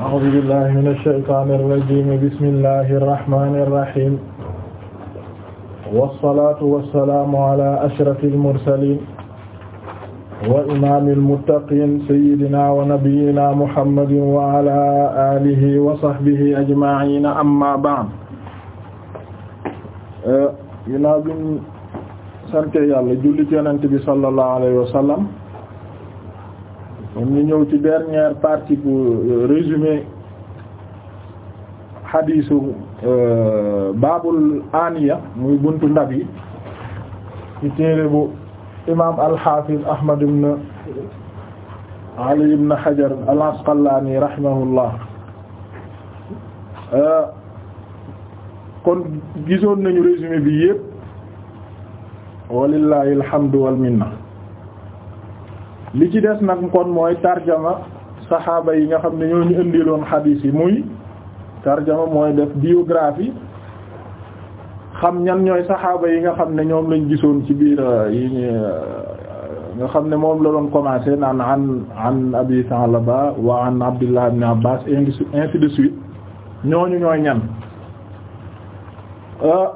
a'uuzu billaahi mina shaytaani rajiim bismillaahi rahmaani rahiim wassalaatu wassalaamu alaa ashrafil mursaliin wa imaamil muttaqiin sayyidinaa wa nabiyyinaa muhammadin wa alaa aalihi wa sahbihi ajma'iin ammaa ba'd. ginnaaw bi ñu sant yàlla julli ci yonent bi sallallaahu alayhi wa sallam kon ñu ñëw ci dernière partie bu euh, résumé xadiisu euh, baabul aniya muy buntu ndab yi ci téere bu imaam al-Hafiz Ahmad ibn Ali ibn Hajar al-Asqalani rahimahullah euh, kon gisoon nañu résumé bi yépp walillahi alhamdu wal minna li ci des nag kon mooy tarjama saxaaba yi nga xam ne ñoo ñu indiloon xadiis yi muy tarjama mooy def biographie xam ñan ñooy saxaaba yi nga xam ne ñoom lañ gisoon ci biir euh, yi ñu euh, nga xam ne moom la doon commencé naan an an abi Salaba wa an Abdullah ibn Abbas ainsi de suite ñooñu ñooy ñan euh,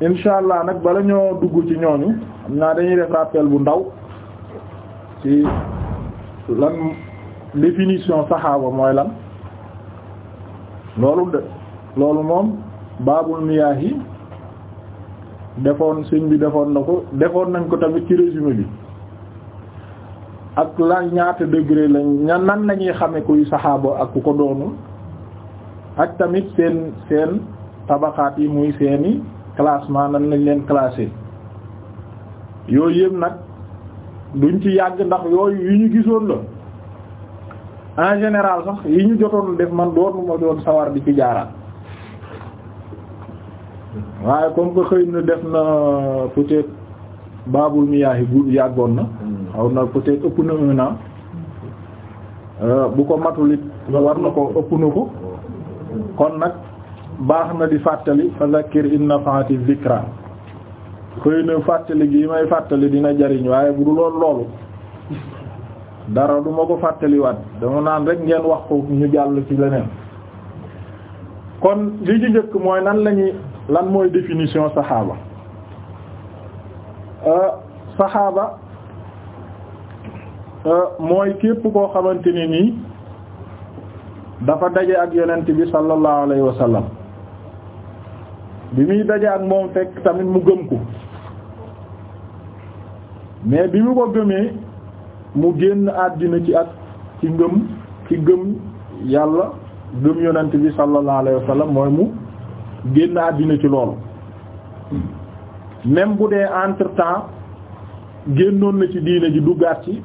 insha allah nag bala ñoo dugg ci ñooñu xam naa dañuy def rappel bu ndaw ci lan définition saxaaba mooy lan loolu de loolu moom baabul miyaah yi defoon sëñ bi defoon na ko defoon nañ ko tamit ci résumé bi ak la ñaata degré lañ ña nan lañuy xame kuy saxaaba ak ku ko doonul ak tamit seen seen tabaxaat yi muy seeni classement nan lañ leen classé yooyu yëpp nag duñ ci yàgg ndax yooyu yu ñu gisoon la en général sax yi ñu jotoon def man doonu ma doon sawar di ci jaaraat waaye comme que xëy na def na peut-être baabul miyaahi bu yàggoon na xaw na peut-être ëpp na un an euh, bu ko matulit war na ko ëpp na ko kon nag baax na di fàttali fa zakkir in nafaati zikra xëy na fàttali gi may fàttali dina jariñ waaye bu du lool loolu dara du ma ko fàttaliwaat dama naan rek ngeen wax ko ñu jàll ci leneen kon li ci njëkk mooy nan lañuy lan mooy définition saxaaba euh, saxaaba euh, mooy képp koo xamante ne nii dafa daje ak yonent bi sallallahu alayhi wa bi muy daje ak moom fekk tamit mu gëm ko mais bi mu ko gëmee mu génn àddina ci at ci ngëm ci gëm yàlla gëm yonant bi sallallahu alayhi mooy mu génn àddina ci loolu même bu dee entre temps génnoon na ci diine ji du ci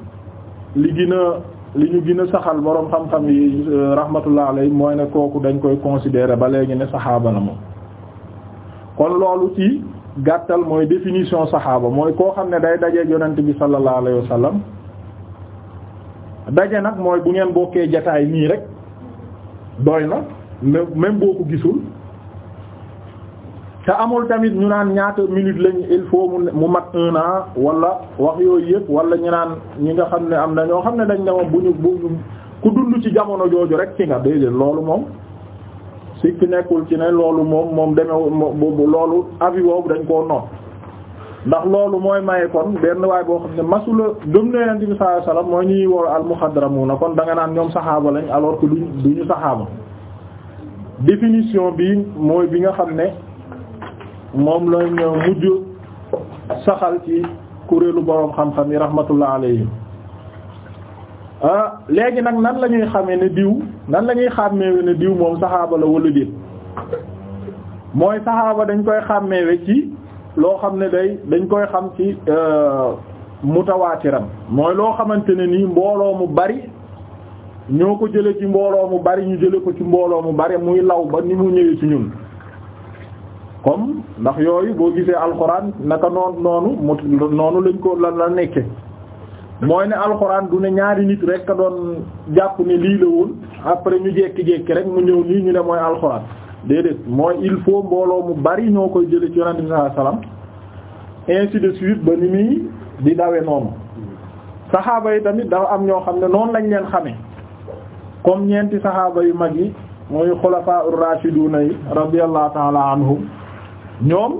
li gën a li ñu gën a saxal boroom xam-xam yi euh, rahmatullah alayhi mooy ne kooku dañ koy considérer ba léegi ne saxaaba la moom kon loolu ci gàttal mooy définition saxaaba mooy koo xam ne day dajeeg yonent bi sallallahu alayhi wa sallam daje nag mooy bu ngeen bokkee jataay nii rek doy na même boo ko gisul te amul tamit ñu naan ñaata minute lañ il faut mu mat un an wala wax yooyu yëpp wala ñu naan ñi nga xam ne am na ñoo xam ne dañ ne moom bu ñu bu ñu ku dund ci jamono jooju rek ci nga déedéet loolu moom sikk nekkul ci ne loolu moom moom demeewul loolu avis boobu dañ koo noot ndax loolu mooy maye kon benn waay boo xam ne masula gëm ne yonent bi sallallahu alayhi wasallam mooy ñuy kon da naan ñoom saxaaba lañ alors que duñ duñu saxaaba définition bi mooy bi nga xam ne moom lañ mujj saxal ci kuréelu boroom xam-xam yi rahmatullah alayhim Ah, léegi nag nan lañuy ñuy xamee ne diw nan lañuy ñuy xàmmeewe ne diw moom saxaaba la wala déet mooy saxaaba dañ koy xàmmeewe ci loo xam ne day dañ koy xam ci euh, mutawaatiram mooy loo xamante ne nii mbooloo mu bari ñoo ko jële ci mbooloo mu bari ñu jële ko ci mbooloo mu bari muy law ba ni mu ñëwee ci ñun comme ndax yooyu boo gisee alxuraan naka noonu noonu noonu lañ ko la la nekke mooy ne alxuraan du ne ñaari nit rek ka doon jàpp ne lii la woon après ñu jékki-jékki rek mu ñëw nii ñu ne mooy alxuraan déedéet mooy il faut mbooloo mu bari ñoo koy jële ci yonent bi sallallahu alayhi de suite ba ni muy di dawe noonu saxaaba yi tamit dafa am ñoo xam ne noonu lañ leen xamee comme ñeenti saxaaba yu mag yi mooy xulafaa ur-raashiduna yi radiyallahu ta'ala anhum ñoom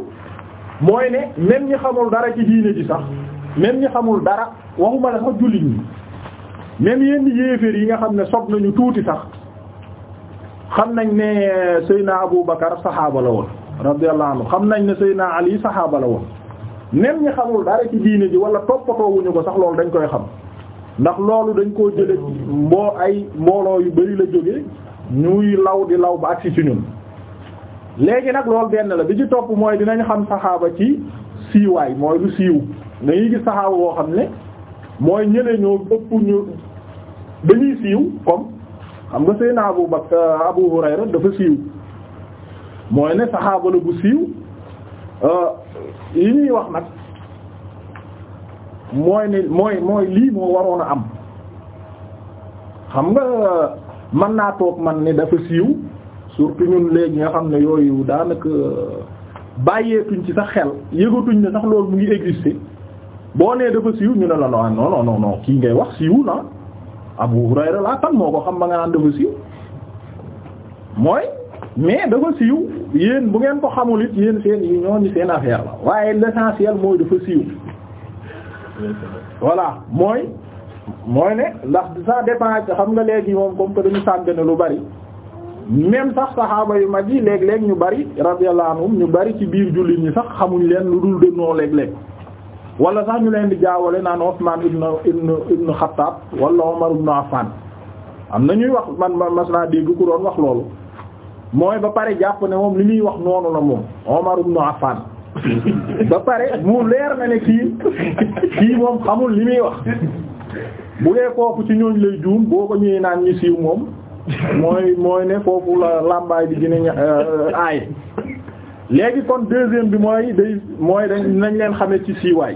mooy ne même ñi xamul dara ci diine ji sax même ñi xamul dara waxuma la sax jullit ñi même yenn yéeféer yi nga xam ne sob nañu tuuti sax xam nañ ne Seydina Abu Bakar saxaaba la woon radiyallahu anhu xam nañ ne Seydina Ali saxaaba la woon même ñi xamul dara ci diine ji wala toppatoowuñu ko sax loolu dañ koy xam ndax loolu dañ koo jële mboo ay mbooloo yu bari la jóge ñuy law di law ba agsi ci ñun léegi nag loolu benn la bi ci topp mooy dinañ xam saxaaba ci siiwaay mooy lu siiw na yi gis saxaaba woo xam ne mooy ñële ñoo ëpp ñu dañuy siiw comme xam nga seyna Abu Bakr Abu Hurayra dafa siiw mooy ne saxaaba bu siiw euh, yi ñuy wax nag mooy ne mooy mooy lii moo waroon a am xam nga mën naa toog man ne dafa siiw surtout ñun léegi nga xam ne yooyu daanaka bàyyeetuñ ci sax xel yëgatuñ ne sax loolu mu ngi exister boo nee dafa siiw ñu ne la non non non non kii ngay wax siiw na Abu Hurayra laa tam moo ko xam ba nga naan dafa siiw mooy mais dafa siiw yéen bu ngeen ko xamul it yéen seen yi ñooñu seen affaire la waaye l'essentiel mooy dafa siiw voilà mooy mooy ne ndax sa dépend xam nga léegi moom comme que sàgg sàggane lu bari même sax saxaaba yu mag yi léeg-léeg ñu bari radiyallahu anhum ñu bari ci biir jullit ñi sax xamuñ leen lu dul de noo léeg wala sax ñu leen di jaawale naan Usman ibn ibn ibn Xattaab wala Umar ibn am na ñuy wax man mas naa dégg ku doon wax loolu mooy ba pare jàpp ne moom li muy wax noonu la moom Umar ibn Affan ba pare mu leer na ne kii kii moom xamul li muy wax bu dee kooku ci ñooñ lay juum boo ko ñëwee naan ñu siiw moom mooy mooy ne foofu la làmbaay bi gën a euh, aay léegi kon deuxième bi mooy day mooy dañ dinañ leen xame ci siiwaay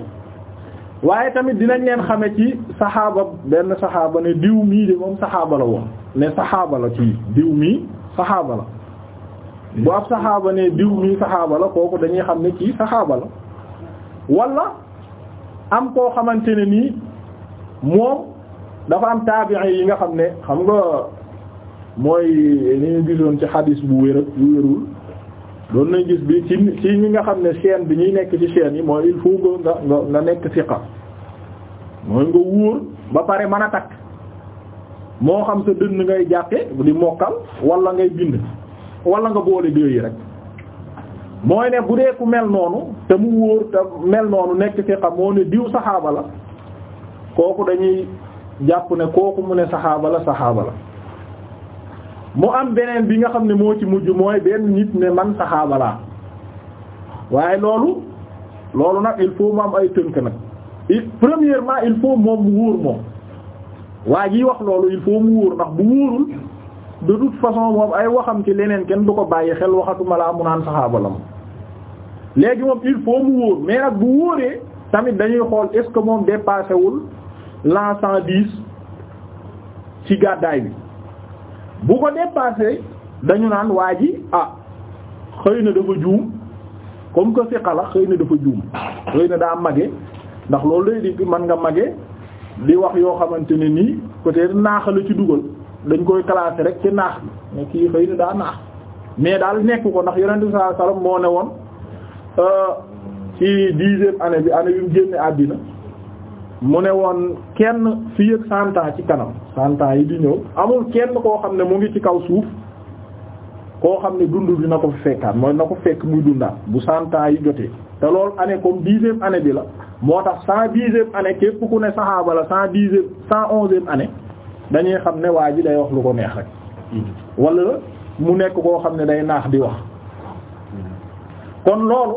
waaye tamit dinañ leen xame ci saxaaba benn saxaaba ne diw mii de moom saxaaba la woon ne saxaaba la ci diw mii saxaaba la bu ab saxaaba ne diw mii saxaaba la kooku dañuy xam ne kii saxaaba la wala am koo xamante ne nii moom dafa am taabi'i yi nga xam ne xam nga mooy ni ñu gisoon ci xadiis bu wér bu wérul doon nañ gis bi ci ci ñi nga xam ne seen bi ñuy nekk ci seen yi mooy il faut nga nga nga nekk xam mooy nga wóor ba pare mën a takk moo xam sa dënn ngay jàppe di mokkal walla ngay bind wala nga boole deux yi rek mooy ne bu ku mel noonu te mu wóor te mel noonu nekk siqa moo ne diw saxaaba la kooku dañuy jàpp ne kooku mu ne saxaaba la saxaaba la mu am beneen bi nga xam ne moo ci mujj mooy benn nit ne man saxaaba laa waaye loolu loolu nag il faut mu am ay tënk nag il premièrement il faut moom mu wóor moom waa ji wax loolu il faut mu wóor ndax bu wóorul de toute façon moom ay waxam ci leneen kenn du ko bàyyi xel waxatuma laa mu naan saxaaba la moom léegi moom il faut mu wóor mais nag bu wóoree tamit dañuy xool est que moom dépassé wul l'an cent dix ci gàddaay bi bu ko dépassé dañu naan waa ji ah xëy na dafa juum comme que siqa la xëy na dafa juum xëy na daa mage ndax loolu day di mën nga mage li wax yoo xamante ne nii peut-être naax la ci dugal dañ koy classé rek ci naax bi mais kii xëy na daa naax mais daal nekk ko ndax yonent bi sallallahu moo ne woon euh, ci dixième année bi année bi mu génne àddina mu ne woon kenn fii ak santa ci kanam santa yi di ñëw amul kenn koo xam ne mu ngi ci kaw suuf koo xam ne dund na ko fi fekkaat mooy na ko fekk muy dundaat bu santa yi jotee te loolu année comme dixième année bi la moo tax cent dixième année képp ku ne saxaaba la cent dixième cent onzième année dañuy xam ne waa ji day wax lu ko neex rek wala mu nekk koo xam ne day naax di wax kon loolu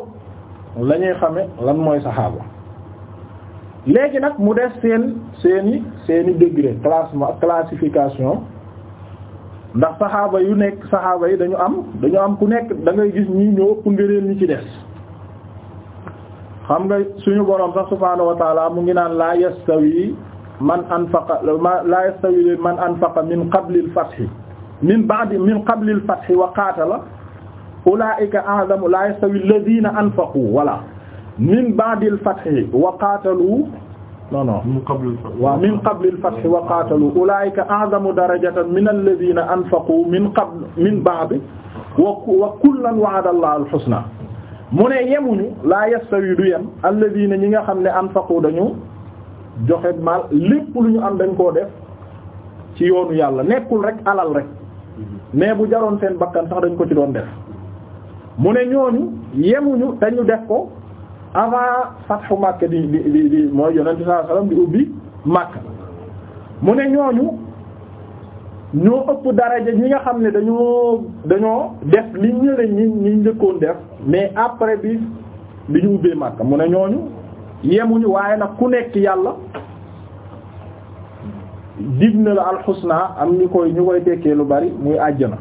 lañuy ñuy xame lan mooy saxaaba léegi nag mu des seen seeni seeni degré classement classification ndax saxaaba yu nekk saxaaba yi dañu am dañu am ku nekk da ngay gis ñi ñoo ëpp ngëneel ñi ci des xam nga suñu borom sax subhaanahu wa mu ngi naan la yastawi man anfaqa la yastawi man anfaqa min qabli al-fath min ba'di min qabli al-fath wa qaatala ulaa'ika a'zamu la yastawi alladhiina anfaqu wala min ba'dil fathi wa qaatalu non non waaw min qablil fathi wa qaatalu ulaa'ika a'zamu darajatan min alladhiina anfaqu min qabl min ba'd wa kullan wa'ada Allahu al-husna mu ne yemuñu laa yastawi du yem alladhiina ñi nga xam ne anfaqu dañu joxe mal lépp lu ñu am dañ koo def ci yoonu yàlla nekkul rek alal rek mais bu jaroon seen bakkan sax dañ ko ci doon def mu ne ñooñu yemuñu dañu def ko avant fathu Makka di di di di mooy yonent sallallahu alayhi wasallam ubbi Makka mu ne ñooñu ñoo ëpp daraja ñi nga xam ne dañoo dañoo def li ñële ñi ñi njëkkoon def mais après bi bi ñu ubbee Makka mu ne ñooñu yemuñu waaye nag ku nekk yàlla dig na la alxusna am ñu koy ñu koy tekkee lu bari muy àjjana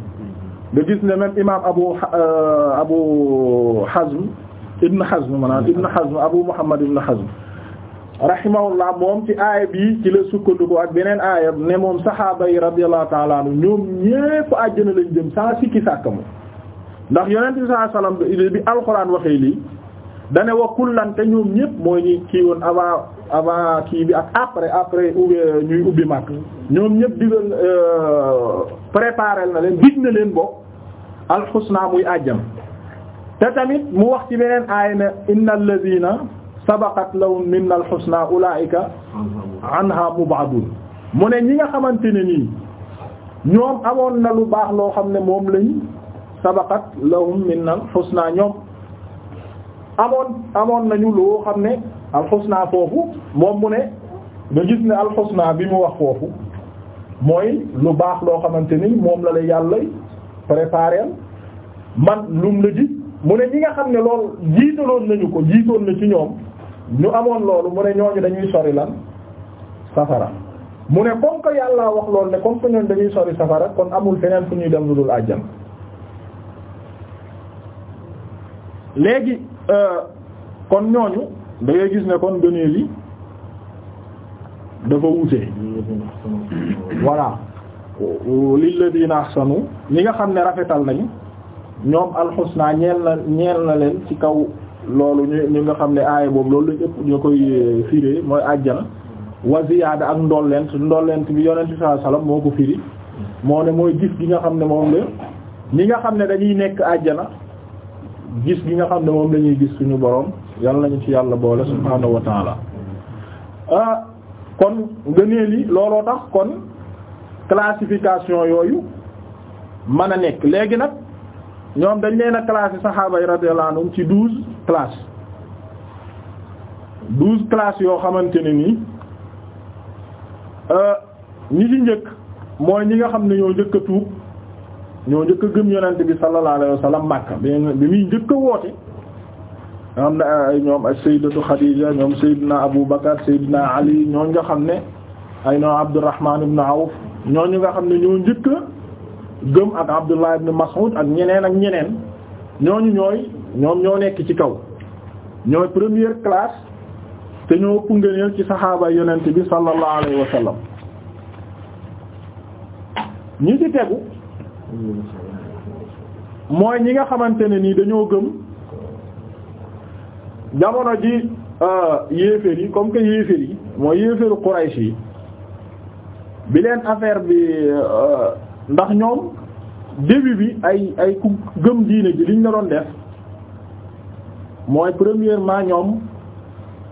nga gis ne même imam Abu euh, Abu Hazm Ibn Hazm maanaam Ibn Hazm Abu Muhammad Ibn Hazm rahimahullah moom ci aaya bi ci la sukkandiku ak beneen aaya ne moom saxaaba yi radiyallahu ta'ala anhu ñoom ñépp àjjana lañ jëm sans sikki sàkk moom ndax yonent bi sallallahu alayhi wasallam bi alxuraan waxee lii dane wa kullan te ñoom ñépp mooy ñi kii woon avant avant kii bi ak après après ubbi ñuy ubbi mag ñoom ñépp digal euh, préparer na leen dig na leen bo alxusna muy àjjana te tamit mu wax ci beneen aaya ne innal ladina sabaqat lahum minnal husna ulaa'ika anha mub'adun mu ne ñi nga xamante ne nii ñoom amoon na lu baax loo xam ne moom lañ sabaqat lahum minnal husna ñoom amoon amoon nañu loo xam ne alxusna foofu moom mu ne nga gis ne alxusna bi mu wax foofu mooy lu baax loo xamante ni moom la la yàlla préparé man lum la ji mu ne ñi nga xam ne loolu jiitaloon nañu ko jiitoon na ci ñoom ñu amoon loolu mu ne ñooñu dañuy sori lan safara mu ne comme que yàlla wax loolu ne comme que ñoom dañuy sori safara kon amul feneen fu ñuy dem lu dul àjjana léegi euh, kon ñooñu da gis ne kon gëneel yi dafa wuute voilà lilladina ahsanu ñi nga xam ne rafetal nañu ñoom alxusna ñeel na ñeel na leen ci kaw loolu ñu ñu nga xam ne aaya boobu loolu lañu ëpp ñu koy euh, firé mooy àjjana wa ziyaada ak ndollent ndollent bi yonent bi sallallahu alayhi wasallam moo ko firi moo ne mooy gis gi nga xam ne moom la nga xam ne dañuy nekk àjjana gis gi nga xam ne moom lañuy gis suñu boroom yàlla nañu ci yàlla boole subhaanahu wa taala ah kon ngëneel yi looloo tax kon classification yooyu mën a nekk léegi nag ñoom dañ leen a classé saxaaba yi radiyallahu anhum ci douze classes douze classes yoo xamante ne nii euh, ñi ci njëkk mooy ñi nga xam ne ñoo njëkk tuub ñoo njëkk gën gëm yonent bi sallallahu alayhi wa sallam Makka bi muy njëkk a woote nga xam ne euh, ay ñoom ak sayyidatu Khadija ñoom sayyidina Abu Bakar sayyidina Ali ñooñ nga xam ne ay ñoom Abdurrahman nga xam ne ñoo njëkk gëm ak Abdullah ibn Mas'ud ak ñeneen ak ñeneen ñooñu ñooy ñoom ñoo nekk ci kaw ñooy première classe te ñoo ëpp ci saxaaba yonent bi sallallahu alayhi wa ñi ci tegu mooy ñi nga xamante ne nii dañoo gëm jamono ji euh, yéeféer yi comme que yéeféer yi mooy yéeféeru Quraysh yi bi leen affaire bi euh, ndax ñoom début bi ay ay ku gëm diine ji liñ la doon def mooy premièrement ñoom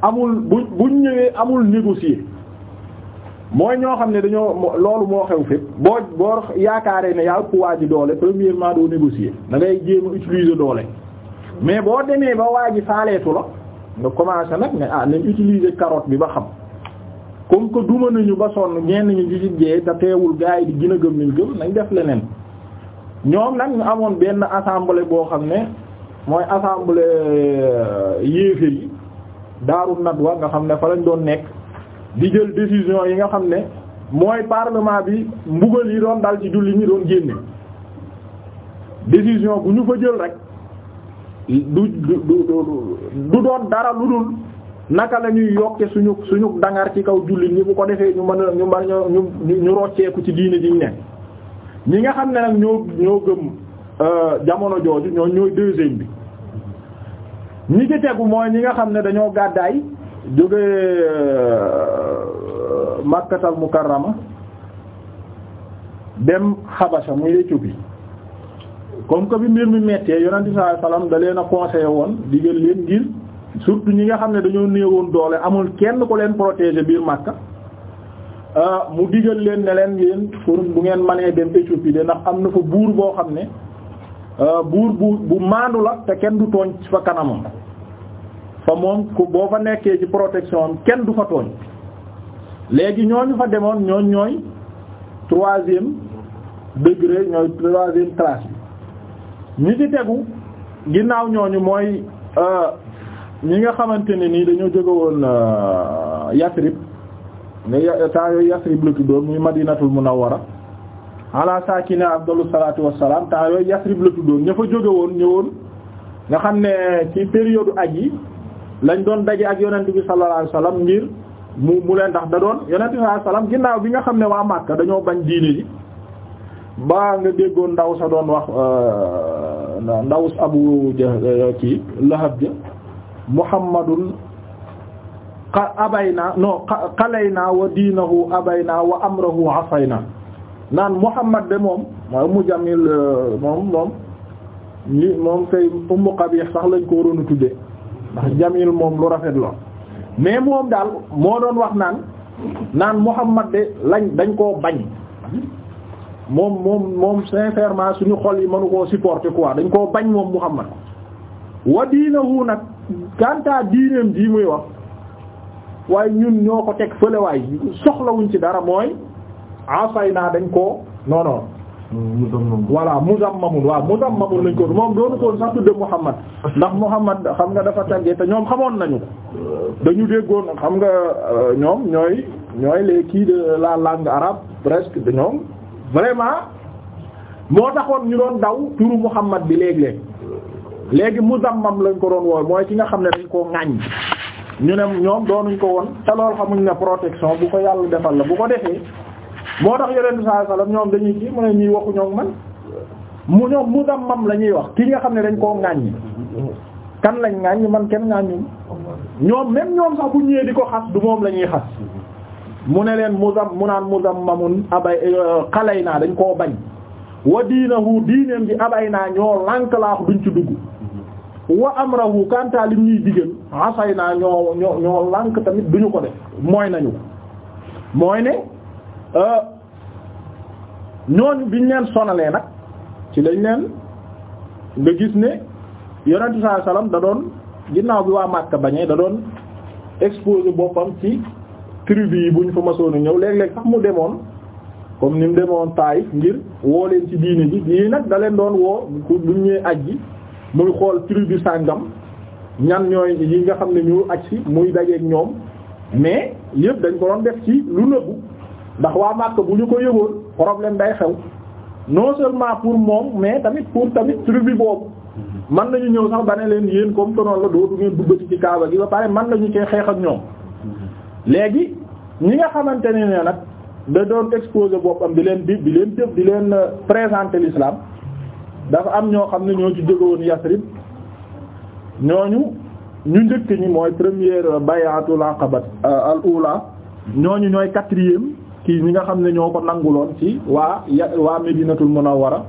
amul bu buñ ñëwee amul négocier mooy ñoo xam ne dañoo loolu moo xew fépp boo boo yaakaaree ne yaa ëpp waa ji doole premièrement doo négocier da ngay jéem a utiliser doole mais boo demee ba waa ji faaleetu la nga commencé nag ne ah nañ utiliser carotte bi ba xam comme que duma nañu ba sonn ñenn ñi ñu ci jeey te teewul gars yi di gën a gëm liñ gëm nañ def leneen ñoom nag ñu amoon benn assemblée boo xam ne mooy assemblée euh, yéefe yi daaru nadwa nga xam ne fa lañ doon nekk di jël décision yi nga xam ne mooy parlement bi mbugal yi doon dal ci julli ñi doon génne décision bu ñu fa jël rek du du du du doon dara lu dul naka lañuy ñuy yokke suñu suñu dangar ci kaw jullit ñi bu ko defee ñu man a ñu mën ñu ñu ñu rocceeku ci diine ji ñu ne ñi nga xam ne nag ñoo ñoo gëm euh, jamono jooju ñoo ñooy deuxième bi ñi ci tegu mooy ñi nga xam ne dañoo gàddaay jóge euh, Makkatal Mukarrama dem Habasha muy Éthiopie comme que bi mbir mi mettee yonent bi sallallahu alayhi wasallam da leen a conseillé woon digal leen ngir. surtout ñi nga xam ne dañoo néewoon doole amul kenn ku leen protéger biir Makka euh, mu digal leen ne leen bu ngeen mënee dem Éthiopie de ndax am na fa buur boo xam ne euh, buur bu bu maandu la te kenn du tooñ ci fa kanamam fa moom ku boo fa nekkee ci protection am kenn du fa tooñ léegi ñooñu fa demoon ñooñ ñooy troisième degré ñooy troisième classe bi ñi tegu ginnaaw ñooñu mooy. Euh, ñi nga xamante ne nii dañoo jóge woon euh, Yasrib ne temps yooyu Yasrib la tuddoon muy Madinatul Munawwara ala saakina afdalu salaatu wassalaam temps yooyu Yasrib la tuddoon ña fa jóge woon ñëwoon nga xam ne ci période ak yi lañ doon daje ak yonent bi sallallahu alayhi ngir mu mu leen tax da doon yonent bi ginnaaw bi nga xam ne waa Makka dañoo bañ diine ji ba nga déggoon ndaw sa doon wax euh, ndaw abu ja euh, kii Lahab ja muhammadun xa abayna non xalayna wa diinahu naa wa amrahu asayna naan muhammad de moom mooy mu jamil euh, moom moom li moom kay ummu qabih sax lañ ko waroon a tuddee ndax jamil moom lu rafet la mais moom daal moo doon wax naan naan muhammad de lañ dañ koo bañ moom moom moom sincèrement suñu xol yi mënu koo supporter quoi dañ koo bañ moom muhammad wa diinahu nag kantaa diineem dii muy wax waaye ñun ñoo ko teg fële waay soxlawuñ ci dara mooy asay naa dañ koo non non voilà muzammamun waaw muzammamun lañ ko moom doonu koon sax tudde Muhammad ndax Muhammad xam nga dafa tagge te ñoom xamoon nañu dañu déggoon xam nga euh, ñoom ñooy ñooy les kii de la langue arab presque de ñoom vraiment moo taxoon ñu doon daw turu Muhammad bi léeg-léeg léegi muzammam lañ ko doon wooy mooy ci nga xam ne dañ koo ŋàññ ñu ne ñoom doonuñ ko woon te loolu xamuñ ne protection bu ko yàlla defal la bu ko defee moo tax yonent bi sallallahu ñoom dañuy ci mu ne ñuy waxu ñoom man mu ñoom muzammam la ñuy wax ki nga xam ne dañ koo ŋàññ kan lañ ŋàññ man kenn ŋàññum ñoom même ñoom sax bu ñëwee di ko xas du moom la ñuy xas mu ne leen muzam mu naan muzammamun abay euh, xalay naa dañ koo bañ wa diinahu diineem bi abay naa ñoo lank laax duñ ci dugg wa amrahu kanta lim ñuy digal asay naa ñoo ñoo ñoo lànk tamit duñu ko def mooy nañu ko mooy ne euh, ñooñu biñ leen sonalee nag ci lañ leen nga gis ne yonente sallallahu alayhi da doon ginnaaw bi waa Makka bañee da doon exposé boppam ci tribu yi bu ñu fa masoon a ñëw léeg-léeg sax mu demoon comme ni mu demoon Taayif ngir woo leen ci diini ji yii nag da leen doon woo bu ñu ñëwee aj ji muy xool tribu sàngam ñan ñooy yi nga xam ne ñu agsi muy dajeeg ñoom mais yëpp dañ ko doon def ci lu nëbbu ndax waa Màkka bu ñu ko yëgoon problème day xew non seulement pour moom mais tamit pour tamit tribu boobu man nañu ñëw sax ba ne leen yéen comme tonoon la dootu ngeen duggati ci kaaba gi ba pare man nañu koy xeex ak ñoom léegi ñi nga xamante ne nag da doon exposé boppam di leen bi di leen jëf di leen euh, présenter lislaam dafa am ñoo xam ne ñoo ci jógewoon Yasrib ñooñu ñu njëkk ñi mooy première bayatul aqaba euh, al ula ñooñu ñooy quatrième kii ñi nga xam ne ñoo ko nanguloon ci waa ya waa Medinatul Munawwara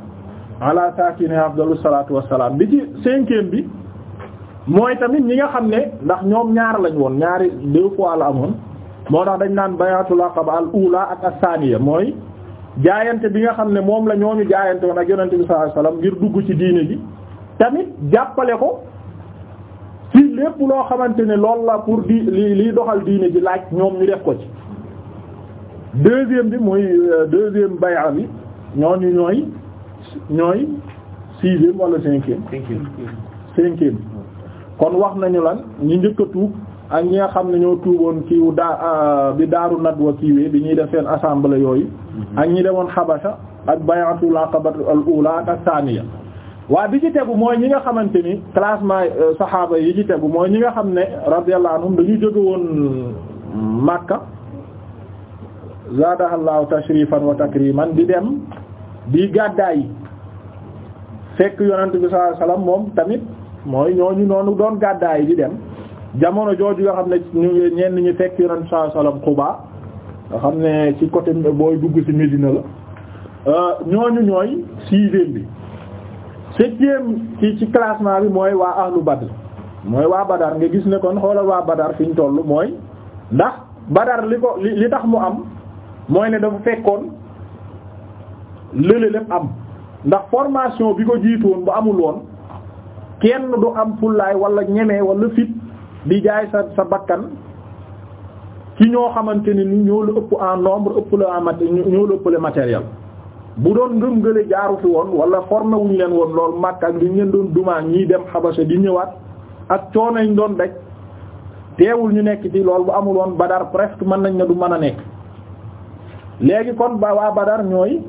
ala saakini afdalu salaatu wassalaam bi ci cinquième bi mooy tamit ñi nga xam ne ndax ñoom ñaar lañ woon ñaari deux fois la amoon moo tax dañ naan bayatul aqaba al ula ak as-saaniya mooy jaayante bi nga xam ne moom la ñooñu jaayante woon ak yonent bi sallallahu alayhi ngir dugg ci diine ji tamit jàppale ko ci lépp loo xamante ne loolu la pour di li liy doxal diine ji laaj ñoom ñu def ko ci deuxième bi mooy euh, deuxième bay'a bi ñooñu ñooy ñooy sixième wala cinquième cinquième kon wax nañu lan ñu njëkk a tuub ak ñi nga xam ne ñoo tuuboon kiiw daa euh, bi daaru nadwa kiiwee bi ñuy def seen assemblée yooyu mm-hmm. ak ñi demoon xabasa ak bayatul aqabatu al ula ak thaniya waa bi ci tegu mooy ñi nga xamante ni classement euh, saxaaba yi ci tegu mooy ñi nga xam ne radiyallahu anhum dañu jóge woon Makka zaadahallahu tashrifan wa takriman di dem bi gàddaay fekk yonent bi sallallahu alayhi wasallam moom tamit mooy ñooñu noonu doon gàddaay di dem jamono jooju nga xam ne ñu ñenn ñu fekk yonent saa salaam Quba nga xam ne ci côté booy dugg ci Médina la euh, ñooñu ñooy sixième bi septième ci ci classement bi mooy waa ahlu Badr mooy waa Badar nga gis ne kon xoolal waa Badar fi ñu toll mooy ndax Badar li ko li tax mu am mooy ne dafa fekkoon lële am ndax formation bi ko jiitu woon bu amul woon kenn du am fullaay walla ñeme wala fit di jaay sa sa bakkan ci ñoo xamante ne ni ñoo la ëpp en nombre ëpp la en ñoo la ëppale matériel bu doon ngëm ngële jaaru fi woon wala formé leen woon lool màkk ak li ngeen doon dumaa ñiy dem xabasa di ñëwaat ak coono ñu doon daj teewul ñu nekk di lool bu amul woon Badar presque mën nañ ne du mën a nekk léegi kon ba waa Badar ñooy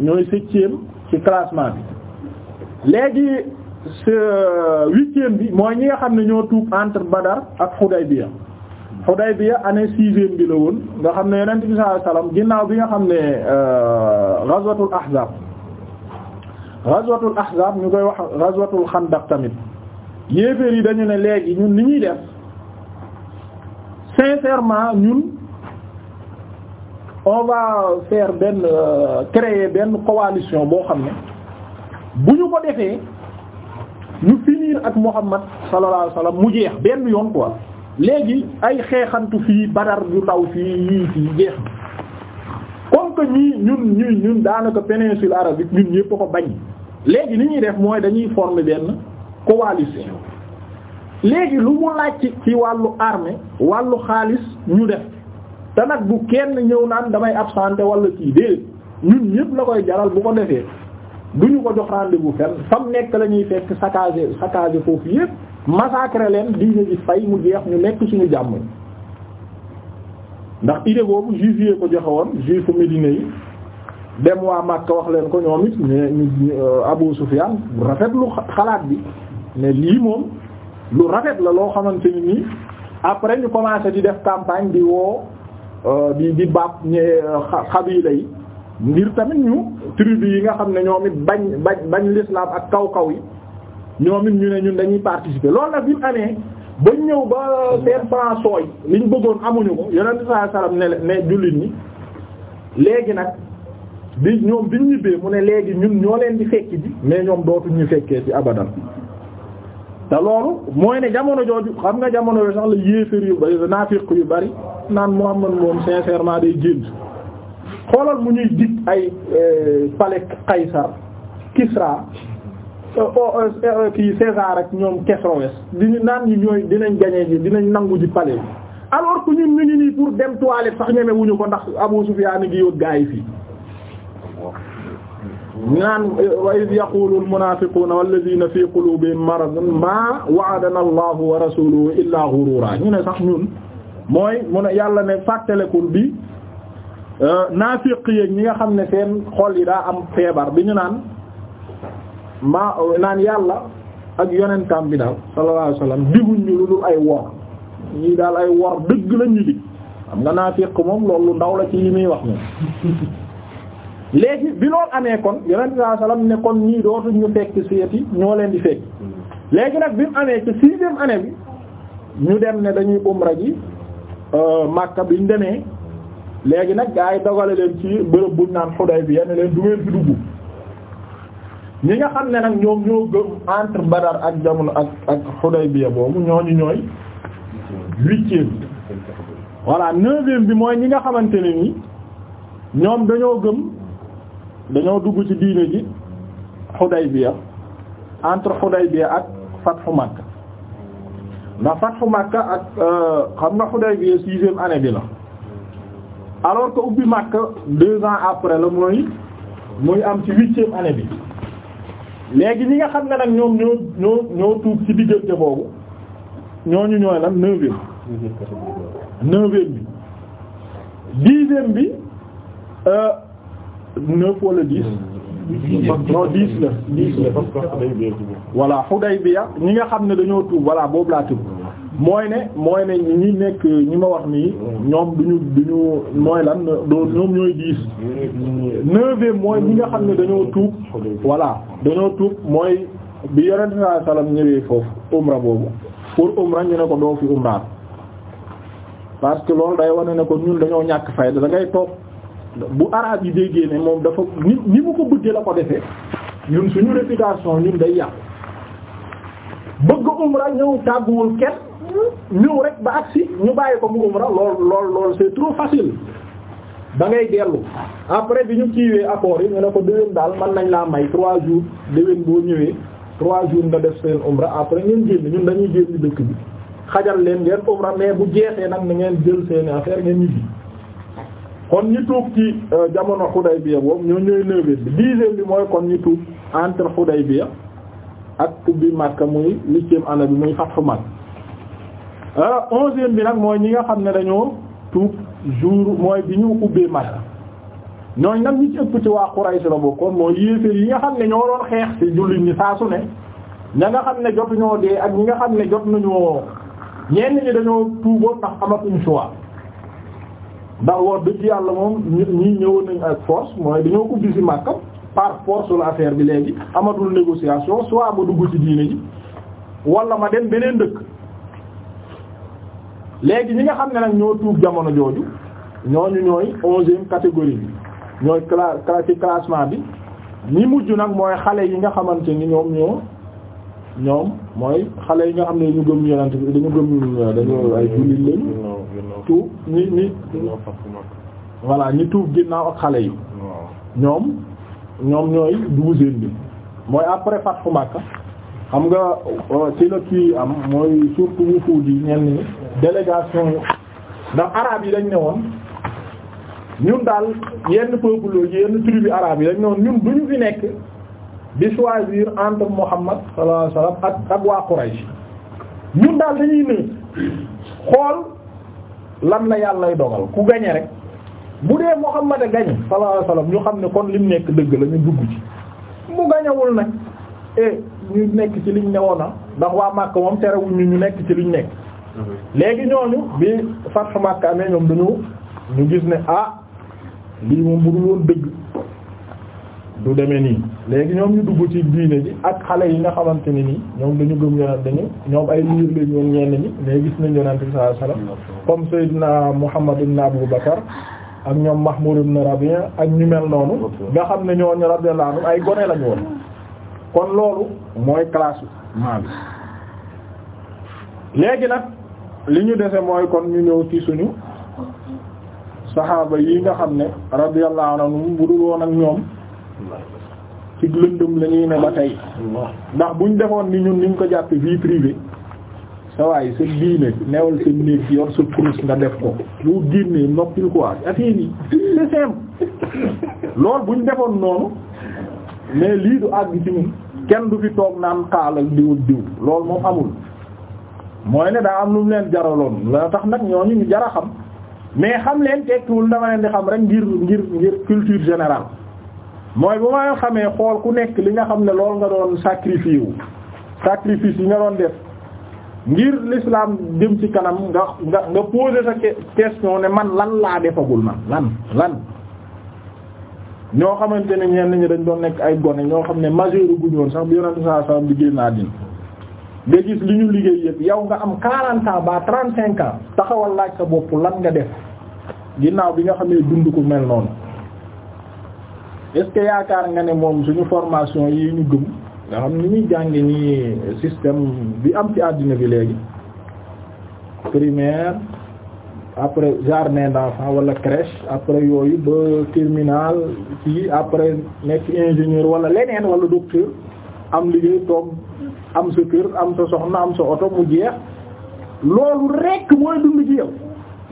ñooy septième ci classement bi léegi Euh, huitième bi mooy ñi nga xam ne ñoo tuub entre Badar ak Xudaybiya Xudaybiya année sixième bi la woon nga xam ne Yonent bi sallallahu ginnaaw bi nga xam ne euh, ghazwatul ahzab ghazwatul ahzab ñu koy wax ghazwatul ndax tamit yéeféer yi dañu ne léegi ñun ni ñuy def sincèrement ñun on va faire benn euh, créer benn coalition boo xam ne bu ñu ko defee ñu finir ak Muhammad sallallahu alayhi wasallam mu jeex benn yoon quoi léegi ay xeexantu fii badar yu ndaw fii yii fii jeex comme que ñii ñun ñuy ñun daanaka péninsule arabique ñun ñëpp ko bañ léegi li ñuy def mooy dañuy former benn coalition léegi lu mu laaj ci wàllu armée wàllu xaalis ñu def te nag bu kenn ñëw naan damay absenté wala kii ñun ñëpp la koy jaral bu ko defee duñu ko jox rendez-vous fenn fam nekk la ñuy fekk saccagé saccagé foofu yépp massacré leen diine ji fay mu jeex ñu nekk suñu jàmm ndax idée boobu juif ko joxe woon juifu Médine yi dem waa Makka wax leen ko ñoom it ñu euh, Abu Sufyan rafet lu xalaat bi mais lii moom lu rafet la loo xamante ni nii après ñu commencé di def campagne di woo euh, di di bàpp ñe euh, xabila yi ngir tamit ñu tribu yi nga xam ne ñoom it bañ bañ bañ l'islam ak kaw-kaw yi ñoom it ñu ne ñun dañuy participer lool nag bi mu amee ba ñëw ba seen françois yi liñ bëggoon amuñu ko yonent sallallahu alayhi wasallam ne ne jullit ñi léegi nag bi ñoom biñ ñibbee mu ne léegi ñun ñoo leen di fekki ji mais ñoom dootuñ fekkee ci abadan te loolu mooy ne jamono jooju xam nga jamono yooyu sax la yéeféer yu bari naafiq yu bari naan Muhammad moom sincèrement day génn xoolal mu ñuy dig ay euh, pale Qaysar Kisra euh, oh, euh, kii César ak ñoom Kesroes diñu naan ñi ñooy dinañ gañee ji dinañ nangu ji pale bi alors que ñun ñu nii pour dem toilette sax ñeme wuñu ko ndax Abu Sufyaan ngi gaay fii naan wa id yaqulu almunafiquna walladina fi qulubihim maradun wa rasuluhu illa ghurura ñu ne sax ñun mooy mu ne yàlla ne fàttalekul bi Euh, naafiq yeeg ñi nga xam ne seen xool yi daa am feebar bi ñu naan maa naan yàlla ak yonentam bi daal sallallahu alayhi wasallam lu dul ay wor ñii daal ay wor dëgg la ñu dig xam nga naafiq moom loolu ndaw la ci li muy wax moom léegi bi lool amee kon yonent sallallahu alayhi wasallam ne kon ñii dootuñ fekk seeti ñoo leen di fekk léegi nag bi mu amee ci sixième année bi ñu dem ne dañuy umra ji euh, bi biñ demee léegi nag gaa yi dogale leen ci bërëb buñ naan Xudaybiya ne leen du ngeen fi dugg ñi nga xam ne nag ñoom ñoo gëm entre Badar ak jamono ak ak Xudaybiya boobu ñoo ñooñu ñooy huitième voilà neuvième bi mooy ñi nga xamante ne nii ñoom dañoo gëm dañoo dugg ci diine ji Xudaybiya entre Xudaybiya ak Fathu Makka ndax Fathu Makka ak euh, xam nga Xudaybiya sixième année bi la alors que ubbi Makka deux ans après la mooy muy am ci huitième année bi léegi ñi nga xam ne nag ñoom ñoo ñoo ñoo tuub ci diggante boobu ñooñu ñooy lan neuvième neuvième bi dixième bi euh, neuf wala dix non dix la dix la bi ya ñi nga xam ne dañoo tuub voilà boobu laa tuub mooy ne mooy ne ñu nekk ñi ma wax nii ñoom duñu duñu mooy lan doo ñoom ñooy diis neuvième mooy ñi nga xam ne dañoo tuub voilà dañoo tuub mooy bi yonente sallallahu alayhi ñëwee foofu umra boobu pour umra ñu ne ko doo fi umraat parce que loolu day wane ne ko ñun dañoo ñàkk fayda da ngay toog bu araab yi déggee ne moom dafa ni ni mu ko bëggee la ko defee ñun suñu réputation ñun day yàqu bëgg umra ñëw tàgguwul kenn ñëw rek ba agsi ñu bàyyi ko mu umra lool lool lool c'est trop facile da ngay dellu après bi ñu kiiwee accord yi ñu ne ko déwén daal man nañ laa may trois jours déwén boo ñëwee trois jours nga def seen umra après ngeen génn ñun dañuy génn dëkk bi xajal leen ngeen umra mais bu jeexee nag na ngeen jël seeni affaire ngeen ñibbi kon ñu tuub ci euh, jamono Xudaybiya boobu ñoo ñooy neuvième bi dixième bi mooy kon ñu tuub entre Xudaybiya ak tubbi Makka muy huitième année bi muy fatxu Euh, onzième bi nag mooy ñi nga xam ne dañoo tuub jour mooy bi ñu ubbee Makka ñooñ nag ñi ci ëpp ci waa Quraysh la bokkoon mooy yéeféer yi nga xam ne ñoo waroon xeex ci jullit ñi saa su ne ña nga xam ne jot ñoo dee ak ñi nga xam ne jot nañoo ñenn ñi dañoo tuuboon ndax amatuñ choix ndax wax dëgg yàlla moom ñi ñëwoon nañ ak force mooy dañoo ubbi ci Makka par force la affaire bi léegi amatul négociation soit ma dugg ci diine ji wala ma dem beneen léegi ñi nga xam ne nag ñoo tuub jamono jooju ñooñu ñooy onzième catégorie bi ñooy cla ci classement bi ñi mujj nag mooy xale yi nga xamante ni ñoom ñoo ñoom mooy xale yi nga xam ne ñu gëm yonent bi dañu gëm dañu ay jullit lañu tuub ñi ñi voilà ñi tuub ginnaaw ak xale yi ñoom ñoom ñooy douzième bi mooy après fatxu Makka xam nga euh, ci la kii am mooy surtout wufuud yi ñenn ñi délégation ndax arabe yi dañ ne woon ñun daal yenn peuples yenn tribu arabe yi dañ ne woon ñun duñu fi nekk di choisir entre Muhammad sallallahu alayhi wasallam ak ak waa Quraysh ñun daal dañuy ne xool lan la yàllay dogal ku gañe rek bu dee Muhammad a gañe sallallahu alayhi ñu xam ne kon lim nekk dëgg lañu ñu dugg ci mu gañawul nag eh ñu nekk ci liñ newoon ndax waa Makka moom terewul ñu ñu nekk ci liñ nekk léegi ñooñu bi fatxu Makka amee ñoom dañu ñu gis ne ah lii moom bu dul dëgg du demee nii léegi ñoom ñu dugg ci diine ji ak xale yi nga xamante ni nii ñoom dañu gëm yonent dañu ñoom ay liir lañ ñoom ñenn ñi mais gis nañ yonent bi sallallahu alayhi wasallam comme Seydina Muhammad ibn Abu Bakar ak ñoom Mahmoud ibn Rabi'a ak ñu mel noonu nga xam ne ñooñu radiyallahu anhu ay gon lañu woon kon loolu mooy classement bi léegi nag li ñu dese mooy kon ñu ñëw ci suñu saxaaba yi nga xam ne radiyallahu anhum bu dul woon ak ñoom ci lëndëm la ñuy ne ba tey ndax buñ defoon ni ñun niñ ko jàpp vie privée sa waaye sa diine newal sa néeg yor sa kurus nga def ko bu génnee noppil quoi affaire yi c'est simple loolu buñ defoon noonu mais lii du àgg ci ñun kenn du fi toog naan xaalal diw diw loolu moom amul mooy ne daa am lu mu leen jaraloon la tax nag ñoo ñu jar a xam mais xam leen tekkiwul dama leen di xam rek ngir ngir ngir culture générale mooy bu ma xamee xool ku nekk li nga xam ne lool nga doon sacrifice wu sacrifice yi nga doon def ngir l'islam jëm ci kanam nga nga nga poser sa question ne man lan laa defagul man lan lan ñoo xamante ne ñenn ñi dañ doon nekk ay gone ñoo xam ne majeur bu ñoon sax bi yonente saa sallam liggéey naa din nga gis li ñu liggéey yëpp yow nga am 40 ans ba 35 ans taxawal laaj sa bopp lan nga def ginnaaw bi nga xam ne dund ku mel noonu est-ce que yaakaar nga ne moom suñu formation yi ñu gëm nga xam ni ñuy jànge nii système bi am ci àddina bi léegi primaire après jardin d'enfants wala crèche après yooyu ba terminal ci après nekk ingénieur wala leneen wala docteur am liggéey toog am sa kër am sa soxna am sa oto mu jeex loolu rekk mooy dund ci yow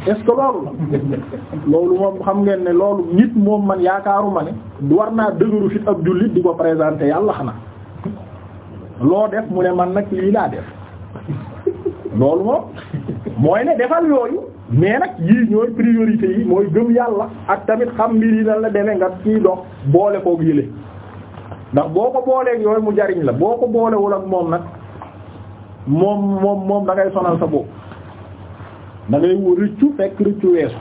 est loolu la loolu moom xam ngeen ne loolu nit moom man yaakaaruma ne war naa dëgëru fit ab jullit di ko présenter yàlla xanaa loo def mu ne man nag lii laa def loolu moom mooy ne defal yooyu mais nag yii ñooy priorité yi mooy gëm yàlla ak tamit xam mbir yi na la demee nga ciy dox boole koog yële ndax boo ko booleeg yooyu mu jariñ la boo ko boolewul ak moom nag moom moom moom da ngay sonal sa bopp da ngay rëccu fekk rëccu weesu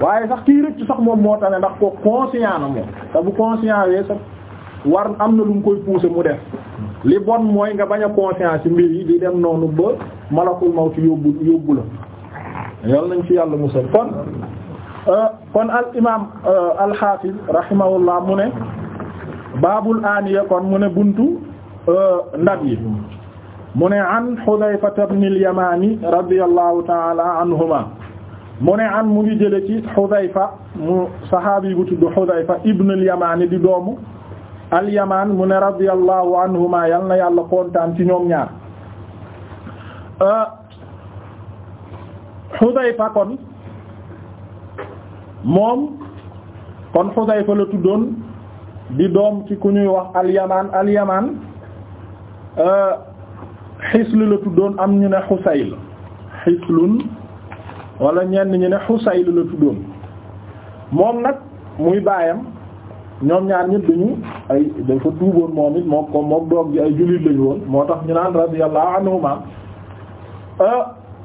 waaye sax kii rëccu sax moom moo tax ne ndax ko conscient na moom te bu conscient wee war am na lu mu koy pousser mu def li bon mooy nga bañ a conscient ci mbir yi di dem noonu ba malakul mawt yóbbu yóbbu la yal nañ ci yàlla musal kon euh, kon al imaam euh, al xaafiz mu ne baabul aaniya kon mu ne buntu euh, ndab yi mu ne an Xudayfata ibn al-Yamaani radiyallahu ta'ala anhuma mu ne an mu ngi jële ci Xudayfa mu saxaabi bu tudd Xudayfa ibn al di doomu al mu ne radiyallahu anhuma yal na yàlla kontaan ci ñoom ñaar Xudayfa kon moom kon Xudayfa la tuddoon di doom ci ku ñuy wax alyamaan alyamaan euh, xislu la tuddoon am ñu ne xusayl xislun wala ñenn ñu ne xusayl la tuddoon moom nag muy baayam ñoom ñaar ñëpp dañu ay dafa tuuboon moom it moom ko moom doom ji ay jullit lañu woon moo tax ñu naan radiyallahu anhuma euh,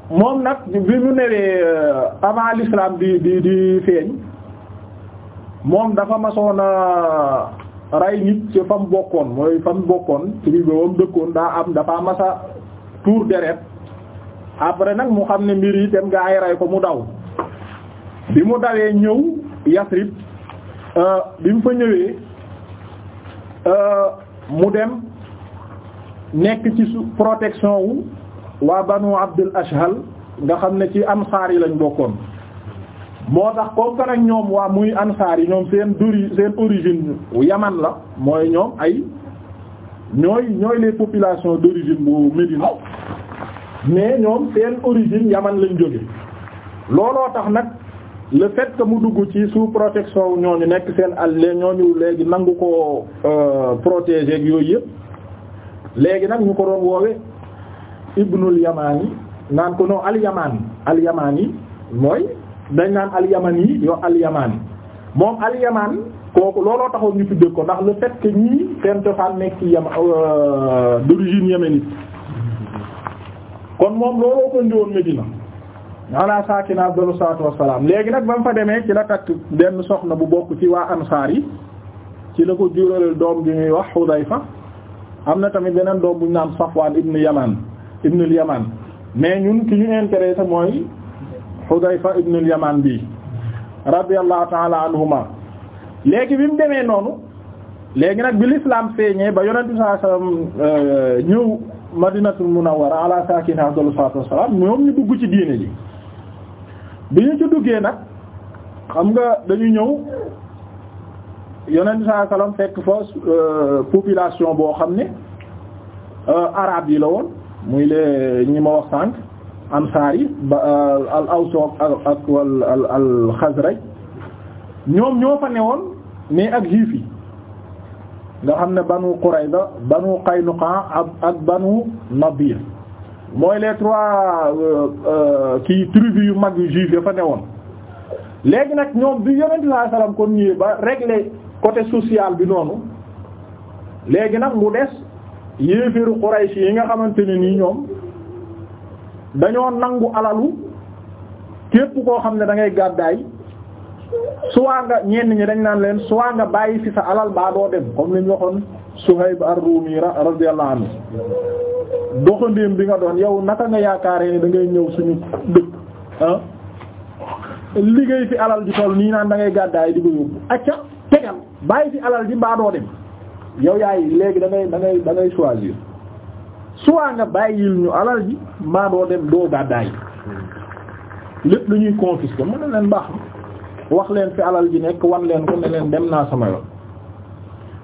moom nag bi mu newee euh, avant l'islam di di di feeñ moom dafa masoon a rey nit ci fam bokkoon mooy fam bokkoon tribu dëkkoon daa am dafa masa tuur deret après nag mu xam ne mbir yi dem gaa yi rey ko mu daw bi mu dawee ñëw Yasrib euh, bi mu fa ñëwee euh, mu dem nekk ci protection wu waa banu abdul ashhal nga xam ne ci ansaar yi lañ bokkoon moo tax comme que nag ñoom waa muy ansaar yi ñoom seen dori seen origine yaman la mooy ñoom ay ñooy ñooy les population d'origine bu Médina mais ñoom seen origine yaman lañ jóge looloo tax nag le fait que mu dugg ci sous protection wu ñooñu nekk seen àll ñooñu léegi nangu ko euh, protéger ak yooyu yëpp léegi nag ñu ko doon woowee ibnul yamaani naan ko non al yamaani al yamaani mooy dañ naan al yamaani yow al yamaani moom al yamaan kooku looloo taxoon ñu tuddee ko ndax le fait ñii seen cosaan nekk ci yama euh, d'origine yéménite kon moom looloo ko indiwoon Medina ala saakina afdalu salaatu wassalaam léegi nag ba mu fa demee ci la takk benn soxna bu bokk ci waa ansaar yi ci la ko jural doom bi ñuy wax Xudayfa am na tamit beneen doom bu naan Safwaan ibnu Yamaan ibn al mais ñun ki ñu intéressé mooy Hudayfa ibn al-Yaman bi radiyallahu ta'ala anhuma léegi bi mu demee noonu léegi nag bi l'islam feeñee ba yonent bi sallallahu alayhi wasallam euh, ñëw Madinatul Munawwara ala sakin afdalu salatu wassalam ñoom ñu dugg ci diine ji bi ñu ci duggee nag xam nga dañu ñëw yonent bi sallallahu alayhi wasallam fekk fa euh, population boo xam ne euh, arabe yi la woon muy lee ñi ma wax sànq ansaar yi ba al awsoog ak wal al al xasraj ñoom ñoo fa newoon mais ak juif yi nga xam ne banu Qurayza banu Qaynuqa ak ak banu Nadir mooy les trois euh, euh, kii tribus yu mag yu juif ya fa newoon léegi nag ñoom bi yonent bi sallallahu alayhi wasallam kon ñëwee ba régler côté social bi noonu léegi nag mu des yéeféeru Quraysh yi nga xamante ne nii ñoom dañoo nangu alalu képp koo xam ne da ngay gàddaay suwaa nga ñenn ñi dañ naan leen suwaa nga bàyyi fi sa alal baa doo dem comme li ñu waxoon Suhayb ar-Rumi radiyallahu anhu doxandéem bi nga doon yow naka nga yaakaaree ne da ñëw suñu dëkk ah, liggéey fi alal ji toll nii naan dangay ngay gàddaay di ko yóbbu acca tegal bàyyi fi alal ji mbaa doo dem yow yaay léegi da ngay da ngay da ngay choisir soit nga bàyyil ñu alal ji maa dem doo gàddaay lépp lu ñuy confisquer mën na leen baax wax leen fi alal ji nekk wan leen ko ne leen dem naa sama yoon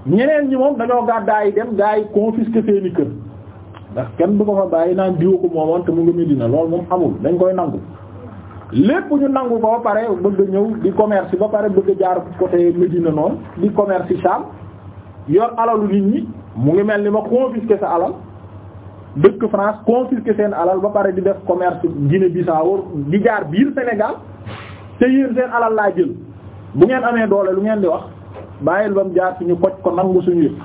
ñeneen ñi moom dañoo gàddaay dem gaa yi confisquer seeni kër ndax kenn du ko fa bàyyi naa diwa ko moomoon te mu ngi Medina loolu moom amul dañ koy nangu lépp ñu nangu ko ba pare bëgg ñëw di commerce ba pare bëgg jaar côté Medina noonu di commerce Sham yor alalu nit ñi mu ngi mel ni ma confisquer sa alal dëkk France confisquer seen alal ba pare di def commerce Guinée-Bissau di jaar biir Sénégal te yéen seen alal laa jël bu ngeen amee doole lu ngeen di wax bàyyil ba mu jaar suñu koj ko nangu suñu yëpp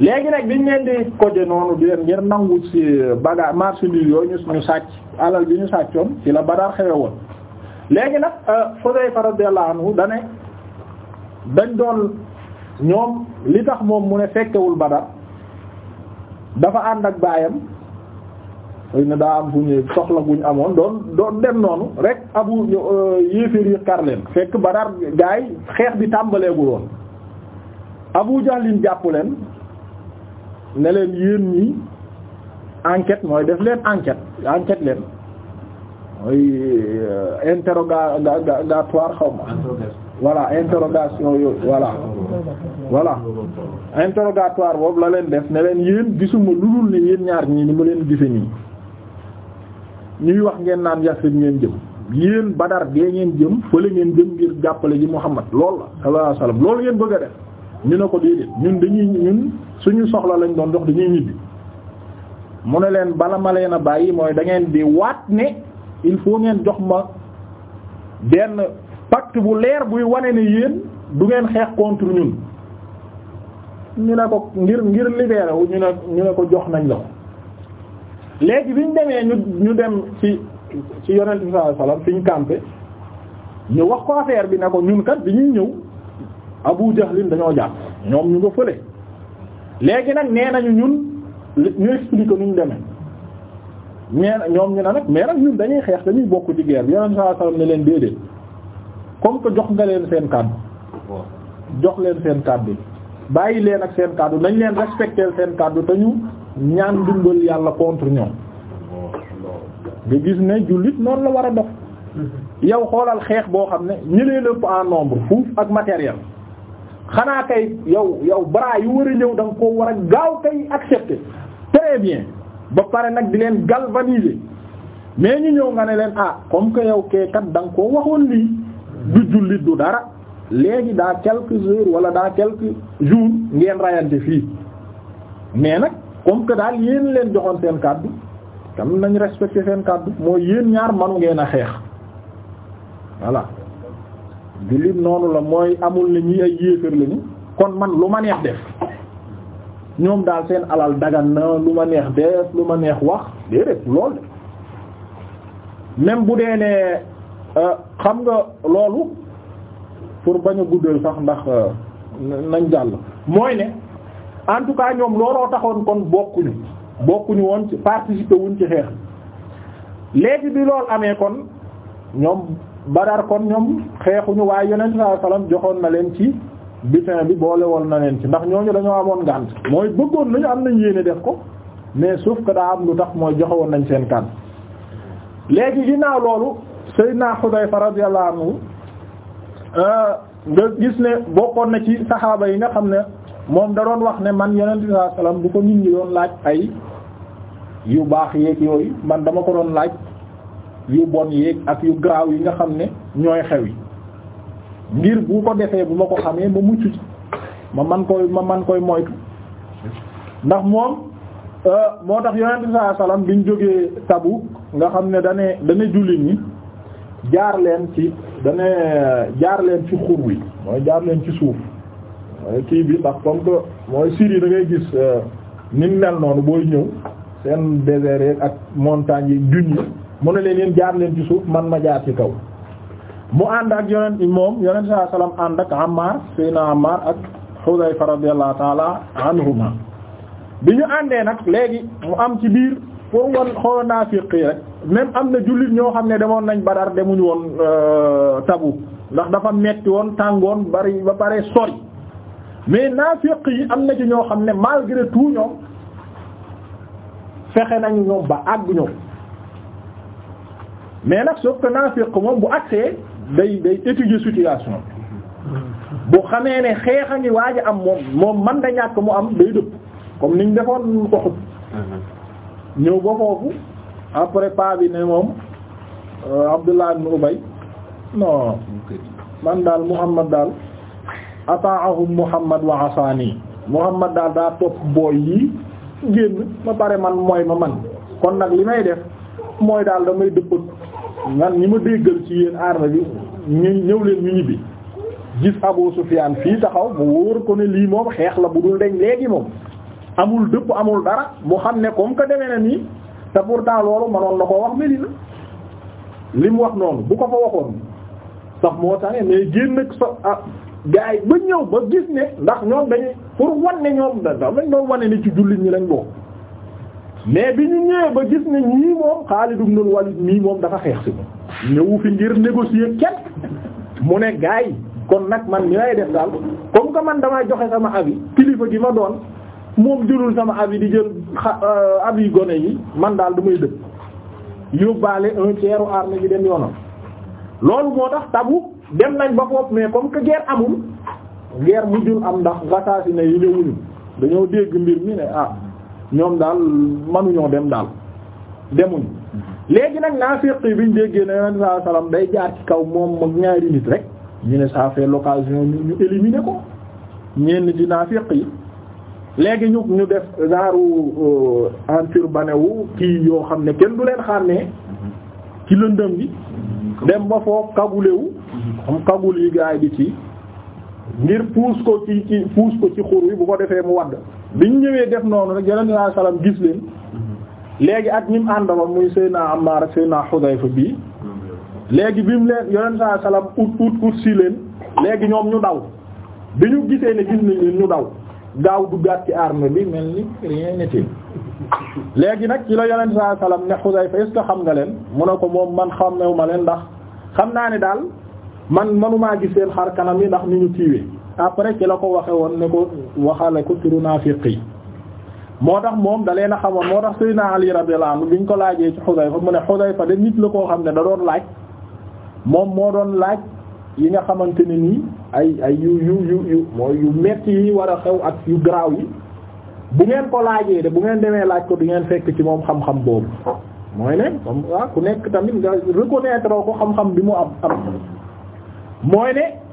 léegi nag biñ leen di koje noonu di leen ngir nangu ci marché marchandise yooyu ñu ñu sàcc alal bi ñu sàccoon ci la Badar xewe woon léegi nag Xudayfa euh, radiyallahu anhu dane dañ doon ñoom li tax moom mu ne fekkewul Badar dafa ànd ak baayam xëy na daa am fu soxla guñ amoon doon doon dem noonu rek abu euh, yéeféer yi xar leen fekk Badar gaay xeex bi tàmbaleegul woon Abu Jahlin jàpp leen ne leen yéen yi enquête mooy def leen enquête enquête leen mooy euh, interrogatoire xaw ma voilà interrogation yooyu voilà voilà interrogatoire boobu la leen def ne leen yéen gisuma lu dul ne yéen ñaar ñii ni ma leen gise nii ñuy wax ngeen naan Yasrib ngeen jëm yéen Badar gee ngeen jëm fële ngeen jëm ngir jàppale ji Muhammad loolu la sallallahu alayhi wasallam loolu ngeen bëgg a def ñu ne ko déedéet ñun dañuy ñun suñu soxla lañ doon dox dañuy ñibbi mu ne leen bala ma leen a bàyyi mooy da ngeen di waat ne il faut ngeen jox ma benn pacte bu leer buy wane ne yéen du ngeen xeex contre ñun ñu ne ko ngir ngir libéré wu ñu ne ñu ne ko jox nañ la ko léegi bi ñu demee ñu ñu dem ci ci yonent bi sallallahu alayhi wasallam fi ñu wax ko affaire bi na ko ñun kat bi ñuy ñëw Abu lin dañoo jàpp ñoom ñu nga fële léegi nag nee nañu ñun ñu expliqué nu ñu demee mais ñoom ñu ne nag mais nag ñun dañuy xeex dañuy bokk ci guerre bi yonent bi ne leen déedéet. comme que jox nga leen seen kàddu jox leen seen kàddu bàyyi leen ak seen kàddu nañ leen respecter seen kàddu te ñu ñaan dimbal yàlla contre ñoom nga gis ne jullit noonu la war a dox yow xoolal xeex boo xam ne ñu leen ëpp en nombre fuuf ak matériel xanaa kay yow yow bras yu war a ñëw da ko war a gaaw kay accepter très bien ba pare nag di leen galvaniser mais ñu ñëw nga ne leen ah comme que yow kee kat da waxoon lii du jullit du dara léegi daa quelques heures wala daa quelques jour ngeen rayante fii mais nag comme que daal yéen leen joxoon seen kàddu tam nañ respecté seen kàddu mooy yéen ñaar manu ngeen a xeex voilà jullit noonu la mooy amul na ñi ay yéefar lañu kon man lu ma neex def ñoom daal seen alal dagan na lu ma neex def lu ma neex wax déedéet lool de même bu dee ne Euh, xam nga loolu pour bañ a guddal sax ndax euh, nañ jàll mooy ne en tout cas ñoom looloo taxoon kon bokkuñu bokkuñu woon ci participer wuñ ci xeex léegi bi lool amee kon ñoom Badar kon ñoom xeexuñu waaye yeneen sallallahu alayhi wasallam joxoon na leen ci butin bi boole woon na leen ci ndax ñooñu dañoo amoon ngànt mooy bëggoon nañu am nañ yéene def ko mais sauf ko daa am lu tax mooy joxewoon nañ seen kan léegi ginnaaw loolu Seydina Xudayfa radiyallahu anhu euh, nga gis ne bokkoon na ci saxaaba yi nga xam ne moom da doon wax ne man yeneen bi sallallahu alayhi bu ko nit ñi doon laaj ay yu baax yéeg yooyu man dama ko doon laaj yu bon yéeg ak yu garaaw yi nga xam ne ñooy xew yi ngir bu ko defee bu ma ko xamee ma mucc ci ma man koy ma man koy moytu ndax moom euh, moo tax yonent bi sallallahu alayhi wasallam biñ jógee Tabuk nga xam ne dane dane jullit ñi jaar leen ci dane jaar leen ci xur wi mooy jaar leen ci suuf mooy kii bi ndax comme que mooy siri da ngay gis euh, ni mel noonu booy ñëw seen désert ak montagnes yi duñ mu ne leen yéen jaar leen ci suuf man ma jaar ci kaw mu ànd ak yonent moom yonent saa salaam ànd ak Ammar Seydina Ammar ak Xudayfa radiyallahu ta'ala anhuma bi ñu àndee nag léegi mu am ci biir pour wan xoola naafiq yi rek même am na jullit ñoo xam ne demoon nañ Badar demuñu woon euh, Tabu ndax dafa metti woon tàngoon bari ba pare sori mais naafiq yi am na ci ñoo xam ne malgré tout ñoom fexe nañ ñoom ba àgg ñoom mais nag sauf que naafiq moom bu agsee day day étudier situation bu xamee ne xeex a ngi waaj a am moom moom man da ñàkk mu am day dëpp comme niñ defoon ko ñëw ba foofu après pa bi ne moom euh, Abdullah ibn Ubay non man daal Muhammad daal ata'ahum Muhammad wa asani Muhammad daal daa topp booy yi génn ma pare man mooy ma man kon nag li may def mooy daal damay dëpp man ñi ma déggal ci yéen arme bi ñu ñëw ñu ñibbi gis Abu Sufyan fii taxaw mu wóor ko ne lii moom xeex la bu dul deñ léegi moom amul dëpp amul dara mu xam ne comme que deme na nii te pourtant loolu manoon na koo wax meli na li mu wax noonu bu ko fa waxoon sax moo tax ne génn ak sa ah gars yi ba ñëw ba gis ne ndax ñoom dañuy pour wan ne ñoom da dañ doon wane ni ci jullit ñi lañ bokk mais bi ñu ñëwee ba gis ne ñii moom Xaalid ibn Walid mii moom dafa xeex si moom. ñëwu fi ngir négocier kenn mu ne gars kon nag man mi lay def daal comme que man damay joxe sama avis kilifa gi ma doon. moom jëlul sama avis di jël xa euh, avis gone yi man daal du may dëkk yóbbaale un tiers u bi dem yoonam loolu moo tax tabu dem nañ ba foofu mais comme que guerre amul guerre mujjul am ndax rattaché ne yi ñëwuñu dañoo dégg mbir mi ne ah ñoom daal mënuñoo dem daal demuñ léegi nag naafiq yi biñ déggee ne yonent saa salaam day jaar ci kaw moom mag ñaari nit rek ñu ne ça fait l'occasion ñu éliminer ko ñenn ci naafiq yi. léegi ñu ñu def genre euh, enturbané wu kii yoo xam ne kenn du leen xàmmee ci lëndëm gi mm-hmm. dem ba foo kagulewu am mm-hmm. kagul yi gaay bi ci ngir puus ko ci ci puus ko ci xur wi bu ko defee mu wadd biñ ñëwee def noonu rek yeneen laa salaam gis leen mm-hmm. léegi ak ñim àndama muy Seydina Ammaar ak Seydina Xudayfa bii léegi bi mu leen yeneen laa salaam ut ut ut si leen léegi ñoom ñu daw bi ñu gisee ne gis nañ ñu daw gaaw duggaat ci armée bi mel ni rien n'était léegi nag ci la yonent saa salaam ne Xudayfa est-ce xam nga leen mu ne ko moom man xamewu ma leen ndax xam naa ne daal man manumaa gis leen xar kanam yi ndax ni ñu kiiwee après ci la ko waxe woon ne ko waxale ko turu naafiq yi moo tax moom da leen a xamoon moo tax Seydina Ali radiyallahu anhu biñ ko laajee ci Xudayfa mu ne Xudayfa de nit la koo xam ne da doon laaj moom moo doon laaj yi nga xamante ne nii ay ay yu yu yu yu mooy yu metti yi war a xew ak yu garaaw yi bu ngeen ko laajee de bu ngeen demee laaj ko bi ngeen fekk ci moom xam-xam boobu mooy ne comme ah, ku nekk tamit nga ko xam-xam bi mu am mooy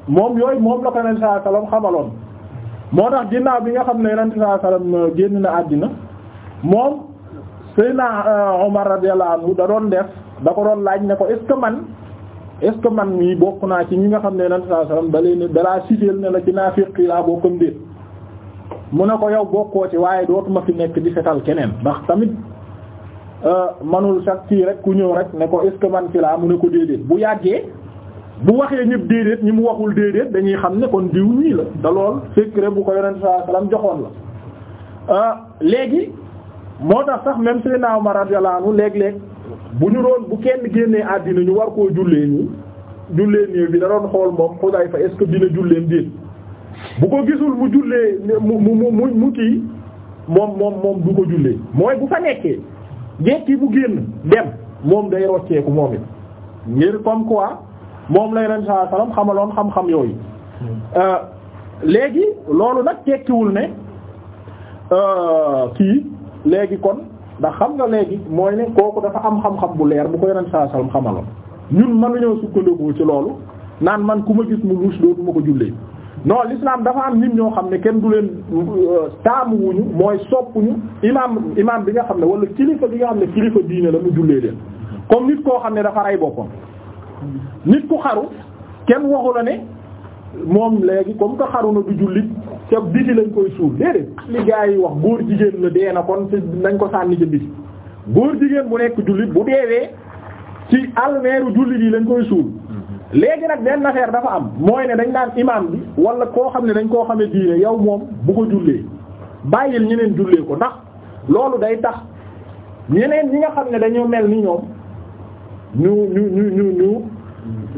moom yooyu moom la ko yonent sallallahu alayhi xamaloon moo tax ginnaaw bi nga xam ne yonent sallallahu alayhi euh, génn na àddina moom Seydina euh, Omar radiyallahu anhu da doon def da ko doon laaj ne ko est-ce est ce que man mii bokk naa ci ñi nga xam ne yonent sallallahu alayhi wasallam dalee ne dalaa sigéel ne la ci naafiq yi laa bokkam déet mu ne ko yow bokkoo ci waaye dootuma fi nekk di setal keneen ndax tamit euh, manul sax kii rek ku ñëw rek ne ko est ce que man ci laa mu ne ko déedéet bu yàggee bu waxee ñëpp déedéet ñi mu waxul déedéet dañuy xam ne kon diw ñii la da lool secret bu ko yonent sallallahu alayhi wasallam joxoon la euh, léegi moo tax sax même Seydina Umar radiyallahu anhu léeg-léeg bu ñu roon bu kenn génnee àddina ñu war koo jullee ñi jullee néew bi da xool moom Xudayfa est-ce que dina julleen déet bu ko gisul mu jullee mu mu mu mu kii moom moom moom du ko jullee mooy bu fa nekkee jekki bu génn dem moom day rocceeku moom it ngir comme quoi moom lay ren saa salaam xamaloon xam-xam yooyu hmm. euh, léegi loolu nag tekkiwul ne euh, kii léegi kon ndax xam nga léegi mooy ne kooku dafa am xam-xam bu leer bu ko yonent saa sallam xamaloon ñun mënuñoo sukkandiku ci loolu naan man ku ma gis mu muus ma ko jullee non l'islam dafa am nit ñoo xam ne kenn du leen euh, taamu ñu mooy soppuñu imaam imaam bi nga xam ne wala kilifa bi nga xam ne kilifa diine la mu jullee leen comme nit koo xam ne dafa rey boppam nit ku xaru kenn waxu la ne. moom léegi comme que xaruna du jullit ca biti lañ koy suul déedéet li yi wax góor jigéen la dee na kon ci nañ ko sànni ca biti góor jigéen bu nekk jullit bu deewee ci almeeru jullit yi lañ koy suul léegi nag benn affaire dafa am mooy ne dañ daan imam bi wala koo xam ne dañ koo xamee diine yow moom bu ko jullee bàyyil ñeneen jullee ko ndax loolu day tax ñeneen ñi nga xam ne dañoo mel ni ñoom ñu ñu ñu ñu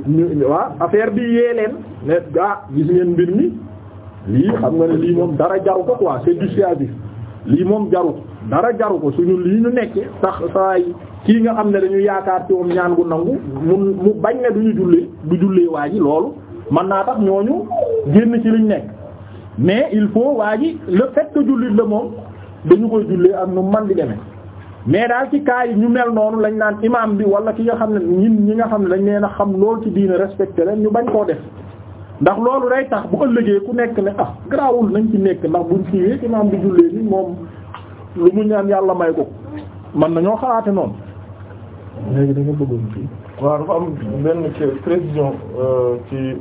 ñu waa affaire bi yee leen ne ah gis ngeen mbir mi lii xam nga ne lii moom dara jaru ko quoi c'est du service lii moom jaru dara jaru ko suñu lii ñu nekk tax saa yi kii nga xam ne dañu yaakaar ci moom ñaan gu nangu mu mu bañ ne duñu jullee du jullee waa ji loolu mën naa tax ñooñu génn ci liñ nekk mais il faut waa ji le fait que jullit la moom dañu koy jullee ak nu man di demee mais daal ci cas yi ñu mel noonu lañ naan imam bi wala ki nga xam ne ñun ñi nga xam ne dañ leen a xam lool ci diine respecté leen ñu bañ koo def ndax loolu day tax bu ëllëgee ku nekk ne ah garaawul nañ ci nekk ndax buñ kiiwee imam bi jullee ni moom lu mu ñaan yàlla may ko man nañoo xalaate noonu léegi da bëgg bëggoon fii waaw dafa am benn précision euh, ci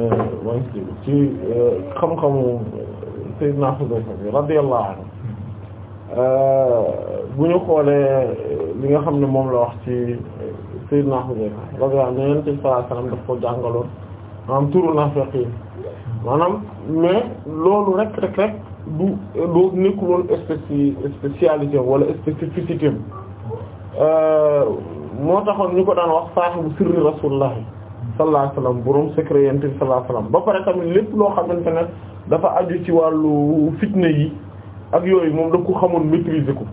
euh, ci euh, xam-xamu Seydina Hudayfa radiyallahu anhu Euh, bu ñu xoolee euh, li nga xam ne moom la wax ci euh, Sayyidna Hudayfa radiyallahu anhu Yonent bi sallallahu alayhi wasallam daf ko jàngaloon maanaam turu naafiq yi maanaam mais loolu rek rek rek du du nekkul woon spéci spécialité moo taxoon ñu ko daan wax saahibu sirri rasulullah sallallahu alayhi wasallam borom secret Yonent bi sallallahu alayhi wasallam ba pare tamit lépp loo xamante ne dafa aju ci wàllu fitna yi. ak yooyu moom da ko xamoon maîtriser ko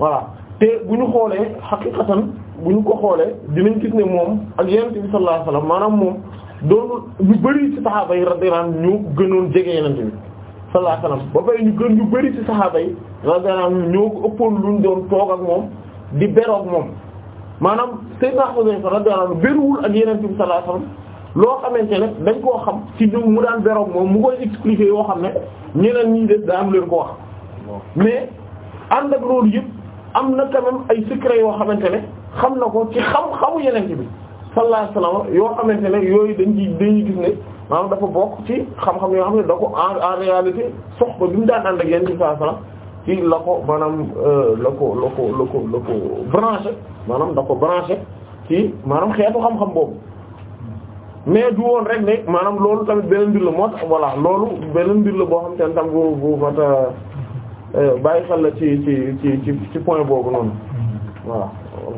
voilà te bu ñu xoolee xaqiqatan bu ñu ko xoolee dinañ gis ne moom ak yonent bi sallallahu alayhi maanaam moom doon ñu bëri ci saxaaba yi radiyallahu anhum ñoo gënoon jege yonent bi sallallahu alayhi wasallam ba pare ñu gën ñu bëri ci saxaaba yi radiyallahu anhum ñoo ko ëppoon luñ doon toog ak moom di beroog moom maanaam sayyidna Hudayfa radiyallahu anhu bëriwul ak yonent bi sallallahu alayhi wasallam loo xamante ne dañ koo xam ci ñoom mu daan beroog moom mu koy expliquer yoo xam ne ñeneen ñi def daa am leen ko wax mais ànd ak loolu yëpp am na quand ay secret yoo xamante ne xam na ko ci xam-xamu yeneen bi sallallahu alayhi wasallam yoo xamante ne yooyu dañ ci gis ne maanaam dafa bokk ci xam-xam yoo xam ne da ko en en réalité sox ko bi daan ànd ak yeneen bi sallallahu alayhi wasallam ci la ko maanaam euh, la ko la ko la ko branché maanaam da ko branché ci maanaam xeetu xam-xam boobu mais du woon rek ne maanaam loolu tamit beneen mbir la moo tax voilà loolu beneen mbir la boo xam te ne tam bu bu Eh, bàyyi xel la ci ci ci ci point boobu noonu hmm. voilà.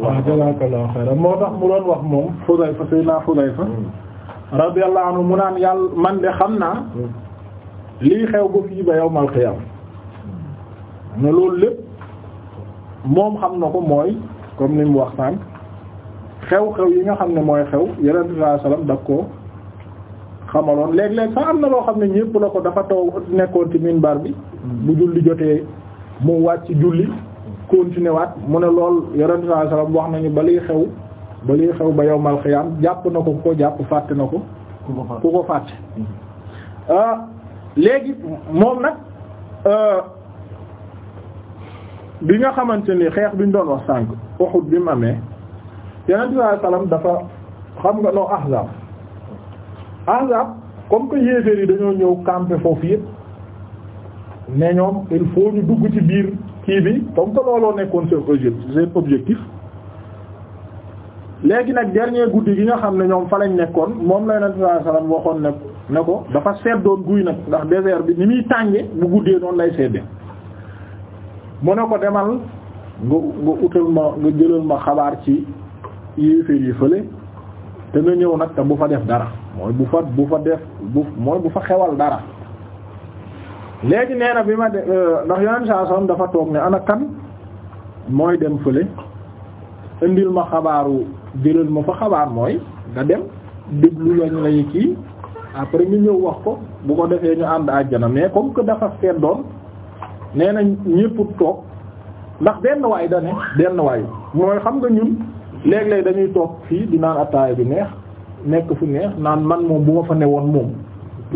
waaw ah, jazakallahu xayran moo tax mu doon wax moom Xudayfa sayna Xudayfa hmm. radiyallahu anhu mu naan yàlla man de xam naa hmm. lii xew ba fii ba yawmal qiyaam ne loolu lépp moom xam na ko mooy comme ni wax sànq xew-xew yi nga xam ne mooy xew yeneen sallam daf ko xamaloon léeg-léeg sax am na loo xam ne ñépp la ko dafa taw nekkoon ci minbar bi bu julli jotee mu wàcc julli continuer waat mu ne lool yonent sallallahu alayhi wasallam wax nañu ba liy xew ba xew ba yowmal xiyaam jàpp na ko ku ko jàpp fàtte na ko ku ko fàtte ah, léegi moom nag euh, bi nga xamante ni xeex bi ñu doon wax sànk Uhud bi mu amee yonent sallallahu alayhi dafa xam nga noo Ahzab Ahzaab comme que yéeféer yi dañoo ñëw camper foofu yëpp ne ñoom il faut ñu dugg ci biir kii bi comme que looloo nekkoon seen objectif seen objectif léegi nag dernier guddi gi nga xam ne ñoom fa lañ nekkoon moom la Yonent bi sallallahu alayhi wasallam ne ko dafa seddoon guy nag ndax désert bi ni muy tànge bu guddee noonu lay seddee mu ne ko demal nga nga utal ma nga jëlal ma xabaar ci yéeféer yi fële te nga ñëw nag te bu fa def dara mooy bu fa bu fa def bu mooy bu fa xewal dara léegi neena bi ma de euh, ndax yonen saa dafa toog ne ana kan mooy dem fële indil ma xabaaru jëlal ma fa xabaar mooy nga dem déglu lañ lay kii après ñu ñëw wax ko bu ko defee ñu ànd àjjana mais comme que dafa seet doon nee na ñëpp toog ndax benn waay da ne benn waay mooy xam nga ñun léeg-léeg dañuy toog fii di naan attaaya bi neex nekk fu neex naan man moom bu ma fa newoon moom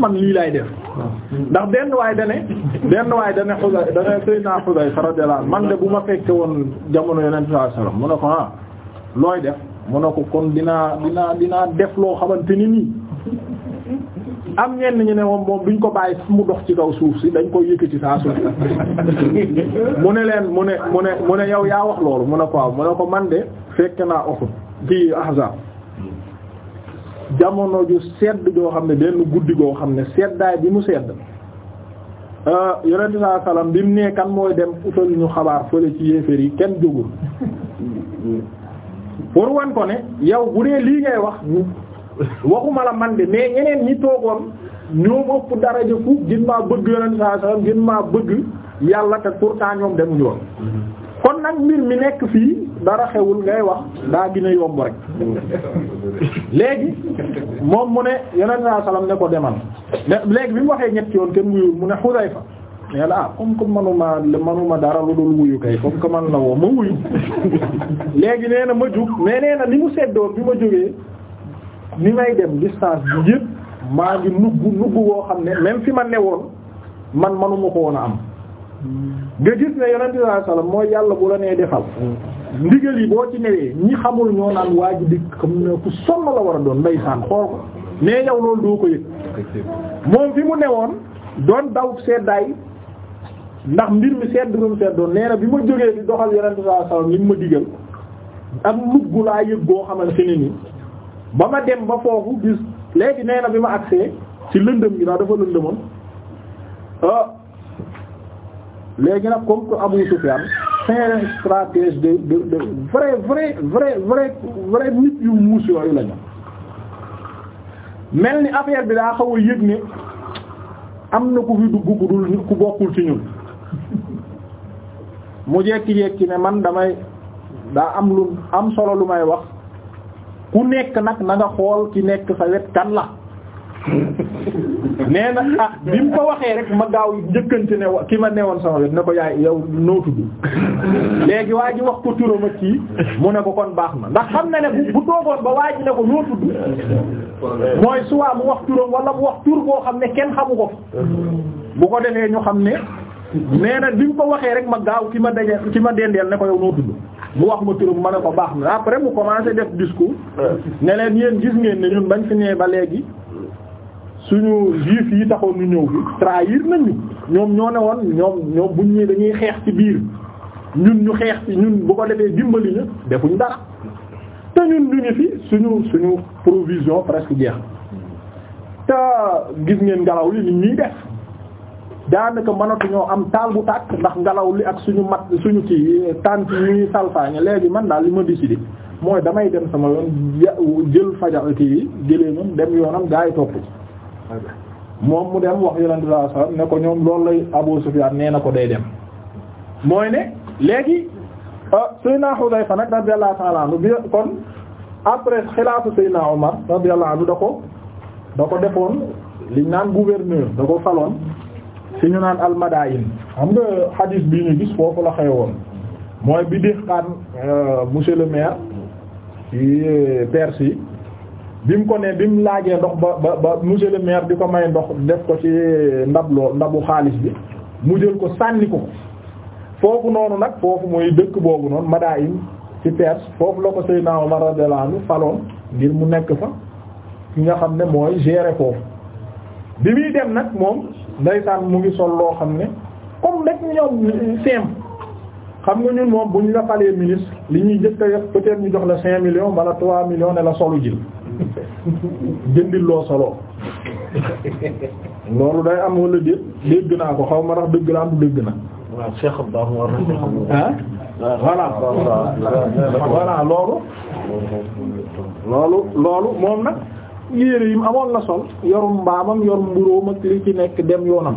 man lii laay def ndax benn waay dane benn waay dane xuday dane sayyidina xuday radiyallahu man de bu ma fekke woon jamono yonent sallallahu alayhi wasallam mu ne ko ah looy def mu ne ko kon dinaa dinaa dinaa def loo xamante ni nii am ñenn ñu ne moom moom duñ ko bàyyi mu dox ci kaw suuf si dañ koy yëkkati saa suuf mu ne leen mu ne mu ne mu ne yow yaa wax loolu mu ne ko waaw mu ne ko man de fekke naa Uhud ci Ahzab jamono ju sedd joo xam ne benn guddi goo xam ne seddaay bi mu sedd euh, yonente saa salaam bi mu nee kan mooy dem utal ñu xabaar fële ci yéeféer yi kenn jógul pour wan ko ne yow bu dee lii ngay wax waxuma la man de mais ñeneen ñi toogoon ñoom ëpp daraja fu gën maa bëgg yonente saa salaam maa bëgg yàlla te pourtant ñoom demuñu woon kon nag mbir mi nekk fii dara xewul ngay wax daa gën a yomb rek léegi moom mu ne yeneen saa salaam ne ko demal léegi bi mu waxee ñett yoon kenn wuyul mu ne Xudayfa mais la ah comme que manuma manuma dara lu dul wuyu kay comme man la woo ma wuyu léegi nee na ma jug mais nee na li mu seddoon bi ma jógee ni may dem distance bi yëpp maa ngi nugg nugg woo xam ne même fi ma woon man manuma ko woon a am. nga gis ne yonent bi sallallahu yàlla bu la nee defal ndigal yi boo ci newee ñi xamul ñoo naan waa ji dikk xam na ku sonn la war a doon ndeysaan xool ko mais yow loolu doo ko yëg moom fi mu newoon doon daw seddaay ndax mbir mi sedd doon sedd doon nee na bi ma jógee di doxal yonent bi li mu ma digal am luggu laa yëg boo xamante ne ni ba ma dem ba foofu gis léegi nee bi ma agsee ci lëndëm gi daal dafa lëndëmoon ah léegi nag comme que Abu Sufyan c'est stratège de de de vrai vrai vrai vrai nit yu muus yooyu la mel ni affaire bi daa xaw a yëg ne am na ku fi dugg ku ku bokkul ci ñun mu jekki-jekki ne man damay daa am lu am solo lu may wax ku nekk nag na xool ci nekk sa wet kan la nee na ah bi mu ko waxee rek ma gaaw njëkkante ne ki ma newoon sama wet ne ko yaay yow noo tudd léegi waa ji wax ko turam ak kii mu ne ko kon baax na ndax xam na ne bu toogoon ba waa ji ne ko noo tudd mooy soit mu wax turam wala mu wax tur boo xam ne kenn xamu ko bu ko defee ñu xam ne nee na bi mu ko waxee rek ma gaaw ki ma daje ki ma dendeel ne ko yow noo tudd mu wax ma turam ma ne ko baax na après mu commencé def discours ne leen yéen gis ngeen ne ñun bañ fi ba léegi suñu juif yi taxoon ñu ñëw fi trahir nañu ñoom ñoo ne woon ñoom ñoom buñ ñi dañuy xeex ci biir ñun ñu xeex ci ñun bu ko defee dimbali ñu defuñ dara te ñun du ñu fi suñu suñu provision presque jeex te gis ngeen ngelaw li nit ñuy def daanaka mënatuñoo am taal bu tàkk ndax ngelaw li ak suñu mat suñu ci tànk ñuy salfaañe léegi man daal li ma décidé mooy damay dem sama yoon jël faja kii yi jëlee ñoom dem yoonam gaa yi topp ci moom mu dem wax yonent bi sallallahu alayhi wasallam ne ko ñoom loolu lay Abu Sufyaan nee na ko day dem mooy ne léegi ah, Seydina Hudayfa nag radiyallahu ta'ala anhu bi kon après xilaafu Seydina Omar radiyallahu anhu da ko da ko defoon liñ naan gouverneur da ko faloon si ñu naan almadayin xam nga hadis bi ñu gis foofu la xewoon mooy bi dixqaan euh, monsieur le maire ci euh, bi mu ko ne bi mu laajee ndox ba ba ba monsieur le maire bi ko may ndox def ko ci ndab loo ndabu xaalis bi mu jël ko sànni ko foofu noonu nag foofu mooy dëkk boobu noonu Madain ci Perse foofu la ko Seydina Omar radiyallahu anhu faloon ngir mu nekk fa ki nga xam ne mooy gérer foofu bi muy dem nag moom ndeysaan mu ngi sol loo xam ne comme rek ñoom simple xam nga ñun moom bu ñu la ministre li ñuy njëkk a def peut-être ñu jox la cinq millions wala trois millions la solu jil jëndil loo soloo loolu day am wala déet dégg naa ko xaw ma tax dégg naa du dégg na. waaw Cheikh Abdou ah? loolu. loolu loolu moom nag yére yi mu amoon la sol yorum mbaamam yor mburoom ak li ci nekk dem yoonam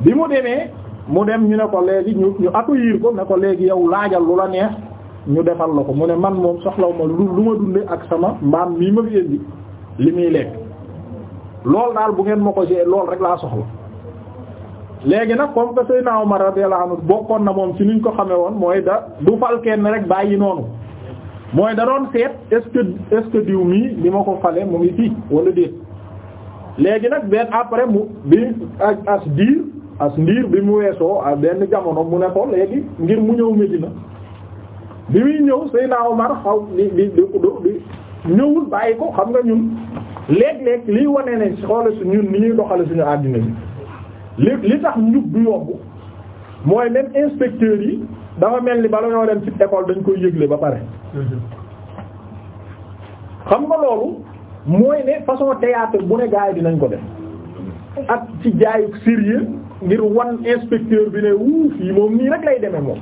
bi mu demee mu dem ñu ne ko léegi ñu ñu accueillir ko ne ko léegi yow laajal lu la neex. ñu defal la ko mu ne man moom soxlaw ma lu lu ma dunde ak sama mbaam mii ma fi li muy lekk loolu daal bu ngeen ma ko jee lool rek laa soxla léegi nag comme que Seydina Omar radiyallahu anhu bokkoon na moom ci niñ ko xamee woon mooy da du fal kenn rek bàyyi noonu mooy da doon seet est-ce que est-ce que diw mii li ma ko fale mu ngi fii wala déet léegi nag benn après mu bi ak as diir as ndiir bi mu weesoo benn jamono mu ne ko léegi ngir mu ñëw Medina bi muy ñëw Seydina Omar xaw di di di ñëwul bàyyi ko xam nga ñun léeg-léeg liy wane ne xoolal su ñun ni ñuy doxale suñu àddina bi li li tax njub du yomb mooy même inspecteurs yi dafa mel ni bala ñoo dem ci école dañ koy yëgle ba pare. xam nga loolu mooy ne façon théâtre bu ne gaay dinañ ko def ak ci jaayu sérieux ngir wan inspecteur bi ne wuuf yi moom nii rek lay demee moom.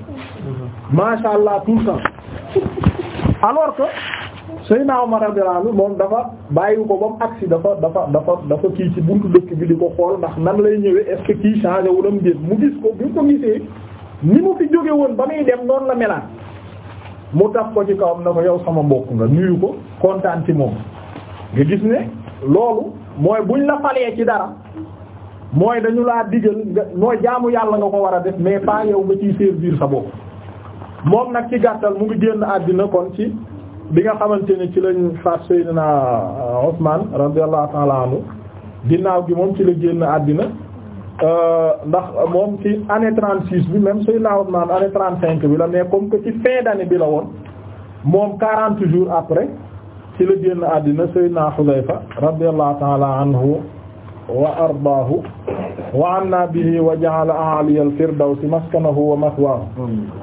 macha allah tout le temps alors que Seydina Omar radiyallahu moom dafa bàyyiwu ko ba mu agsi dafa dafa dafa dafa kii ci buntu dëkk bi di ko xool ndax nan lay ñëwee est-ce que kii changé wu dem déet mu gis ko bi ko gisee ni mu fi jóge woon ba muy dem noonu la melaat mu taf ko ci kawam na ko yow sama mbokk nga nuyu ko kontaan ci moom nga gis ne loolu mooy buñ la falee ci dara mooy dañu laa digal nga noo jaamu yàlla nga ko war a def mais pas yow nga ciy servir sa bop moom nag ci gàttal mu ngi génn àddina kon ci bi nga xamante ne ci lañ faat Seydina Usman radiyallahu ta'ala anhu ginnaaw gi moom ci la génn àddina euh, ndax moom ci année trente six bi même Seydina Usman année trente cinq bi la mais comme que ci fin d'année bi la woon moom quarante jours après ci la génn àddina Seydina Hudayfa radiyallahu ta'ala anhu wa ardaahu wa anna bihi wa ja'ala a'ali al-firdawsi maskanahu wa mathwaahu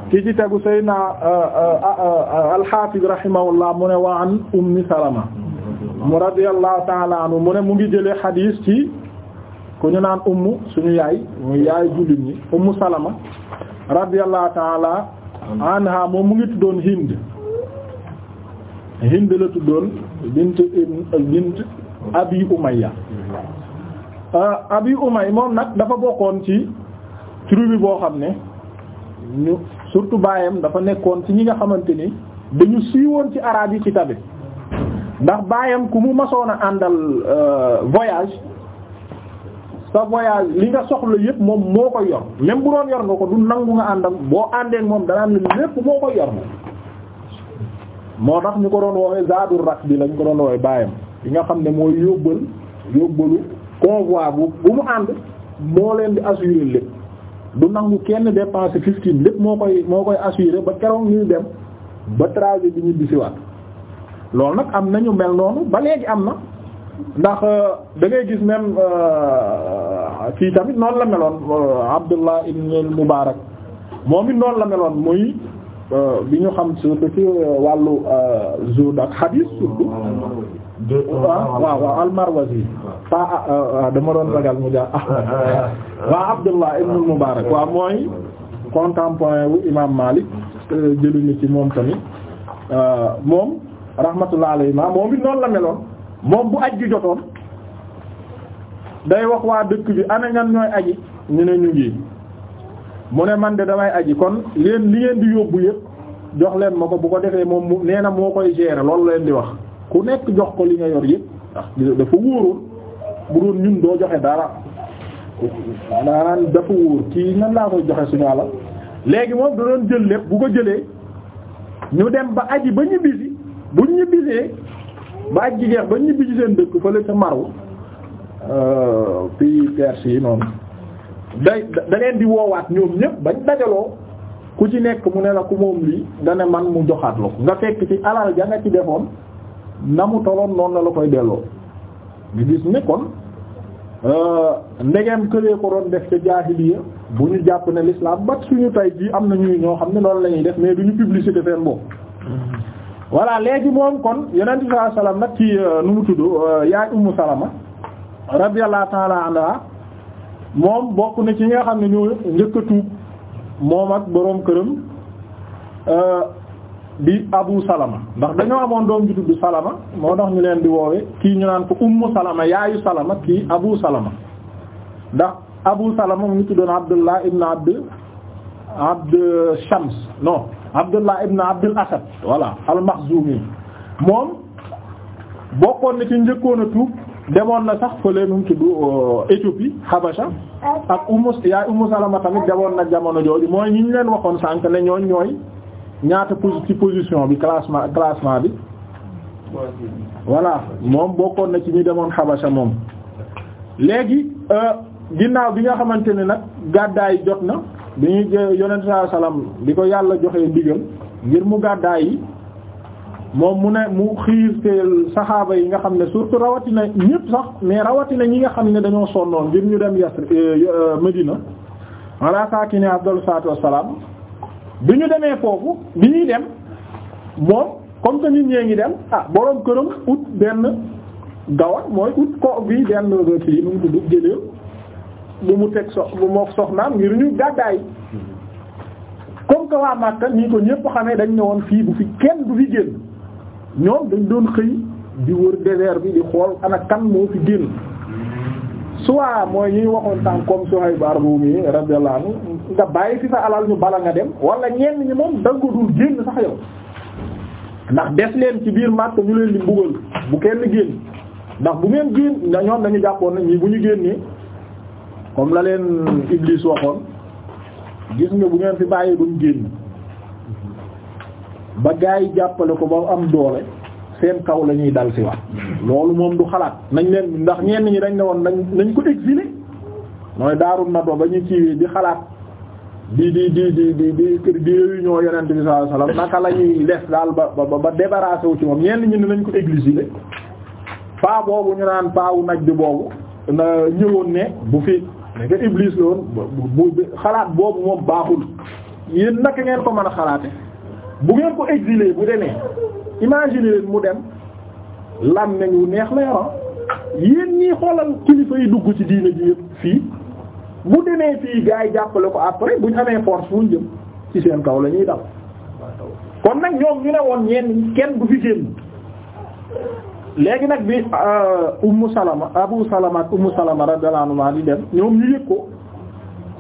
ki ci tegu Seydina uh, uh, uh, al-Hafiz rahimahullah mu ne wa an ummi Salama mu radiyallahu ta'ala anhu mu ne mu ngi jëlee xadiis ci ku ñu naan ummu suñu yaay muy yaay jullit ñi ummu Salama radiyallahu ta'ala anha moom mu ngi tuddoon Hind Hind la tuddoon bint bint Abi Umayya Euh, abi umay moom nag dafa bokkoon ci tribu boo xam ne ñu surtout baayam dafa nekkoon ci ñi nga xamante ni dañu siiwoon ci araab yi ci tabit ndax baayam ku mu masoon a àndal euh, voyage sa voyage li nga soxla yëpp moom moo ko yor même bu doon yor nga ko du nangu nga àndal boo àndeen moom danaan lépp moo ko yor moom moo tax ñu ko doon woowee zaadul rak bi lañ ko doon woowee baayam li nga xam ne mooy yóbbal yóbbalu convoi bu bu mu ànd moo leen di assurer lépp du nangu kenn dépenser fifteen lépp moo koy moo koy assurer ba keroog ñuy dem ba trajet bi ñu bisiwaat loolu nag am nañu mel noonu ba léegi am na ndax euh, dangay ngay gis même kii euh, tamit noon la meloon euh, Abdullah ibn Mubarak moom it noonu la meloon muy bi ñu xam surtout ci wàllu zuhd ak hadith surtout waaw waaw al-Marwazi pa ah, ah, ah, dama doon ragal mu Ahmad waaw Abdullah ibn al-Mubarak waaw mooy contemporain wu imam Malik jëluñu ci moom tamit moom rahmatullah alayhi ma moom it noonu la meloon moom bu aj gi jotoon day wax waa dëkk bi ana ñan ñooy aji ñu ne ñu ngi mu ne man de damay yi kon leen li leen di yóbbu yëpp jox leen ma ko bu ko defee moom mu nee moo koy gérer loolu leen di wax ku nekk jox ko li nga yor yëpp ndax dafa wóoroon bu doon ñun doo joxe dara maanaam dafa wóor kii nan laa koy joxe suñu alal léegi moom da doon jël lépp bu ko jëlee ñu dem ba aji ba ñibbisi bu ñibbisee ba aj gi jeex ba ñibbisi seen dëkk fële ca Marw fii euh, Perse yi noonu day da leen di woowaat ñoom ñëpp bañ dajaloo ku ci nekk mu ne la ku moom lii nga ne man mu joxaat la ko nga fekk ci alal ja nga ci defoon na mu toloon noonu la la koy delloo nga gis ne kon euh, ndegem këlee ko doon def ca jaahiliya bu ñu jàpp ne l'islam bat suñu tay jii am na ñuy ñoo xam ne loolu lañuy def mais du ñu publicité seen bopp. voilà léegi moom kon yonent bi salaam nag ci euh, nu mu tudd euh, yaay Ummu Salama radiyallahu ta'ala moom bokk na ci nga xam ne ñu njëkk a tuub moom ak boroom këram. di Abu Salama ndax dañoo amoon doom ju tudd Salama moo tax ñu leen di woowe kii ñu naan ko Ummu Salama yaayu Salama kii Abu Salama ndax Abu Salama mu ngi tuddoon Abdullah ibn Abd Abd Shams non Abdullah ibn Abdul Asad voilà al-Makhzumi moom bokkoon na ci njëkkoon a tuub demoon na sax fële nu mu tudd euh, Éthiopie Habasha ak Ummu yaay Ummu Salama tamit demoon na jamono jooju mooy ñi ñu leen waxoon sànq ne ñooñ ñooy ñaata posi ci position bi classement classement bi voilà moom bokkoon na ci ñi demoon xabasa moom léegi euh, ginnaaw bi nga xamante ne nag gàddaay jot na bi ñuy yonent saa salaam di ko yàlla joxee ndigal ngir mu gàddaay yi moom mu ne mu xiirteel saxaaba yi nga xam ne surtout rawatina ñëpp sax mais rawatina ñi nga xam ne dañoo sonnoon ngir ñu dem Yasr euh, Medina. voilà saa ne abdol salaatu wassalaam bi ñu demee foofu bi ñuy dem moom comme que nit ñee ngi dem ah borom këram ut benn gawar mooy ut ko bi benn fii nu mu tudd gëléem bu mu teg so bu mook soxnaam ngir ñu gàddaay comme que waa Makka nii ko ñëpp xamee dañ ne woon fii bu fi kenn bu fi génn ñoom dañ doon xëy di wër désert bi di xool ana kan moo fi génn suwaa mooy ñuy waxoon tànk comme Suhayb Ar-Rumi radiyallahu anhu nga bàyyi fi sa alal ñu bala nga dem wala ñenn ñi moom danga ko dul génn sax yow ndax des leen ci biir màtt ñu leen mbugal bu kenn génn ndax bu ngeen génn nga ñoom dañu jàppoon na ñi bu ñu génnee comme la leen Iblis waxoon gis nga bu ngeen fi bàyyi duñ génn ba gaa yi jàppale ko ba am doole seen kaw la ñuy dal si wax loolu moom du xalaat nañ leen ndax ñenn ñi dañ ne woon nañ nañ ko exiler mooy daarul na ba ñu ci di xalaat di di di di di di di réunion yonent bi sallallahu alayhi wasallam naka la ñuy des daal ba ba ba débarrassé wu ci moom ñenn ñi ne nañ ko exiler paa boobu ñu naan paawu naj bi boobu na ñëwoon ne bu fi nga iblis la woon bu xalaat boobu moom baaxul yéen naka ngeen ko mën a xalaate bu ngeen ko exiler bu demee imaginer mu dem. làmmeñ wu neex la yoroon yéen ñii xoolal kilifa yi dugg ci diina ji yëpp fii bu demee fii gaa yi jàppale ko après bu ñu amee force fu ñu jëm ci seen kaw la ñuy dal kon nag ñoom ñu ne woon ñeen kenn du fi génn léegi nag bi euh, ummu salama abu salama ak ummu salama radiyallahu anhuma di dem ñoom ñu yëg ko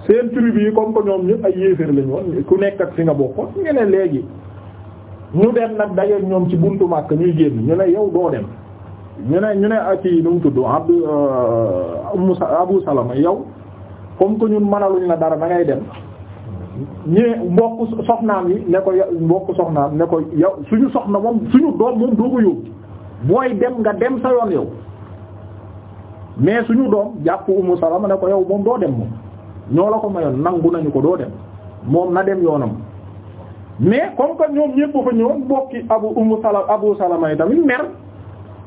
seen tribu yi comme que ñoom ñëpp ay yéeféer lañu ku nekk ak fi nga bokk ñu ne léegi ñu dem nag dajeeg ñoom ci buntu Makka ñuy génn ñu ne yow doo dem ñu ne ñu ne aki nu mu tudd Abdou euh, Moussa Abou Salama yow comme que ñun mënaluñ la dara dangay dem ñee mbokk soxnaam yi ne ko mbokk soxnaam ne ko yow suñu soxna moom suñu doom moom doo ko yóbbu booy dem nga dem sa yoon yow mais suñu doom jàpp Umu Salama ne ko yow moom doo dem moom ñoo la ko mayoon nangu nañu ko doo dem moom na dem yoonam. mais comme que ñoom ñëpp fa ñëwoon bokki abu umu salam abu salama yi tamit mer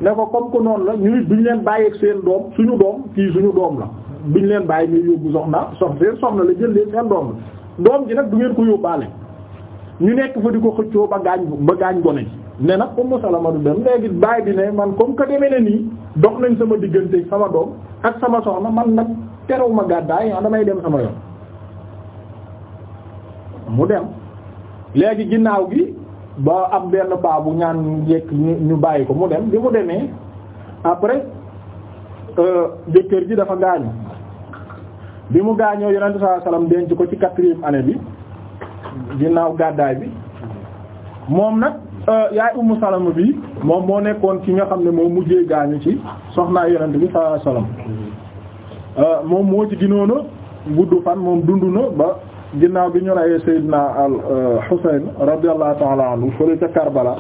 ne ko comme que noonu la ñuy duñ leen bàyyi ak seen doom suñu doom kii suñu doom la duñ leen bàyyi ñuy yóbbu soxna sox seen soxna la jël leen seen doom la doom ji nag du ngeen ko yóbbaale ñu nekk fa di ko xëccoo ba gaañ ba gaañ gone ji ne nag umu salama du dem léegi bàyyi bi ne man comme que demee na nii dox nañ sama diggante sama doom ak sama soxna man nag terewuma gàddaay ah, damay dem sama yoon mu dem léegi ginnaaw gi ba am benn paa bu ñaan yekk ñu bàyyi ko mu dem bi mu demee après euh, jëkkër ji dafa gaañu bi mu gaañoo yonente saa sallam denc ko ci quatrième année bi ginnaaw gàddaay bi moom nag euh, yaay ummu salama bi moom moo nekkoon ki nga xam ne moo mujjee gaañu ci soxnaa yonente bi saa sallam euh, moom moo ci ginoona gudd fan moom dund na ba ginnaaw bi ñu rayee Seydina al euh, Husayn radiyallahu ta'ala anhu ca Karbala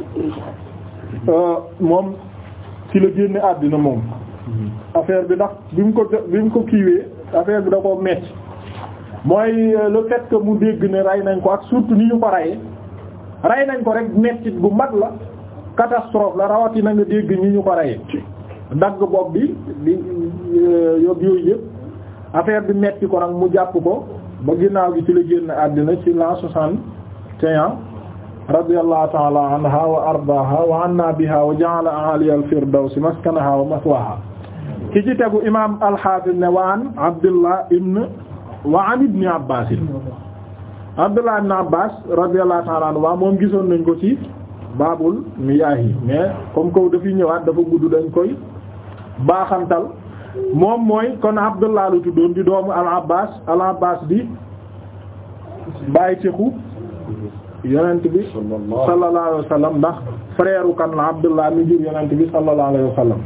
euh, moom ci la génne àddina moom affaire bi ndax bi mu ko bi mu ko kiiwee affaire bi da ko metti mooy euh, le fait mu dégg ne rey nañ ko ak surtout ni ñu ko reyee rey nañ ko rek mettit bu mag la catastrophe la rawatina nga dégg ni ñu ko reyee dagg bopp bi di yooyu yëpp affaire bi metti ko nag mu jàpp ko ba ginnaaw gi ci la génn àddina ci l'an soixante et un radiyallahu ta'ala wa ardaaha wa anna biha wa ja'ala a'aliya al-firdawsi maskanaha wa maswaha ki ci tegu imam al ne wa an abdullah ibn wa an ibn abbas abdullah ibn abbas radiyallahu ta'ala anhu waa moom gisoon nañ ko ci baabul miyaah yi mais comme que dafiy ñëwaat dafa gudd dañ koy baaxantal moom mooy kon Abdullah lu tuddoon di doomu al Abbas al Abbas di bàyyi texu yonent bi sallallahu alayhi ndax frère u kan la Abdullah mi jur yonent bi sallallahu alayhi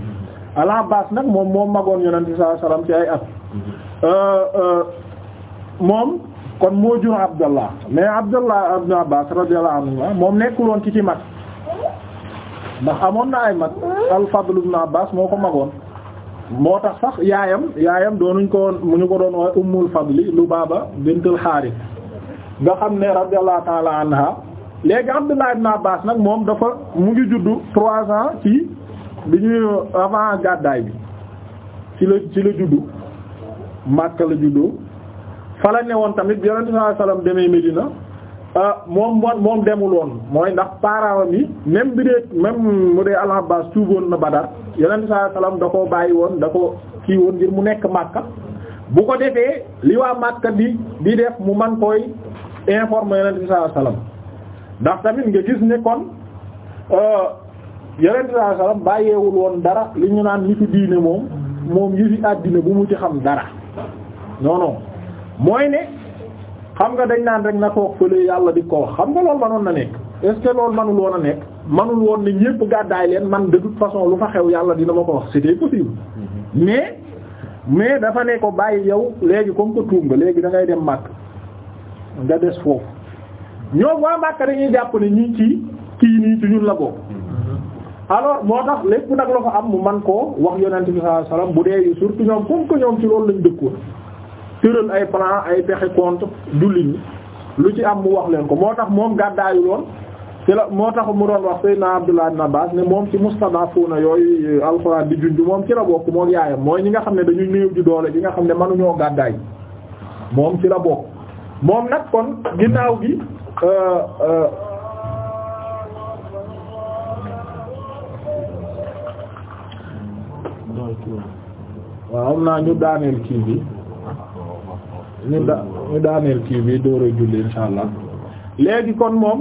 al Abbas nag moom moom magoon yonent bi sallallahu ci ay at mhm. euh, euh, moom kon moo jur Abdullah mais Abdullah ibn Abbas radiyallahu anhu moom nekkul woon ci ci mag ndax amoon na ay mag al Fadl ibn Abbas moo ko magoon moo tax sax yaayam yaayam doonuñ ko woon mu ñu ko doon woowe ummul fadli Lubaaba bintul Xaaris nga xam ne radiyallahu ta'ala anha léegi Abdullah ibn Abbas nag moom dafa mu ngi juddu trois ans ci bi ñuy avant gàddaay bi ci la ci la juddu Makka la juddu fa la ne woon tamit bi Yonent sallallahu alayhi wasallam demee Medina Euh, moom moom moom demul mooy ndax parents yi même bi dee même mu dee al-Abbas na ba yonent bi sallallahu alayhi da koo bàyyi woon da ko kii woon ngir mu nekk Makka bu ko defee li waa Makka di di def mu man koy informer yonent bi sallallahu ndax tamit nga gis ne kon euh, yonent bi sallallahu bàyyeewul woon dara li ñu naan nitu diine moom moom yi fi àddina bu mu ci xam dara non mooy ne. xam nga dañ naan rek na toog fële yàlla di ko wax xam nga loolu manoon na nekk est-ce que loolu manul woon a nekk manul woon ne ñépp gàddaay leen man de toute façon lu xew yàlla dina ma ko wax c'était possible mm-hmm. mais mais dafa ne ko bàyyi yow léegi comme que tuub nga léegi da ngay dem màkk nga des foofu ñoom waa màkk dañuy jàpp ne ñi ci kii nii ci ñun la bokk mm-hmm. alors moo tax lépp nag la ko am mu man koo wax yonent bi sallallahu alayhi wasallam bu dee surtout ñoom comme que ñoom ci loolu lañ dëkkoon tëral ay plan ay pexe contre jullit ñi lu ci am mu wax leen ko moo tax moom gàddaayu loon ci la moo tax mu doon wax Seydina Abdullah ibn baax ne moom ci mustadafuna yooyu euh, alxuraan di junj moom ci la bokk moom yaayam mooy ñi nga xam ne dañuy néew di doole ñi nga xam ne mënuñoo gàddaay moom ci la bokk moom nag kon ginnaaw gi euh, euh, waaw naa ñu daaneel kii bi ñu da ñu daaneel kii bi door a julli insha allah kon moom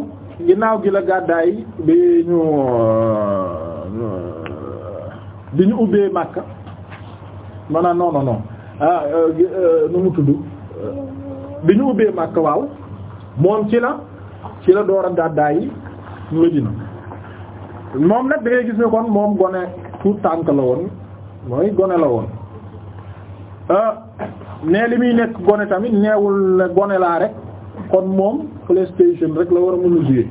ginnaaw gi la gàddaay bi ñu euh, bi ñu ubbee Makka mana non non non ah euh, euh, nu mu tudd bi ñu ubbee Makka waaw moom ci la ci la door a moom nag da ngay gis kon moom gone tout tànk la woon mooy gone la woon ah, ne li muy nekk gone tamit neewul gone laa rek kon moom PlayStation rek la war a mën a jouer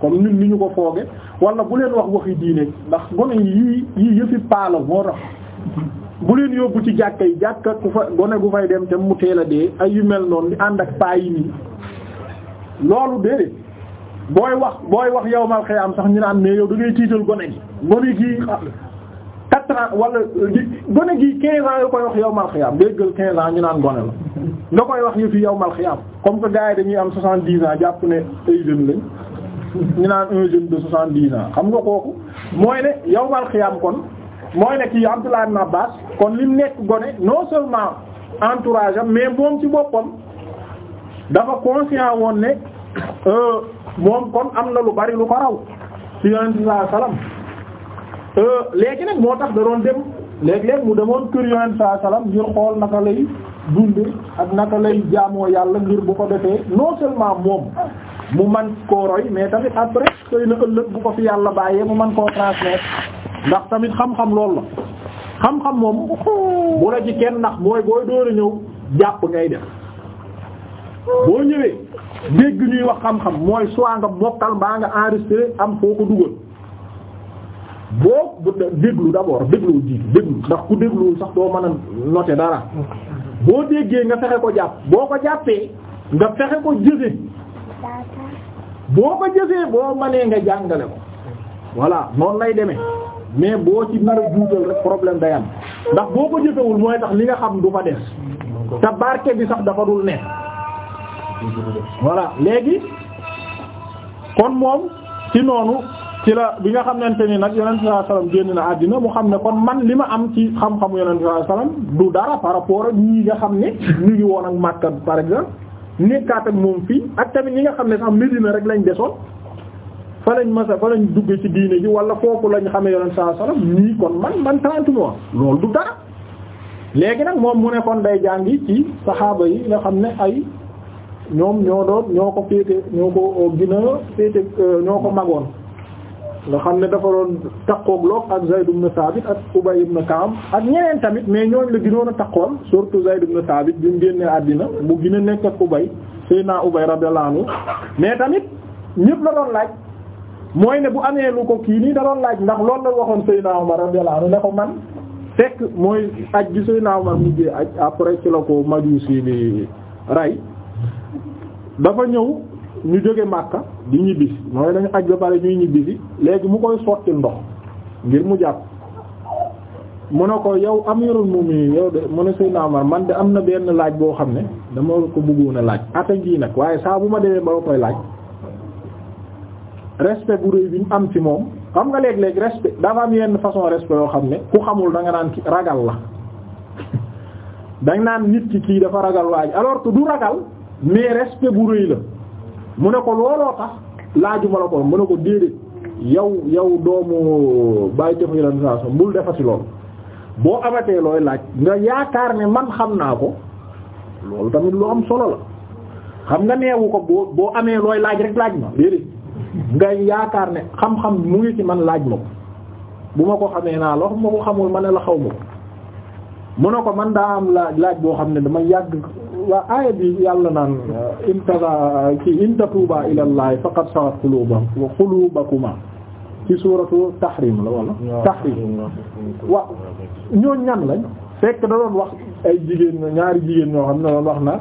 comme ñun ñu ko fooge wala bu leen wax waxi diine ndax gone yi yii yëfi paala moo tax bu leen yóbbu ci jàkka yi jàkka ku fa gone gu fay dem te mu teel a dee ay yu mel noonu ni ànd ak paa yi nii loolu déedéet booy wax booy wax yow mal xëy am sax ñu naan mais yow da ngay tiital gone gi gone gi trente wala euh, gone gi quinze ans nga koy wax yow mal xiyaam déggal quinze ans ñu naan gone la nga koy wax ñu fi yow mal xiyaam comme que gars dañuy am soixante dix ans jàpp ne ay jeunes lañ ñu naan un jeune de soixante dix ans xam nga kooku mooy ne yow mal xiyaam kon mooy ne kii Abdullah ibn Abbas kon lim nekk gone non seulement entourage am mais moom ci boppam dafa conscient woon ne euh, moom kon am na lu bari lu ko raw ci Yonent bi sallallahu Euh, léegi nag moo tax da doon dem léeg-léeg mu demoon kër yonent saa salaam ngir xool naka lay dunde ak naka lay jaamoo yàlla ngir bu ko defee non seulement moom mu man koo roy mais tamit après xëy na ëllëg bu ko fi yàlla bàyyee mu man koo transmettre ndax tamit xam-xam loolu la xam-xam moom bu la kenn ndax mooy booy door a ñëw jàpp ngay def boo ñëwee dégg ñuy wax xam-xam mooy soit nga mokkal mbaa nga enregistré am foo ko dugal boo déglu d'abord déglu jiitu déglu ndax ku dégluwul sax doo mën a noter dara boo déggee nga fexe ko jàpp boo ko jàppee nga fexe ko jëfe boo ko jëfee boo mënee nga jàngale ko voilà noonu lay deme mais boo ci nar a juutal rek problème day am ndax boo ko jëfewul mooy tax li nga xam du fa des te barke bi sax dafa dul ne voilà léegi kon moom ci noonu ci la bi nga xamante ni nag yonent sallallahu na àddina mu xam ne kon man li ma am ci xam-xamu yonent sallallahu du dara par rapport ak ñii nga xam ne ñu ngi woon ak Makka par exemple nekkaat ak moom fii ak tamit ñi nga xam ne sax Medina rek lañ desoon fa lañ masa fa lañ dugg ci diine ji wala foofu lañ xamee yonent sallallahu alayhi wasallam ñii kon man man 30 mois loolu du dara léegi nag moom mu ne kon day jàngi ci saxaaba yi nga xam ne ay ñoom ñoo doon ñoo ko féete ñoo ko gën a féete euh, ñoo ko magoon nga xam ne dafa doon takkoog loog ak Zayd ibn Thabit ak Ubay ibn Ka'b ak ñeneen tamit mais ñooñ la gënoon a takkool surtout Zayd ibn Thabit bi mu génnee àddina mu gën a nekk ak Ubay Seydina Ubay radiyallahu anhu mais tamit ñëpp la doon laaj mooy ne bu amee lu ko kii nii da doon laaj ndax loolu la waxoon Seydina Umar radiyallahu anhu ne ko man fekk mooy aj gi Seydina Umar mujjee aj après ci la ko majusi bi rey dafa ñëw ñu jóge Makka di ñibbisi mooy dañu aj ba pare ñuy ñibbisi léegi mu koy sotti ndox ngir mu jàpp mu ne ko yow amirul mu'minin yow de mu ne Seydina Omar man de am na benn laaj boo xam ne dama ko bëggoon a laaj ata ngii nag waaye saa bu ma demee ba koy laaj respect bu réy bi ñu am ci moom xam nga léeg-léeg respect dafa am yenn façon respect yoo xam ne ku xamul da nga naan ki ragal la danga naan nit ki kii dafa ragal waaj alors que du ragal mais respect bu réy mu ne ko looloo tax laajuma la ko mu ne ko déedéet yow yow doomu bàyyi jëf yonent saa sa bul defati lool boo amatee looy laaj nga yaakaar ne man xam naa ko loolu tamit lu am solo la xam nga neewu ko boo boo amee looy laaj rek laaj ma déedéet nga yaakaar ne xam-xam mu ngi ci man laaj ma ko bu ma ko xamee naa la ma ko xamul ma ne la xaw ma ko mu ne ko man daa am laaj laaj boo xam ne dama yàgg waa aaya bi yàlla naan in taba ki in tatuuba ilallahi faqad sawat qulubakum wa qulubakuma ci suuratu tahrim la wala tahrim waaw ñoo ñan lañ fekk da doon wax ay jigéen ñaari jigéen ñoo xam ne doon wax na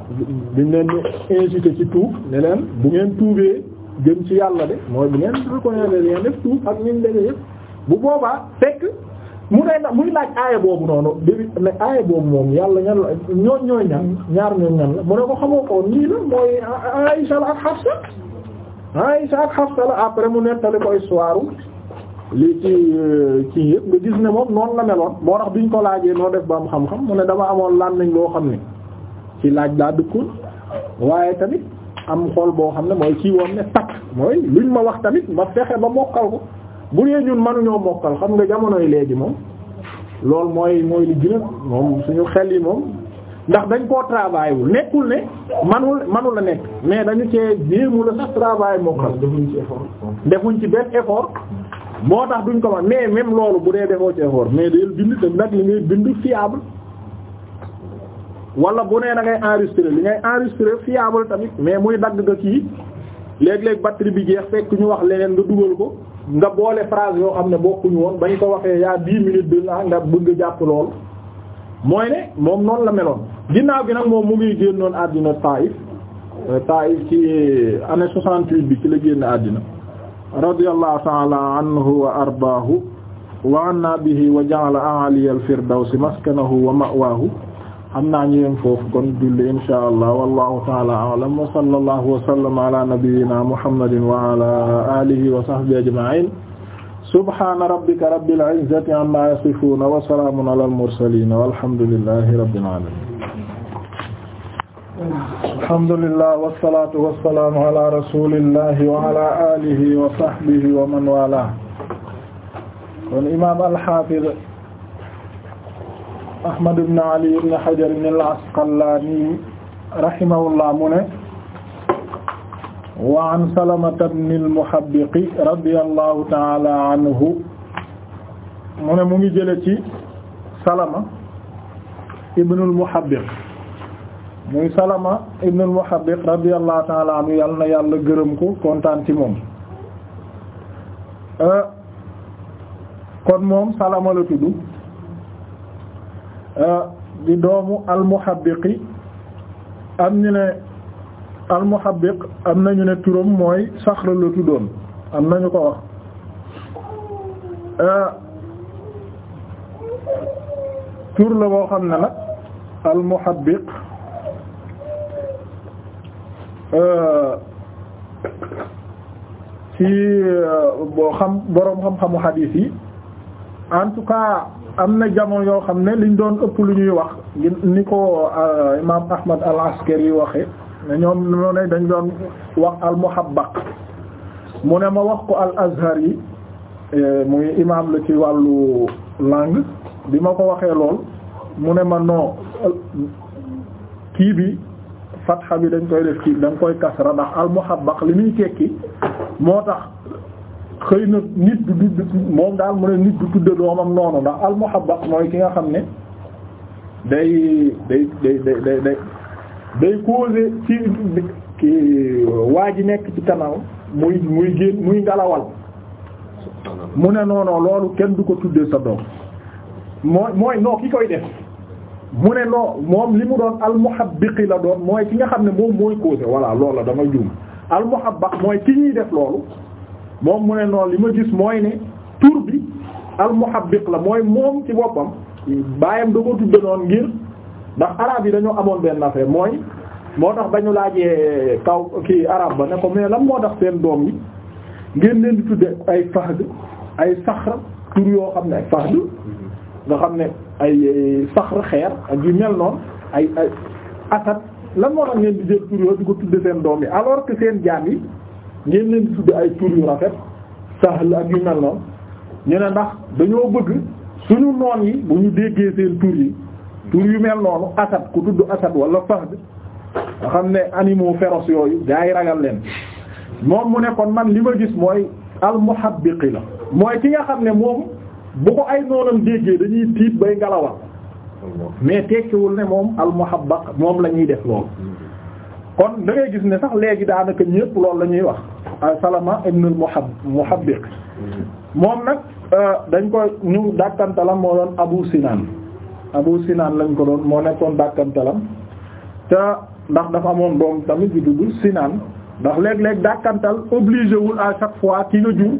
biñ leen incité ci tuub ne leen bu ngeen tuubee gën ci yàlla de mooy bu ngeen reconnaître ngeen def bu boobaa fekk mu ne nag muy laaj aaya boobu noonu début ne aaya boobu moom yàlla ñan la ñooñ ñooy ñan ñaar ñooñ ñan la mu ne ko xamoo ko nii la mooy Aïcha la ak Hafsa Aïcha ak Hafsa la après mu nettali ko histoire li ci euh, ci yëpp nga gis ne moom noonu la meloon moo tax biñ ko laajee noo def ba am xam-xam mu ne dama amoon lan nañ loo xam ne ci laaj laa dëkkoon waaye tamit am xool boo xam ne mooy ci woon ne takk mooy luñ ma wax tamit ma fexe ba mokkal ko bu dee ñun mënuñoo mokkal xam nga jamonoy léegi moom loolu mooy mooy li gën moom suñu xel yi moom ndax dañ koo travail wul nekkul ne manul manul la nekk mais dañu cee jéemu la sax travail mokkal defuñ ci effort defuñ ci benn effort moo tax duñ ko man mais même loolu bu dee defoo ci effort mais deel bind te nag li ngay bind fiable wala bu nee da ngay enregistrer li ngay enregistrer fiable tamit mais muy dagg nga kii léeg-léeg batterie bi jeex fekk ñu wax leneen nga dugal ko nga boole phrase yoo xam ne bokkuñu woon bañ ko waxee yaa dix minutes de la nga bëgg jàpp lool mooy ne moom noonu la meloon ginnaaw gi nag moom mu ngi génnoon àddina Taif euh, Taif ci année soixante bi ci la génn àddina radiyallahu ta'ala anhu wa ardaahu wa anna bihi wa ja'ala a'ali al-firdawsi maskanahu wa ma'waahu xam naa ñu yem foofu kon julli inshaa allah wallahu taala a'lam wa sallallahu wa sallama ala nabiyyina muhammadin wa ala alihi wa sahbihi ajma'in subhana rabbika rabbil izzati amma yasifuna wa salamun ala al mursalin walhamdulillahi rabbil alamin alhamdulillah wassalatu wassalamu ala rasulillahi wa ala alihi wa sahbihi wa man wala kon imam al hafiz Ahmad ibn Ali ibn Hajar al-Asqalani rahimahullah mu ne wa an Salamata ibn al-Muhabbiqi radiyallahu ta'ala anhu mu ne mu ngi jële ci Salama ibn al-Muhabbiq muy Salama ibn al-Muhabbiq radiyallahu ta'ala anhu yàlla na yàlla gërëm ko kontaan ci moom euh, kon moom Salama la tudd Euh, di doomu almuhabbiqi am ñu ne almuhabbiq am nañu ne turam mooy saxra la tuddoon am ñu ko wax euh, tur la boo xam ne nag almuhabbiq euh, ci boo xam boroom xam-xamu xadiis yi en am na jamono yoo xam ne liñ doon ëpp lu ñuy wax ni ko euh, imaam Ahmad al-Askari waxe ne ñoom ñoo ne dañ doon wax al-Muhabbaq mu ne ma wax ko al-Azhar yi euh, muy imaam la ci wàllu langue bi ma ko waxee lool mu ne ma no kii bi fatxa bi dañ koy def kii dañ koy kasra ndax al-Muhabbaq li muy tekki moo tax xëy na nit du du moom daal mu ne nit du tudde doomam noonu ndax al muhabba mooy ki nga xam ne day day day day day day day ci ki waa ji nekk ci kanam muy muy génn muy ngalawal mu ne noonu loolu kenn du ko tuddee sa doom mooy mooy noo ki koy def mu ne noo moom li mu doon almuhabbiqi la doon mooy ki nga xam ne moom mooy causé voilà loolu la dama juum almuhabbaq mooy ki ñuy def loolu moom mu ne noonu li ma gis mooy ne tur bi al-Muhabbiq la mooy moom ci boppam baayam da ko tudde noonu ngir ndax arab yi dañoo amoon benn affaire mooy moo tax ba ñu laajee kaw kii arab ba ne ko mais lan moo tax seen doom yi ngeen leen di tudde ay Fahd ay Saxr tur yoo xam ne ay Fahd nga xam ne ay Saxr xeer ak yu mel noonu ay ay Asad lan moo tax ngeen di tur yoo di ko tudde seen doom yi alors que seen jaam yi ngeen leen di tudd ay tur yu rafet sahl ak yu mel noonu ñu ne ndax dañoo bëgg suñu noon yi bu ñu déggee seen tur yi tur yu mel noonu asad ku tudd asad wala fahd nga xam ne animaux féroces yooyu gaa yi ragal leen moom mu nekkoon man li ma gis mooy almuhabbiqi la mooy ki nga xam ne moom bu ko ay noonam déggee dañuy tiit bay ngalawal mais tekkiwul ne moom almuhabbaq moom la ñuy def loolu kon da gis ne sax léegi daanaka ñëpp loolu la ñuy wax ah, Salama ibn al-Muhab Muhabbiq hmm. moom nag euh, dañ ko ñu dàkkantalam moo doon Abu Sinan Abu Sinan lañ ko doon moo nekkoon dàkkantalam te ndax dafa amoon doom tamit bi dudd Sinan ndax léeg-léeg dàkkantal obligé wul à chaque fois ki nga jur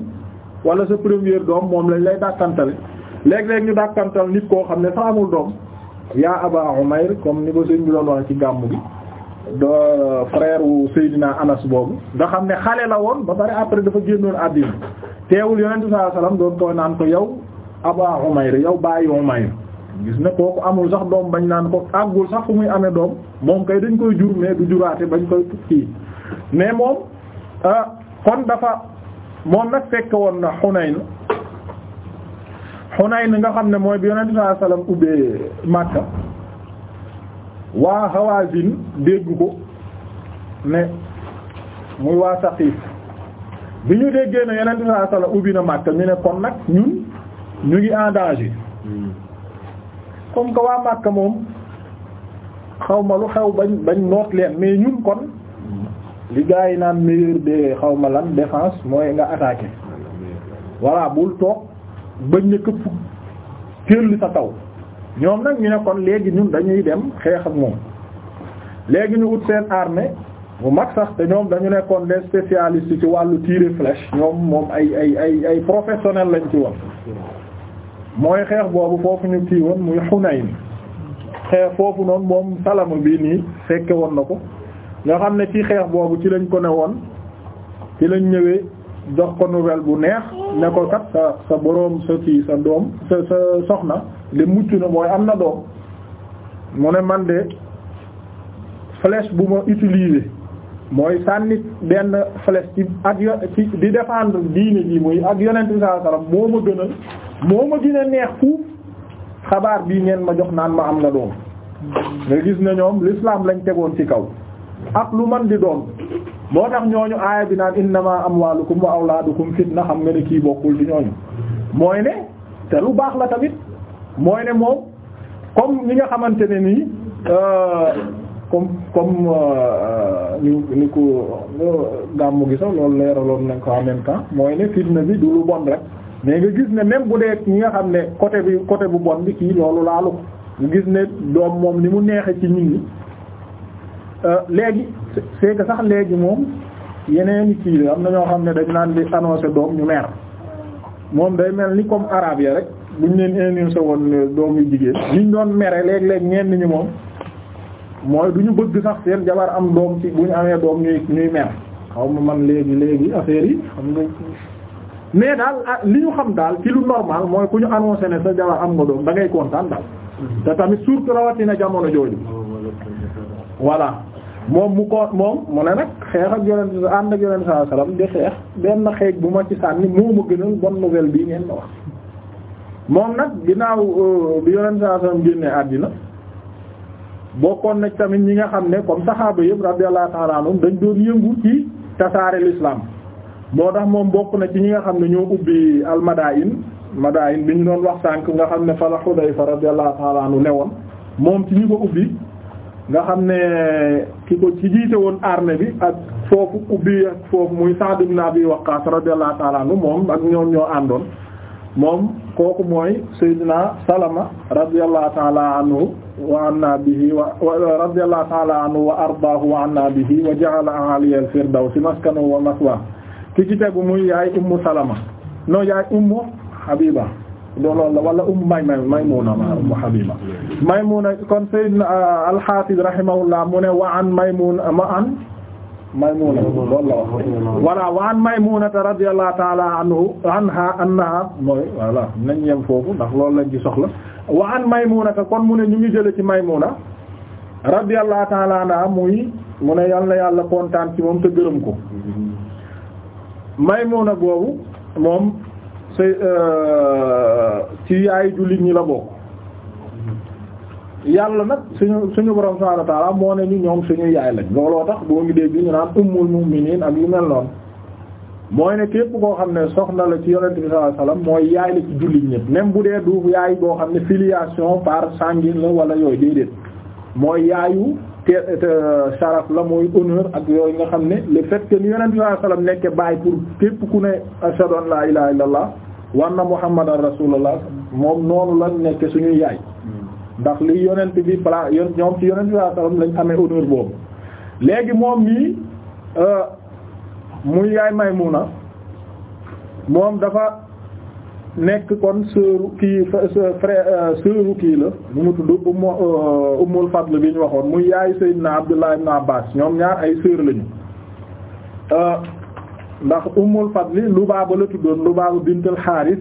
wala sa premier doom moom lañ lay dàkkantale léeg-léeg ñu dàkkantal nit koo xam ne sax amul doom yaa Aba Umayr comme ni ko sëñ bi doon wax ci gàmm bi do frère wu Anas boobu nga xam ne xale la woon ba pare après dafa génnoon àddina teewul yonent sallallahu alayhi wasallam doon koy naan ko yow Aba Umayr yow bàyyi Umayr gis ne ko amul sax doom bañ naan ko àggul sax fu muy amee doom moom kay dañ koy jur mais du juraate bañ koy tukki mais moom ah, kon dafa moom nag fekk woon na Hunayn Hunayn nga xam ne mooy bi yonent sallallahu alayhi wasallam ubbee Makka waa Hawazin dégg ko ne muy waa Saqif bi ñu déggee na yeneen saa sala ubbi na Makka ñu ne kon nag ñun ñu ngi en danger comme que waa Makka moom xawma lu xew bañ bañ noot leen mais ñun kon li yi naan meilleur de xaw ma lan défense mooy nga attaqué voilà bul toog bañ ne këpp teel sa taw. ñoom nag ñu ne léegi ñun dañuy dem xeex ak moom léegi ñu ut seen armée bu mag sax te ñoom dañu nekkoon des spécialistes ci wàllu tirer flèche ñoom moom ay ay ay ay professionnel lañ ci woon mooy xeex boobu foofu ñu kii woon muy Hunayn xeex foofu noonu moom salama bii nii fekke woon na ko ñoo xam ne ci xeex boobu ci lañ ko ne woon ci lañ ñëwee jox ko nouvelle bu neex ne ko kat sa sa boroom sa kii sa doom sa sa soxna le mucc na mooy am na doom mu ne man de flèche bu ma utiliser mooy sànni benn flèche ci ak yo ci di défendre diine ji muy ak yonent bi sallallahu moo ma gënal moo ma gën neex fuuf xabaar bii ngeen ma jox naan ma am na doom nga gis ne ñoom l'islam lañ tegoon ci kaw ak lu man di doom moo tax ñooñu aaya bi naan innama amwalukum wa awlaadukum fitna xam nga ne kii bokkul di ñooñu mooy ne te lu baax la tamit mooy ne moom comme ni nga xamante ne nii euh, comme comme euh, ni ni ko euh, gàmmu gi sax loolu leeraloon nañ ko en même temps mooy ne fitna bi du lu bon rek mais nga gis ne même bu dee ñi nga xam ne côté bi côté bu bon bi kii loolu laalu nga gis ne doom moom ni mu neexe ci nit ñi léegi c'est que sax léegi moom yeneen kii la am na ñoo xam ne dañ naan di annoncer doom ñu mer moom day mel ni comme arabe ya rek buñ leen inulsé woon doom yu jigéen liñ doon mere léeg-léeg ñenn ñu moom mooy du ñu bëgg sax seen jabar am doom ci bu ñu amee doom ñuy ñuy xaw ma man léegi léegi affaire yi xam nga mais daal ah, li ñu xam daal ci lu normal mooy ku ñu annoncé ne sa jabar am nga doom da ngay kontaan daal te tamit surtout rawatina jamono jooju voilà moom mu ko moom mu ne nag xeex ak yonent ànd ak yonent sallallahu alayhi di xeex benn xeex bu ma ci sànni moo ma gënal bonne nouvelle ngeen ma wax moom nag ginnaaw euh, bi yonent saa génne àddina bokkoon na tamit ñi nga xam ne comme saxaaba yëpp radiyallahu ta'ala anhum dañ doon yëngu ci tasaare l'islam boo tax moom bokk na ci ñi nga xam ne ñoo ubbi almadayin madayin bi ñu doon wax sànk nga xam ne fa la Xudayfa radiyallahu ta'ala anhu ne woon moom ci ñi ko ubbi nga xam ne ki ko ci jiite woon armée bi ak foofu ubbi ak foofu muy Sa'd ibn Abi Waqqas radiyallahu ta'ala anhu moom ak ñoom ñoo àndoon moom kooku mooy Seydina Salama radiyallahu ta'ala anhu wa anna bihi wa radiyallahu ta'ala anhu wa ardaahu wa anna bihi wa ja'ala aliya al-firdawsi maskanahu wa maswaahu ki ci tegu muy yaay ummu Salama non yaay ummu Habiba loolu la wala ummu may may Maymuna ma ummu Habiba Maymuna kon Seydina ah, al-Hafiz rahimahullah mu ne wa an Maymuna ma an Maymuna loolu la wax voilà wa an Maymunata radiyallahu ta'ala anhu anha annaha mooy voilà nañ yem foofu ndax loolu lañ ci soxla wa an Maymunata kon mu ne ñu ngi jële ci Maymuna radiyallahu ta'ala anha muy mu ne yal na yàlla kontaan ci moom te gërëm ko Maymuna boobu moom c'est euh, ci yaay jullit ñi la bokk yàlla nag suñu suñu borom subhaanahu wa ta'aala moo ne ñu ñoom suñu yaay lañ looloo tax boo ngi dégg ñu naan ummul mu'miniin ak yu mel noonu mooy ne képp koo xam ne soxna la ci yonent bi sallallahu alayhi mooy yaay la ñëpp même bu dee du yaay boo xam ne filiation par sanguine la wala yooyu déedéet mooy yaayu te sharaf la mooy honneur nga xam ne le fait que ni yonent bi sallallahu alayhi wasallam nekk bàyyi pour képp ku ne ashhadu an la ilaha illallah wa anna muhammadan rasulullah moom noonu la nekk suñuy yaay ndax li yonent bi pla yon ñoom ci yonent bi sallallahu alayhi wasallam lañ amee honneur boobu léegi moom mii euh, muy yaay Maymuna moom dafa nekk kon sœuru kii frère euh, sœuru kii la mu mu tudd ummu euh, ummul fadl bi ñu waxoon muy yaay Seydina Abdullah ibn Abbas ñoom ñaar ay sœur lañu ndax lu fadli Lubaaba la tuddoon Lubaaba bintul Haaris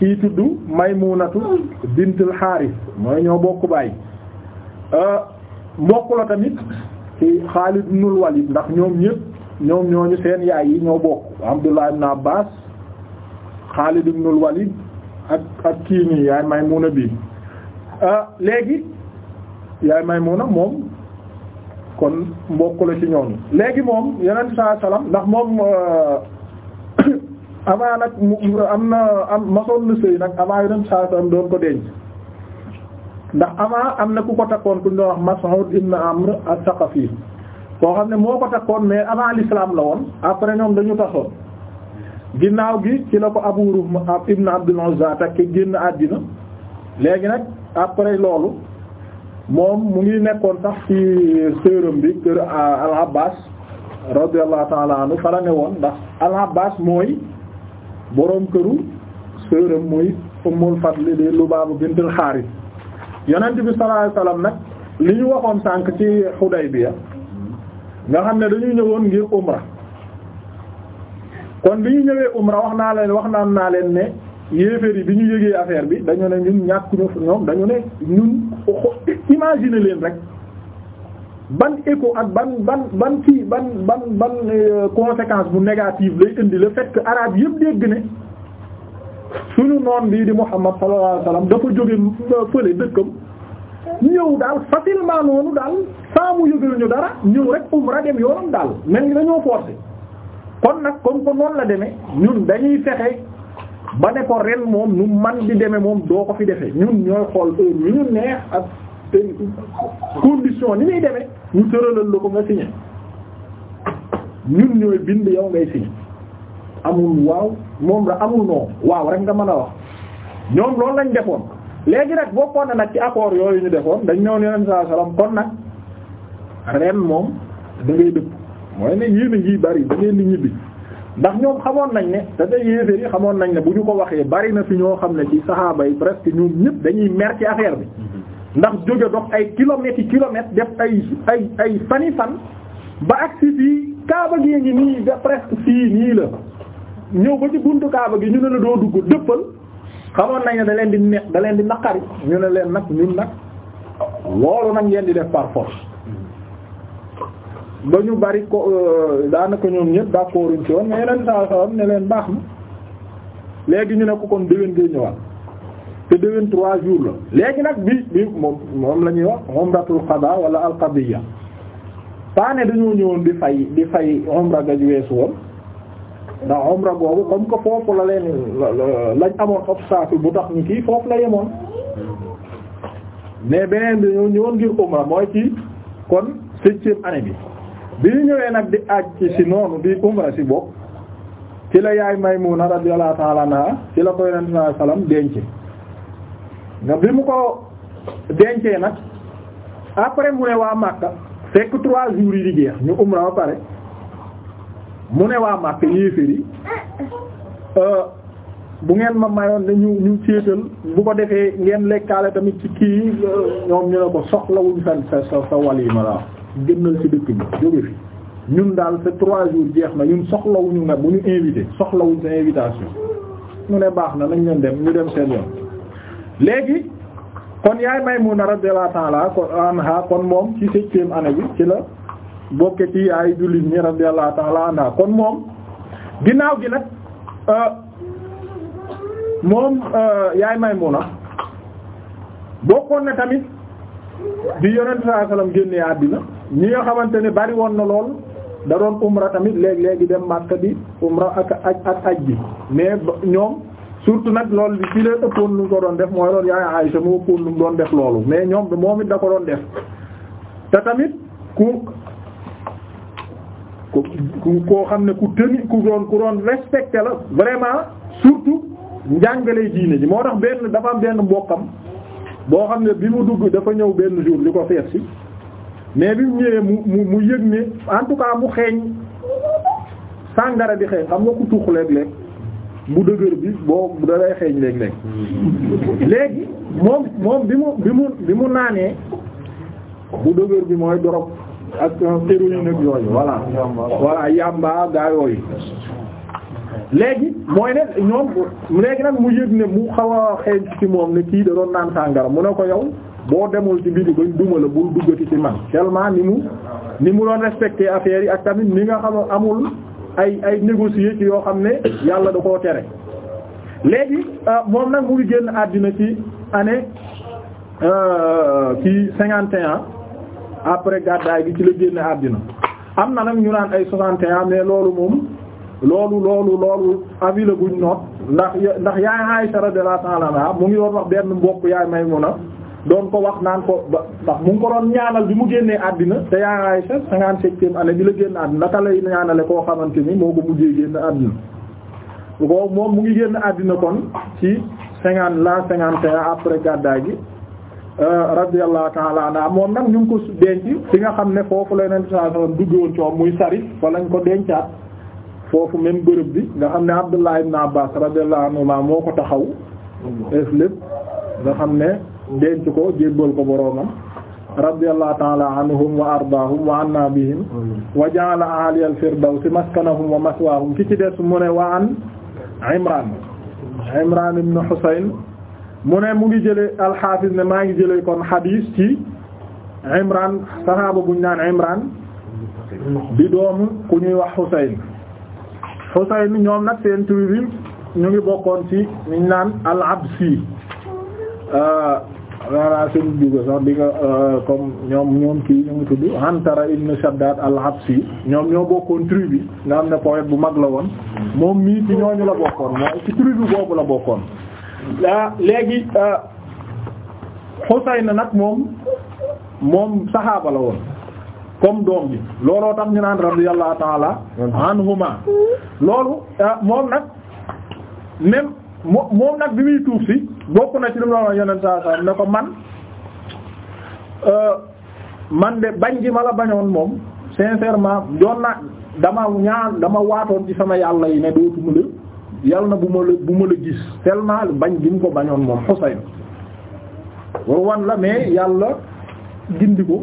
kii tudd Maymunatu bintul Haaris mooy ñoo bokk baay mbokk euh, la tamit ci Xaalid ibnul Walid ndax ñoom ñëpp ñoom ñooñu seen yaay yi ñoo bokk Abdullah ibn Abbas Xaalid ibnul Walid ak ak kii nii yaay Maymuna bi euh, léegi yaay Maymuna moom kon mbokk la ci ñooñu léegi moom yeneen saa salaam ndax moom euh, avant nag mu am na am masoon na sëy nag avant yonent saa sallam doon ko denc ndax avant am na ku ko takkoon ku ñu wax Mas'ud ibn Amr as-Saqafi koo xam ne moo ko takkoon mais avant lislaam la woon après ñoom dañu taxoon ginnaaw gi ci la ko Abu Ruhm ibn Abdul Uzza takk génn àddina léegi nag après loolu moom mu ngi nekkoon sax ci sërëm bi kër euh, al-Abbas radiyallahu ta'ala anhu fara ne woon ndax al-Abbas mooy boroom këru sërëm muy Ummul Fadli di Lubaaba bintul Xaaris yonent bi sallallahu alayhi nag li ñu waxoon sànq ci Xudaybiya nga xam ne dañu ñëwoon ngir umra kon bi ñu ñëwee umra wax naa leen wax naan naa leen ne yéeféer yi bi ñu yëgee affaire bi dañu ne ñun ñàkk ñu ñoom dañu ne ñun imaginer leen rek ban écho ak ban ban ban kii ban ban ban euh, conséquence bu négative lay indi le fait que arabe yëpp dégg ne suñu noon bii di Muhammad sallallahu alayhi wasallam dafa jóge fële dëkkam ñëw daal facilement noonu daal saa mu yëgal ñu dara ñëw rek umra dem yoonam daal mel ni dañoo forcé kon nag comme que noonu la demee ñun dañuy fexe ba ne ko ren moom nu man di demee moom doo ko fi defee ñun ñooy xool heure yu ñu neex ak. te condition ni muy demee ñu tëralal la ko nga signé ñun ñooy bind yow ngay signé amul waaw moom la amul non waaw rek nga mën a wax ñoom loolu lañ defoon léegi rek bokkoon na nag ci accord yooyu ñu defoon dañ ñëw yeneen saa salaam kon nag ren moom da ngay dëpp mooy ne yéen a bari da ngeen ñibbi ndax ñoom xamoon nañ ne te tey yéeféer yi xamoon nañ ne bu ñu ko waxee bari na fi ñoo xam ne ci saxaaba yi presque ñoom ñëpp dañuy mer ci affaire bi ndax jóge dox ay kilomètres yi kilomètres def ay ay ay fani fan ba agsi fii kaaba gi yi nii da presque fii nii la ñëw ba ci buntu kaaba gi ñu ne la doo dugg dëppal xamoon nañ ne da leen di neex da di naqari ñu ne leen nag ñun nag loolu nag ngeen di def par force ba ñu bari ko euh, daanaka ñoom ñëpp d'accord ci woon mais yeneen saa ne leen baax na léegi ñu ne ko kon déwén ngay ñëwaat. te déwén trois jours la léegi nag bi bi moom moom la ñuy wax umratul qada wala alqadiya paane dañoo ñëwoon di fay di fay umra gaj woon ndax umra boobu comme que foofu la leen lañ amoon obstacle bu tax ñu kii foofu la yemoon mais beneen dañoo ñëwoon ngir umra mooy ci kon septième année bi bi ñu ñëwee nag di aaj ci si noonu di umra si bopp ci la yaay Maymuna radiyallahu ta'ala anha ci la koy yonent sallam denc nga bi mu ko dencee nag après mu ne waa Makka fekk trois jours yi di jeex ñu umra ba pare mu ne waa Makka yéeféri euh, bu ngeen ma mayoon ne ñu ñu séetal bu ko defee ngeen lekkaale tamit ci kii ñoom ñu ne ko soxlawuñ sa sa sa wal yi ma la ci dëkk bi jóge fi ñun daal sa trois jours jeex na ñun soxlawuñu nga bu ñu invité soxlawuñ sa invitation mu ne baax na nañ leen dem ñu dem seen yoon léegi kon yaay Maymuna radiyallahu la anha kon moom ci septième année bi ci la bokke ci yaay jullit ñi radiyallahu ta'ala anha kon moom ginnaaw gi nag euh, moom euh, yaay Maymuna bokkoon na tamit bi yonent sallallahu alayhi wasallam àddina ñi nga xamante ne bari woon na lool da doon umra tamit léeg-léegi dem Makka bi umra ak ak ak aj bi mais ñoom surtout nag loolu bi ci leen ëppoon mu ko doon def mooy doon yaay Aysa mu ëppoon lu mu doon def loolu mais ñoom moom it da ko doon def te tamit ku ku koo xam ne ku tëni ku doon ku doon respecté la vraiment surtout njàngale diine ji moo tax benn dafa am benn mbokkam boo xam ne bi mu dugg dafa ñëw benn jour li ko feet si mais bi mu ñëwee mu mu yëg ne en tout cas mu xeeñ sàngara di xeeñ xam nga ku tuux léeg-léeg bu dëgër bi boo da lay xeeñ léeg-léeg moom moom bi mu bi mu bi mu naanee bu dëgër bi mooy dorog ak héroïne ak yooyu voilà voilà yamba gaa yooyu léegi mooy ne ñoom léegi nag mu yëg ne mu xaw a xeeñ ci moom ne kii da doon naan sàngara mu ne ko yow boo demul ci biir bañ duma la bul duggati ci man tellement ni mu ni mu doon respecté affaire yi ak tamit ni nga xam amul ay ay négocier ci yoo xam ne yàlla da koo tere léegi euh, moom nag mu ngi génn àddina ci année euh, ci cinquante et après gàddaay gi ci la génn àddina am na nag ñu naan ay soixante et mais loolu moom loolu loolu loolu avis la buñ noot ndax ndax yaay Aisha radiyallahu ta'ala anha mu ngi doon wax benn mbokk yaay Maymuna doon ko wax naan ko ba ndax mu ngi ko doon ñaanal bi mu génnee àddina te yaa Aysa cinquante-septième année bi la génn àddina naka lay ñaanale koo xamante ni moo ko mujjee génn àddina ko moom mu ngi génn àddina kon ci cinquante la cinquante et un après gàddaay gi euh, radiyallahu ta'ala anha moom nag ñu ko denc fi nga xam ne foofu la Yonent sallallahu alayhi duggoon coom muy sari fa lañ ko dencaat foofu même bërëb bi nga xam ne Abdullah ibn Abbas radiyallahu anhuma moo ko taxaw def denc ko jébbal ko boroomam radiyallahu ta'ala anhum wa ardaahum wa anna bihim wa ja'ala a'ali al-firdawsi maskanahum wa maswaahum ki ci des mu ne wa an Imran Imran ibn Husayn mu ne mu ngi jële al ne maa ngi jële kon hadis ci Imran sahaaba buñ naan Imran di doomu ku ñuy wax Husayn Husayn ñoom nag seen tribu ñu ngi bokkoon ci ñu naan al-Absi euh, rara seen dugg sax di nga euh, comme ñoom ñoom kii ñu ngi tudd Antara ibn Shaddad al-Absi ñoom ñoo bokkoon tribu nga xam ne poète bu mag la woon moom mii ci ñooñu la bokkoon mooy ci tribu boobu la bokkoon ah léegi euh, Husayn nag moom moom saxaaba la woon comme doom bi looloo tax ñu naan radiyallahu ta'ala anhuma loolu euh, moom nag même moom nag bi muy tuuf si bokk na ci lu mu wax yonent ne ko man euh, man de bañ gi ma la bañoon moom sincèrement doon na dama ñaan dama waatoon ci sama yàlla yi ne dootuma la yàlla na bu ma la bu ma la gis bañ gi mu ko bañoon moom Xuseyn war wan la mais yàlla gindi ko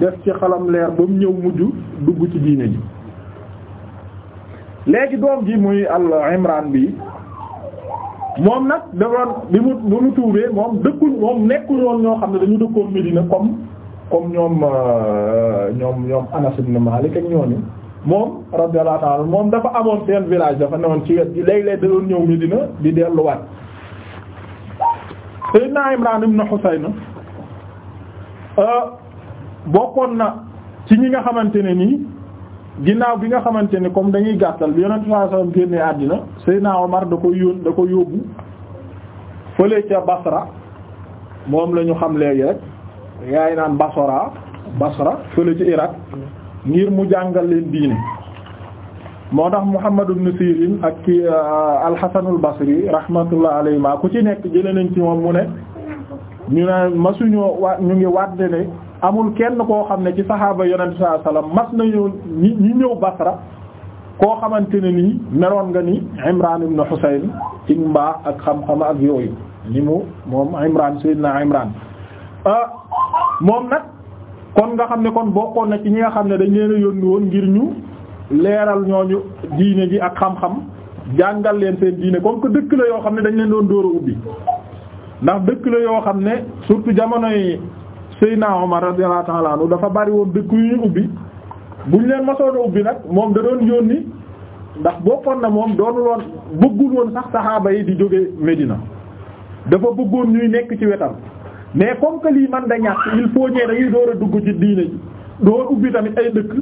def ci xalam leer ba ñëw mujj dugg ci diine ji léegi doom ji muy al Imran bi moom nag da doon bi mu bi mu tuubee moom dëkkuñ moom nekkul woon ñoo xam ne dañu dëkkoon Medina comme comme ñoom euh, ñoom ñoom Anas ibn Malik ak ñooñu moom radiyallahu ta'ala moom dafa amoon seen village dafa newoon ci wet léeg-léeg da doon ñëw Medina di delluwaat. Sayyidina Imran ibn Husayn euh, bokkoon na ci ñi nga xamante ne nii. ginnaaw bi nga xamante ni comme dañuy gàttal bi yonent sallallahu alayhi wasallam génnee àddina Seydina Omar da ko yón da ko yóbbu fële ca Basra moom la ñu xam léegi rek yaay naan Basora Basra fële ci Irak ngir mu jàngal leen diine moo tax Muhammad ibn Sirin ak ki euh, al-Hasanul Basri rahmatullah alayhi ma ku ci nekk jëlee nañ ci moom mu ne ñu ne masuñoo wa ñu ngi waat ne amul kenn koo xam ne ci saxaaba yonent sallallahu alayhi wasallam mas nañu ñi ñëw Basra koo xamante ne nii meroon nga ni Imran ibn Husayn ci mbaax ak xam-xam ak yooyu ni mu moom Imran sayyidina Imran ah, moom nag kon nga xam ne kon bokkoon na ci ñi nga xam ne dañ leen a yónni woon ngir ñu leeral ñooñu diine ji ak xam-xam jàngal leen seen diine comme ko dëkk la yoo xam ne dañ leen doon dóor a ubbi ndax dëkk la yoo xam ne surtout jamonoy Seydina Omar radiyallahu ta'ala anhu dafa bari woon dëkk yu ñu ubbi bu ñu leen masoon a ubbi nag moom da doon yónni ndax bokkoon na moom doonul woon bëggul woon sax saxaaba yi di jóge Medina dafa bëggoon ñuy nekk ci wetam mais comme que lii man da ñàkk il faut ñee dañuy door a dugg ci diine ji door ubbi tamit ay dëkk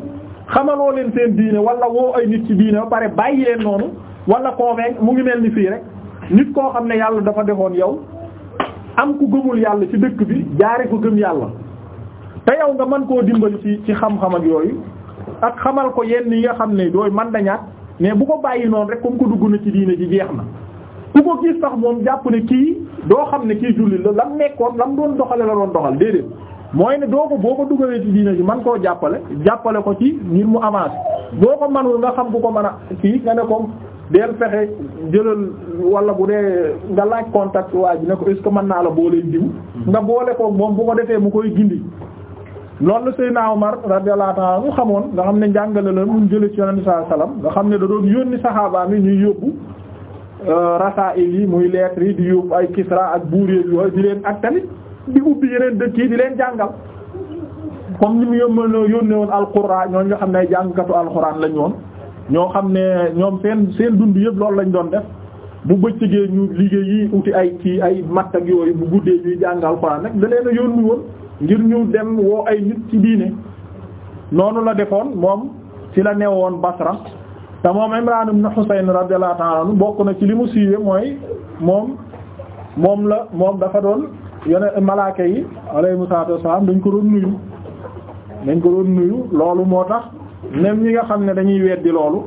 xamaloo leen seen diine wala woo ay nit ci diine ba pare bàyyi leen noonu wala convaincre mu ngi mel ni fii rek nit koo xam ne yàlla dafa defoon yow am ku gëmul yàlla ci dëkk bi jaare ko gëm yàlla te yow nga man koo dimbali ci ci xam-xam ak yooyu ak xamal ko yenn yi nga xam ne dooy man dañaat mais bu ko bàyyi noonu rek comme ko dugg na ci diine ji jeex na ku ko gis tax moom jàpp ne kii doo xam ne kii julli la lam nekkoon lam doon doxale la doon doxal déedéet mooy ne doo ko boo ko dugalee ci diina ji man koo jàppale jàppale ko ci ngir mu avancé boo ko manul nga xam ku ko mën a kii nga ne ko deel fexe jëlal wala bu dee nga laaj contact waa ji ne ko est que mën naa la boo leen diw hmm. nga boole ko moom bu ko defee mu koy gindi loolu la Seydina Omar radiyallahu ta'ala mu xamoon nga xam ne njàngale la mun jële ci yonent sallallahu alayhi nga xam ne dadoon yónni saxaabaam yi ñuy yóbbu euh, rasaa'il yi muy lettres yi di yóbbu ay Kisra ak buur yooyu di leen ak tamit di ubbi yeneen dëkk yi di leen jàngal comme ni mu yónnee woon al-Qur'an ñooñu nga xam ne ay jàngkatu al-Qur'an lañu woon ñoo xam ne ñoom seen seen dund yëpp loolu lañu doon def bu bëccëgee ñu liggéey yi uti ay ci ay matt ak yooyu bu guddee ñuy jàng alxuraan nag da leen a yónni woon ngir ñu dem woo ay nit ci diine noonu la defoon moom ci la newoon Basra te moom Imraan ibn Husayn radiyallahu ta'ala anhu bokk na ci li mu siiwee mooy moom moom la moom dafa doon yone malaaka yi alayhimu salaatu wassalaam dañ ko doon nuyu dañ ko doon nuyu loolu moo tax même ñi nga xam ne dañuy weddi loolu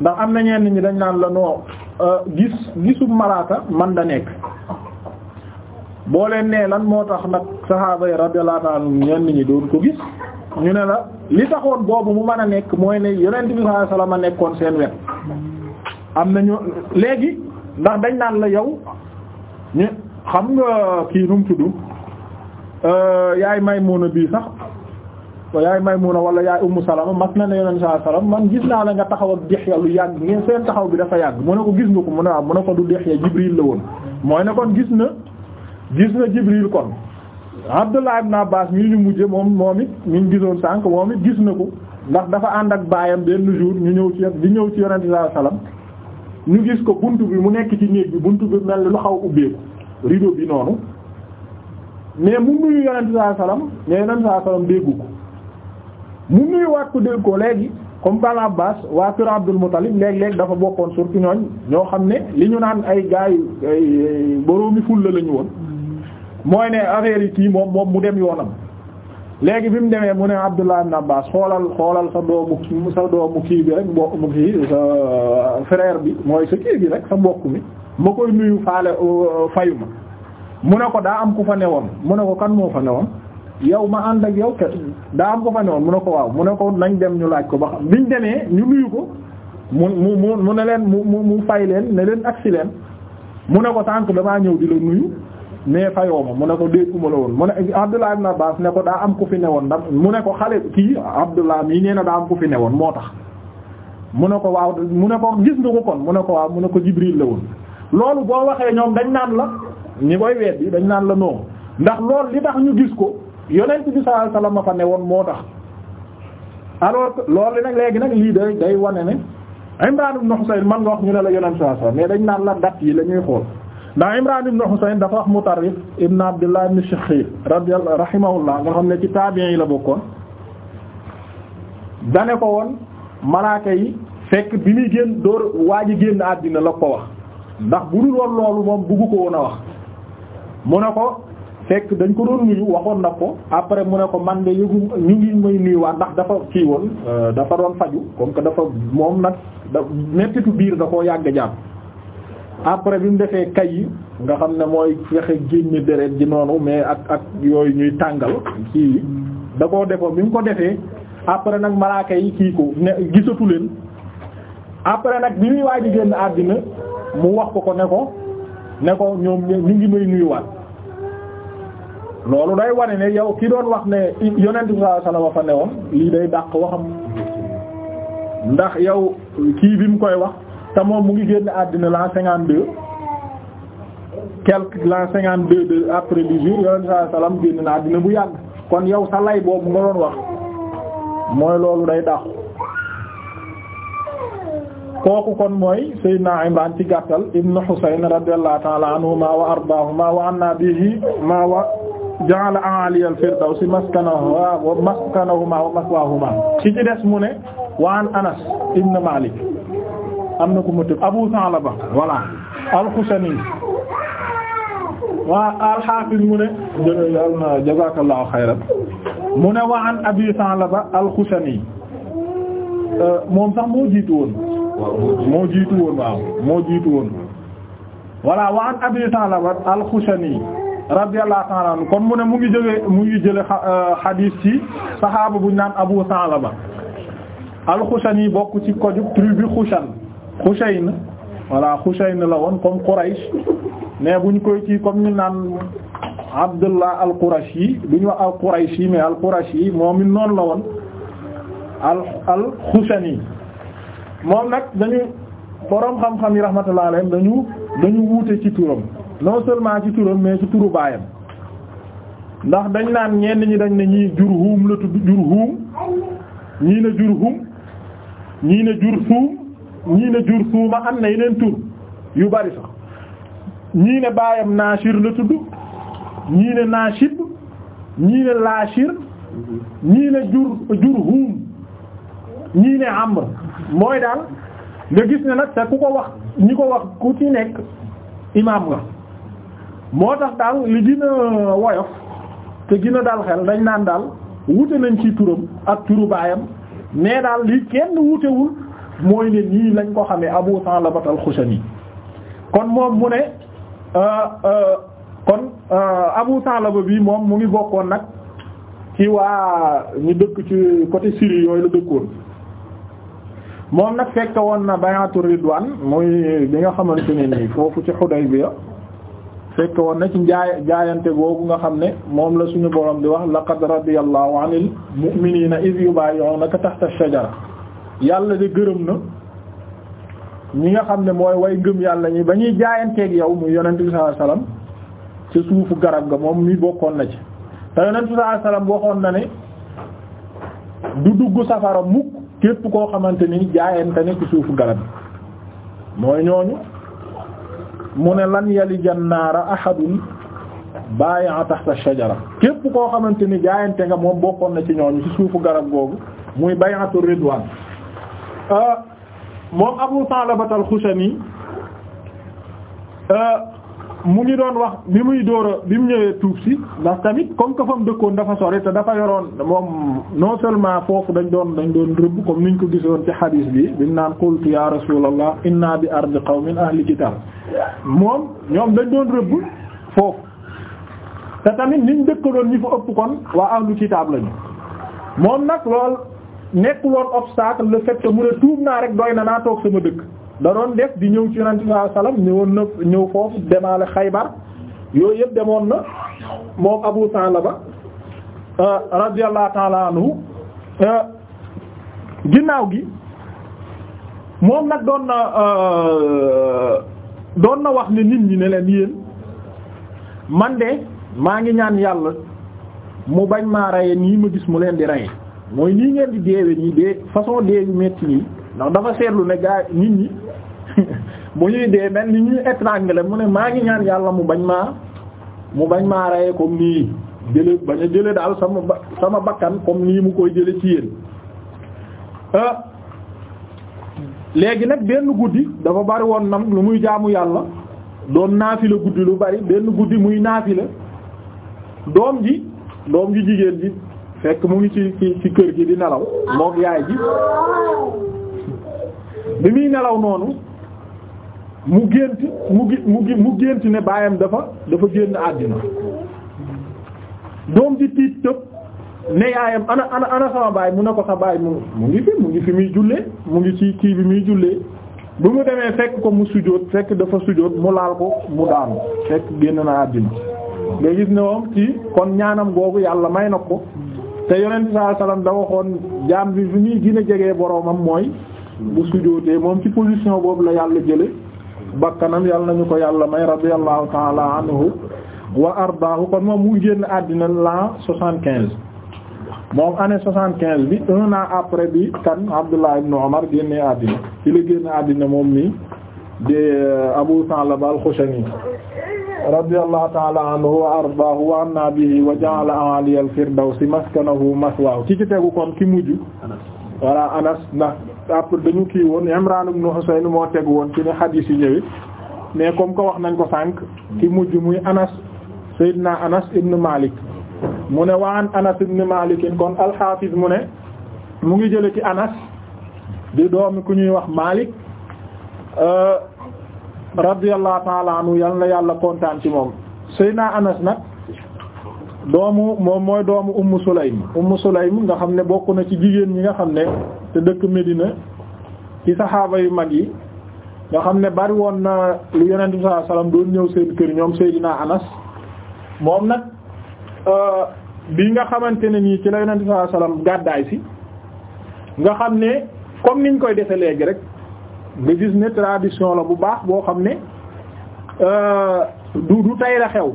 ndax am na ñenn ñi dañ naan la noo euh, gis gisub malaaka man da nekk boo leen nee lan moo tax nag saxaaba yi radiyallahu anhum ñenn ñi doon ko gis ñu ne la li taxoon boobu mu man a nekk mooy ne yonent bi sallallahu alayhi la ma nekkoon seen wet am na ñu léegi ndax dañ naan la yow ñu xam nga kii nu mu tudd euh, yaay moono bii sax ko yaay a wala yaay Ummu Salama mas na ne Yonent saa salaam man gis naa la nga taxaw ak Dihya lu yàgg ngeen seen taxaw bi dafa yàgg mu ne ko gis nga ko mu ne waaw ah, mu ne ko du Dihya Jibril la woon mooy ne kon gis na gis na Jibril kon Abdullah na Abbas mi ñu mujje moom moom it mi ñu gisoon sànq moom it gis na ko ndax dafa ànd ak baayam benn jour ñu ñëw ci di ñëw ci Yonent saa salaam ñu gis ko buntu bi mu nekk ci néeg bi buntu bi mel ni lu xaw ubbeeku rideau bi noonu mais mu nuyu Yonent saa salaam mais mu nuyuwaat ko dégg ko léegi comme Bal Abbas waa Kër Abdul Muttalib léeg-léeg dafa bokkoon surtout ñooñ ñoo xam ne li ñu naan ay gaay ay boroomi fulla la woon mooy ne affaire yi kii moom moom mu dem yoonam. léegi bi mu demee mu ne Abdullah ibn Abbas xoolal xoolal sa doomu sa doomu kii bi rek mbokk mu kii sa frère bi mooy sa kii bi rek sa mbokk mi ma koy nuyu faale euh, fayu mu ne ko daa am ku fa newoon mu ne ko kan moo fa newoon. yow ma ànd ak yow daa am ko fa woon mu ne ko waaw mu ne ko nañ dem ñu laaj ko ba xam biñ demee ñu nuyu ko mu mu mu ne leen mu mu mu fay leen ne leen agsi leen mu ne ko tànk damaa ñëw di la nuyu mais fayoo ma mu ne ko ma la woon mu ne Abdullah na Abbas ne ko daa am ko fi newoon ndax mu ne ko xale kii Abdullah yi nee na daa am ku fi woon moo tax mu ne ko waaw mu ne ko gis nga ko kon mu ne ko waaw mu ne ko Jibril la woon loolu boo waxee ñoom dañ la ñi koy weet bi dañ naan la non ndax li ñu gis ko yonent bi sallallahu alayhi wasallam fa ne woon moo tax alors que loolu nag léegi nag lii day day wane ne Imran na Husayn man nga wax ñu ne la yonent sallallahu alayhi wasallam dañ naan la date yi la ñuy xool ndax Imran ibn Husayn dafa wax Mutarrif ibn Abdullah ibn Shikhkhir radiyallahu rahimahullah nga xam ne ci tabi'in yi la bokkoon dane ko woon malaaka yi fekk bi muy génn door waa ji génn àddina la ko wax ndax bu dul woon loolu moom buggu ko woon a wax mu ne ko fekk dañ ko doon nuyu waxoon na ko après mu ne ko man de yëgu ñu ngi may nuyuwaat ndax dafa kii woon euh, dafa doon faju comme que dafa moom nag da mettitu biir da koo yàgg jàpp après bi mu defee kay yi nga xam ne mooy fexe génne deret ji noonu mais ak ak yooyu ñuy tàngal kii da koo defoon bi mu ko defee après nag malaaka yi kii ko ne gisatu leen après nag bi muy waaj génn àddina mu wax ko ko ne ko ne ko ñoom ñu ngi may nuyuwaat loolu day wane ne yow ki doon wax ne yonent bi sallallahu alayhi fa ne woon lii day dàq waxam ndax yow kii bi mu koy wax te moom mu ngi génn àddina l'an cinquante deux quelque l'an cinquante deux de après dix jours yonent bu yàgg kon sa lay boobu nga doon wax mooy loolu day dàq kooku kon mooy Seydina Imran ci gàttal ibnu Husayn radiyallahu ta'ala anhuma wa ardaahuma wa anna bihi ma wa ja'ala a'ali al-firdawsi maskanahumaa wa maskanahumaa wa maswaahumaa ci ci des mu ne wa an Anas ibn Malik am na ku mu tëb Abu Sa'laba voilà al wa al mu ne jazaakallahu xayran mu ne wa an Abi Sa'laba al euh, moom sax moo jiitu woon moo jiitu woon waaw moo jiitu woon voilà wa an Abi Sa'laba al radiyallahu ta'ala anhu kon mu ne mu ngi jógee mu ngi jële euh, xadiis ci saxaaba buñ naan Abu Salama al-Xushani bokk ci koju tribu Xushan Xushayn voilà Xushayn la woon comme Quraysh mais buñ koy ci comme ñu naan Abdullah al-Qurashi duñ wax al-Qurashi mais al yi moom it noonu la woon al al-Xushani moom nag dañu boroom xam-xam yi rahmatullahi dañu dañu wuute ci turam non seulement ci turam mais ci turu baayam ndax dañ naan ñenn ñi dañ ne ñii Jurhum la tudd Jurhum ñii ne Jurhum ñii ne Jurthum ñii ne Jurthuma am na yeneen tur yu bari sax ñii ne baayam Naashir la tudd ñii ne Naashib ñii ne Laashir ñii ne Jur Jurhum ñii ne Amr mooy daal nga gis ne nag te ku ko wax ñi ko wax ku ci nekk imaam nga moo tax daal li gën a woyof te gën daal xel dañ naan daal wute nañ ci turam ak turu baayam mais daal li kenn wutewul mooy ne nii lañ ko xamee Abu Salabat al-Xushani kon moom mu ne euh, euh, kon euh, Abu Salaba bii moom mu ngi bokkoon nag ci waa ñu dëkk ci côté Syrie yooyu la dëkkoon moom nag fekk woon na bayaatu Ridwaan muy bi nga xamante ne nii foofu ci Xudaybiya fekk na ci jaay jaayante googu nga xam ne moom la suñu borom di wax la laqad radiyallahu anil mu'minina iz yubayyi'unaka tahta ash-shajara yàlla de gërëm na ñi nga xam ne mooy way ngëm yàlla ñi ba ñuy jaayanteeg yow muy yonent bi sallallahu alayhi ci suufu garab ga moom mi bokkoon na ci te yonent bi sallallahu waxoon na ne du dugg safara mukk képp koo xamante ni jaayante ne ci suufu garab mooy ñooñu mu ne lan yalija naara ahadun baaya'a tahta shajara képp koo xamante ni jaayante nga moom bokkoon na ci ñooñu ci suufu garab googu muy bay'atu ridwaan ah, moom Abu Sa'labat al-Khushani ah, mu ngi doon wax bi muy door a bi mu ñëwee tuub si ndax tamit comme que fa mu dëkkoon dafa sori te dafa yoroon moom non seulement foofu dañ doon dañ doon rëbb comme niñ ko gisoon ci hadis bi bi mu naan qultu ya rasulallah inna bi ardi qawmin ahli kitab moom ñoom dañ doon rëbb foofu te tamit niñ dëkkaloon ñi fa ëpp kon waa ahlu kitab lañu moom nag lool nekkuloon obstacle le fait mu ne tuub naa rek doy na naa toog sama dëkk da doon def di ñëw ci yonent bi sallallahu alayhi ñëwoon na ñëw foofu demaale Xaybar yooyu yëpp demoon na moom Abu Salaba euh, radiyallahu euh, ginnaaw gi moom nag doon na euh, doon na wax ni nit ñi ne leen yéen man de maa ngi ñaan yàlla mu bañ maa reye nii ma gis mu leen di reye mooy nii ngeen di deewe nii de façon dee yu metti nii ndax dafa seetlu ne gaa nit ñi bu ñuy dee ni ñuy étranglé mu ne maa ngi ñaan yàlla mu bañ maa mu bañ maa reye comme nii jële bañ a jële daal sama ba sama bakkan comme nii mu koy jële ci yéen ah, léegi nag benn guddi dafa bari woon nam lu muy jaamu yàlla doon naafila guddi lu bari benn guddi muy la doom ji doom ji jigéen ji fekk mu ngi ci ci ci kër gi di nelaw moog yaay ji bi muy nelaw noonu mu gént mu mu mu gént ne baayam dafa dafa génn àddina doom di tiit tëb ne yaayam ana ana ana sama baay mu ne ko sa baay mu mu ngi fi mu ngi fi muy jullee mu ngi ci kii bi muy jullee bu mu demee fekk ko mu sujjóot fekk dafa sujjóot mu laal ko mu daanu fekk génn na àddina nga gis ne moom ci kon ñaanam googu yàlla may na ko te yonent saa salaam da waxoon jaam bi fi muy gën a jege boromam mooy bu sujjóotee moom ci position boobu la yàlla jële bakkanam yàlla nañu ko yàlla may radiyallahu ta'ala anhu wa ardaahu kon moom mu génn àddina l'an soixante-quinze moom année soixante-quinze bi un après bi kan Abdullah ibn Umar génnee àddina ci la génn àddina moom mi de euh, Abu Sa'laba al-Khushani radiyallahu ta'ala anhu wa ardaahu wa anna wa ja'ala a'ali al-firdawsi maskanahu maswaahu ci ci tegu kon ki mujj voilà Anas ndax après dañu kii woon Imran ibn Husayn moo teg woon ci ne xadiis yi ñëwee mais comme que wax nañ ko sànq ki mujj muy Anas Seydina Anas ibn Malik mu ne waan Anas ibn Malik kon al mu ne mu ngi jële ci Anas di doomi ku ñuy wax Malik euh, radiyallahu ta'ala anhu yal na yàlla kontaan ci moom naa Anas nag doomu moom mooy doomu Ummu Sulaym Ummu Sulaym nga xam ne bokk na ci jigéen ñi nga xam ne te dëkk Medina ci saxaaba yu mag yi nga xam ne bari woon na lu Yonent bi sallallahu alayhi wasallam doon ñëw seen kër ñoom Seydina Anas moom nag euh, bi nga xamante ne nii ci la Yonent bi sallallahu alayhi gàddaay si nga xam ne comme niñ koy defe léegi rek nga gis ne tradition la bu baax boo xam ne euh, du du tay la xew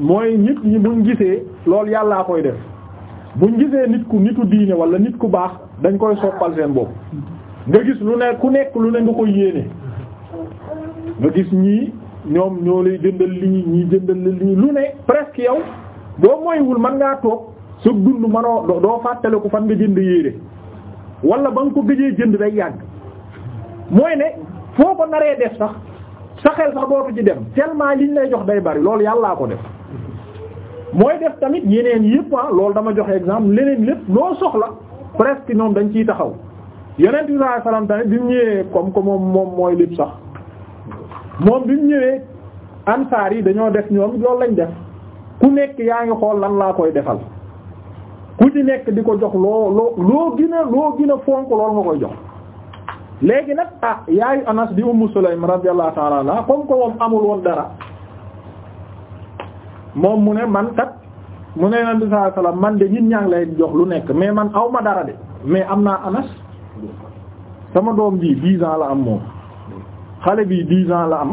mooy nit ñi buñ gisee loolu yàllaa koy def buñ gisee nit ku nitu diine wala nit ku baax dañ koy soppal seen bopp nga gis lu ne ku nekk lu ne nga koy yéene nga gis ñii ñoom ñoo lay jëndal lii ñii jëndal la lii lu ne presque yow boo moywul mën ngaa toog sa dund manoo doo fàttale ko fan nga jënd yéere wala ba nga ko gëjee jënd day yàgg mooy ne foo ko naree def sax sa xel sax dootu ci dem tellement ñu lay jox day bari loolu yàllaa ko def mooy def tamit yeneen yëpp ah loolu dama joxe exemple leneen lépp loo soxla presque ñoom dañ ciy taxaw yeneen bi sallallahu alayhi wasallam tamit bi mu ñëwee comme que moom moom mooy lépp sax moom bi mu ñëwee ansaar yi dañoo def ñoom loolu lañ def ku nekk yaa ngi xool lan laa koy defal ku ci nekk di ko jox loo loo loo gën a loo gën fonk loolu nga koy jox léegi nag ah yaayu Anas di Ummu Sulaym radiyallahu ta'ala anha comme que moom amul woon dara moom mu ne man kat mu ne yonent bi sallallahu alayhi wasallam man de ñun ñaa ngi lay jox lu nekk mais man awma dara de mais am naa anas sama doom bii dix ans la am moom xale bii dix ans la am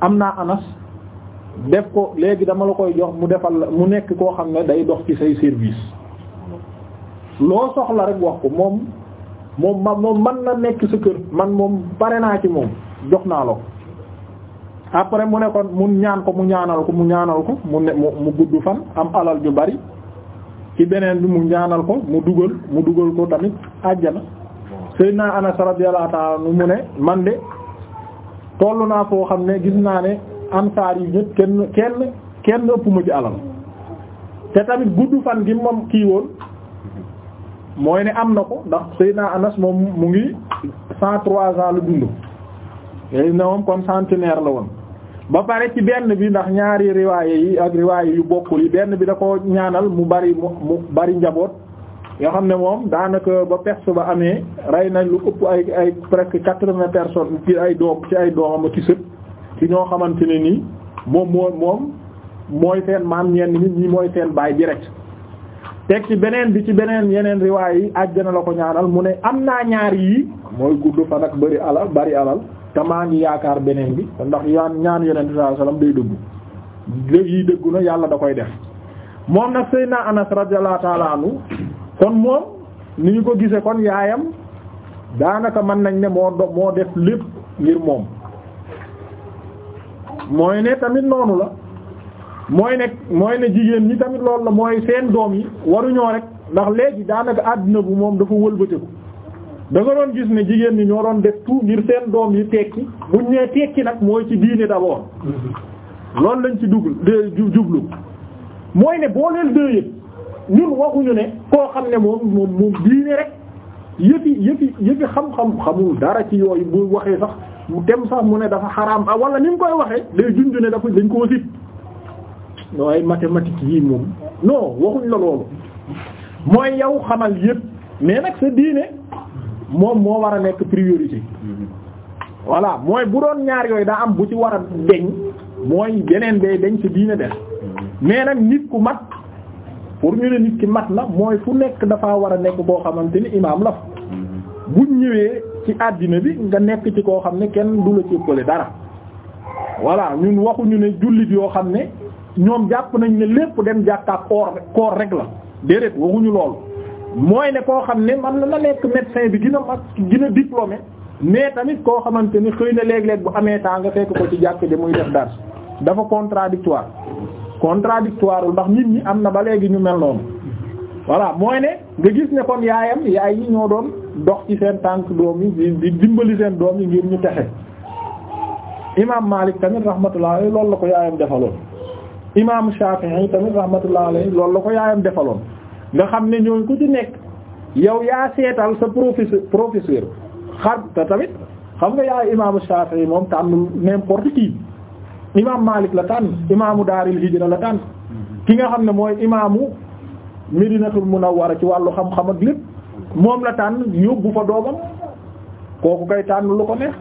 am naa anas def ko léegi dama la koy jox mu defal la mu nekk koo xam ne day dox ci say service loo soxla rek wax ko moom moom ma man na nekk sa kër man moom pare naa ci moom jox naa la ko après mu ne kon mu ñaan ko mu ñaanal ko mu ñaanal ko mu ne mu gudd fan am alal ju bari ci beneen bi mu ñaanal ko mu dugal mu dugal ko tamit àjjana Seydina Anas radiyallahu ta'ala mu ne man de tollu naa foo xam ne gis naa ne ansaar yi ñëpp kenn kenn kenn ëpp mu ci alal te tamit gudd fan gi moom kii woon mooy ne am na ko ndax Seydina Anas moom mu ngi cent trois ans la dund léegi ne moom kon centenaire la woon ba pare ci benn bi ndax ñaari riwaaye yi ak riwaaye yu bokkul yi benn bi da ko ñaanal mu bari mu bari njaboot yoo xam ne moom daanaka ba peste ba amee rey nañ lu ëpp ay ay presque quatre-vingts personnes ci ay doom ci ay doomam ci sët ci ñoo xamante ne nii moom moo moom mooy seen maam ñenn nit ñi mooy seen baay direct teg ci beneen bi ci beneen yeneen riwaay yi àjjana la ko ñaanal mu ne am naa ñaar yii mooy gudd fan ak bari alal bari alal te maa ngi yaakaar beneen bi ndax yaan ñaan yeneen sallallahu alayhi wasallam day dëggu yi dëggu yàlla da koy def moom nag na Anas radiyallahu ta'ala kon moom ni ñu ko gise kon yaayam daanaka mën nañ ne moo do moo def lépp ngir moom mooy ne tamit noonu la mooy ne mooy ne jigéen ñi tamit loolu la mooy seen doom yi waruñoo rek ndax léegi daanaka àddina bu moom dafa wëlbateku da nga doon gis ne jigéen ñi ñoo doon def tout ngir seen doom yi tekki buñ nee tekki nag mooy ci diine d'abord loolu lañ ci dugg jublu mooy ne boo leen dee yëpp ñun waxuñu ne koo xam ne moom moom moom diine rek yëfi yëfi yëfi xam-xam xamul dara ci yooyu bu waxee sax mu dem sax mu ne dafa xaram ah wala ni mu koy waxee day junju ne dafa dañ koo sib no ay mathématiques yii moom non waxuñ loolu mooy yow xamal yëpp mais nag sa diine moom moo war a nekk priorité voilà mooy bu doon ñaar yooyu daa am bu ci war a deñ mooy beneen bay deñ ci diine def mais nit ku mat pour ñu ne nit ki mat la mooy fu nekk dafa war a nekk boo xamante ni imaam la fa buñ ñëwee ci àddina bi nga nekk ci koo xam ne kenn du la ci ëppale dara voilà ñun waxuñu ne jullit yoo xam ne ñoom jàpp nañ ne lépp dem jàkkaak koor koor rek la déedéet waxuñu loolu mooy ne koo xam ne man na la nekk médecin bi dina mag a diplômé mais tamit koo xamante ni xëy na léeg-léeg bu amee temps nga fekk ko ci jàkk de muy def dar dafa contradictoire contradictoire wul ndax nit ñi am na ba léegi ñu mel noonu voilà mooy ne nga gis ne kon yaayam yaay yi ñoo doon dox ci seen tànk doom yi di dimbali seen doom yi ngir ñu texe imaam Malik tamit rahmatullah alayhi loolu la ko yaayam defaloon imaam Shafi'i tamit rahmatullah alayhi loolu la ko yaayam defaloon nga xam ne ñooñ ku ci nekk yow yaa seetal sa professeur professeur xar te tamit xam nga yaay imaamu Shafi'i moom tànn n'importe qui imam Malik la tànn imaamu Daaril Hijra la tànn ki nga xam ne mooy imaamu Medinatul Munawwara ci wàllu xam-xam ak lépp moom la tànn yóbbu fa doomam kooku kay tànn lu ko neex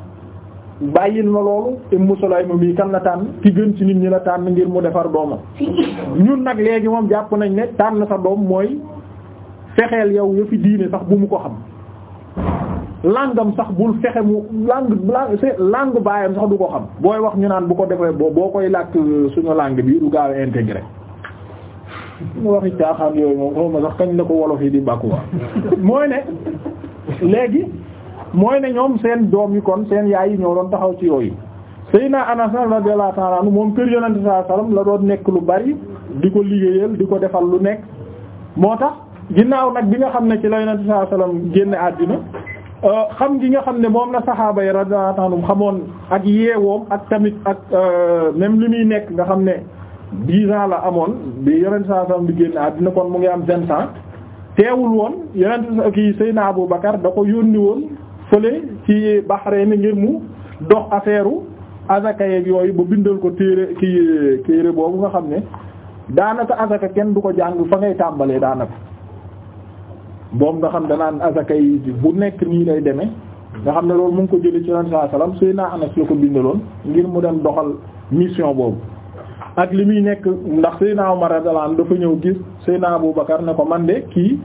bàyyil ma loolu Ummu Sulaym mii kan la tànn ki gën ci nit ñi la tànn ngir mu defar doomam ñun nag léegi moom jàpp nañ ne tànn sa doom mooy fexeel yow ya fi diine sax bu mu ko xam langam sax bul fexe mu langue langue baayam sax du ko xam booy wax ñu naan bu ko defee boo boo koy làkk suñu langue bi du gaaw intégré mu waxi caaxaan yooyu moom sax kañ la ko wolof yi di bàkkuwaa mooy ne léegi mooy ne ñoom seen doom yi kon seen yaay yi ñoo doon taxaw ci yooyu Seydina Anas radiyallahu ta'ala anhu moom kër yonente sallallahu alayhi wasallam la doon nekk lu bari di ko liggéeyal di ko defal lu nekk moo tax ginnaaw nag bi nga xam ne ci la yonente sallallahu alayhi wasallam génne àddina euh, xam gi nga xam ne moom la saxaaba yi radiyallahu ta'ala anhum xamoon ak yeewoom ak tamit ak euh, même li muy nekk nga xam ne dix ans la amoon bi yonente sallallahu alayhi wasallam bi génne àddina kon mu ngi am vingt ans teewul woon yonente kii Seydina Abu Bakar da ko yónni fële ci Bahreïn ngir mu dox affaire u yeeg yooyu ba bindal ko téere kii téere boobu nga xam ne daanaka azaka kenn du ko jàng fa ngay tàmbalee daanaka boobu nga xam danaan azaka yi bu nekk nii lay demee nga xam ne loolu mu ngi ko jëlee ci Yonent sallallahu alayhi wasallam Seydina Anas la ko bindaloon ngir mu dem doxal mission boobu ak li muy nekk ndax Seydina Umar radiyallahu anhu dafa ñëw gis Seydina Abu Bakar ne ko man de kii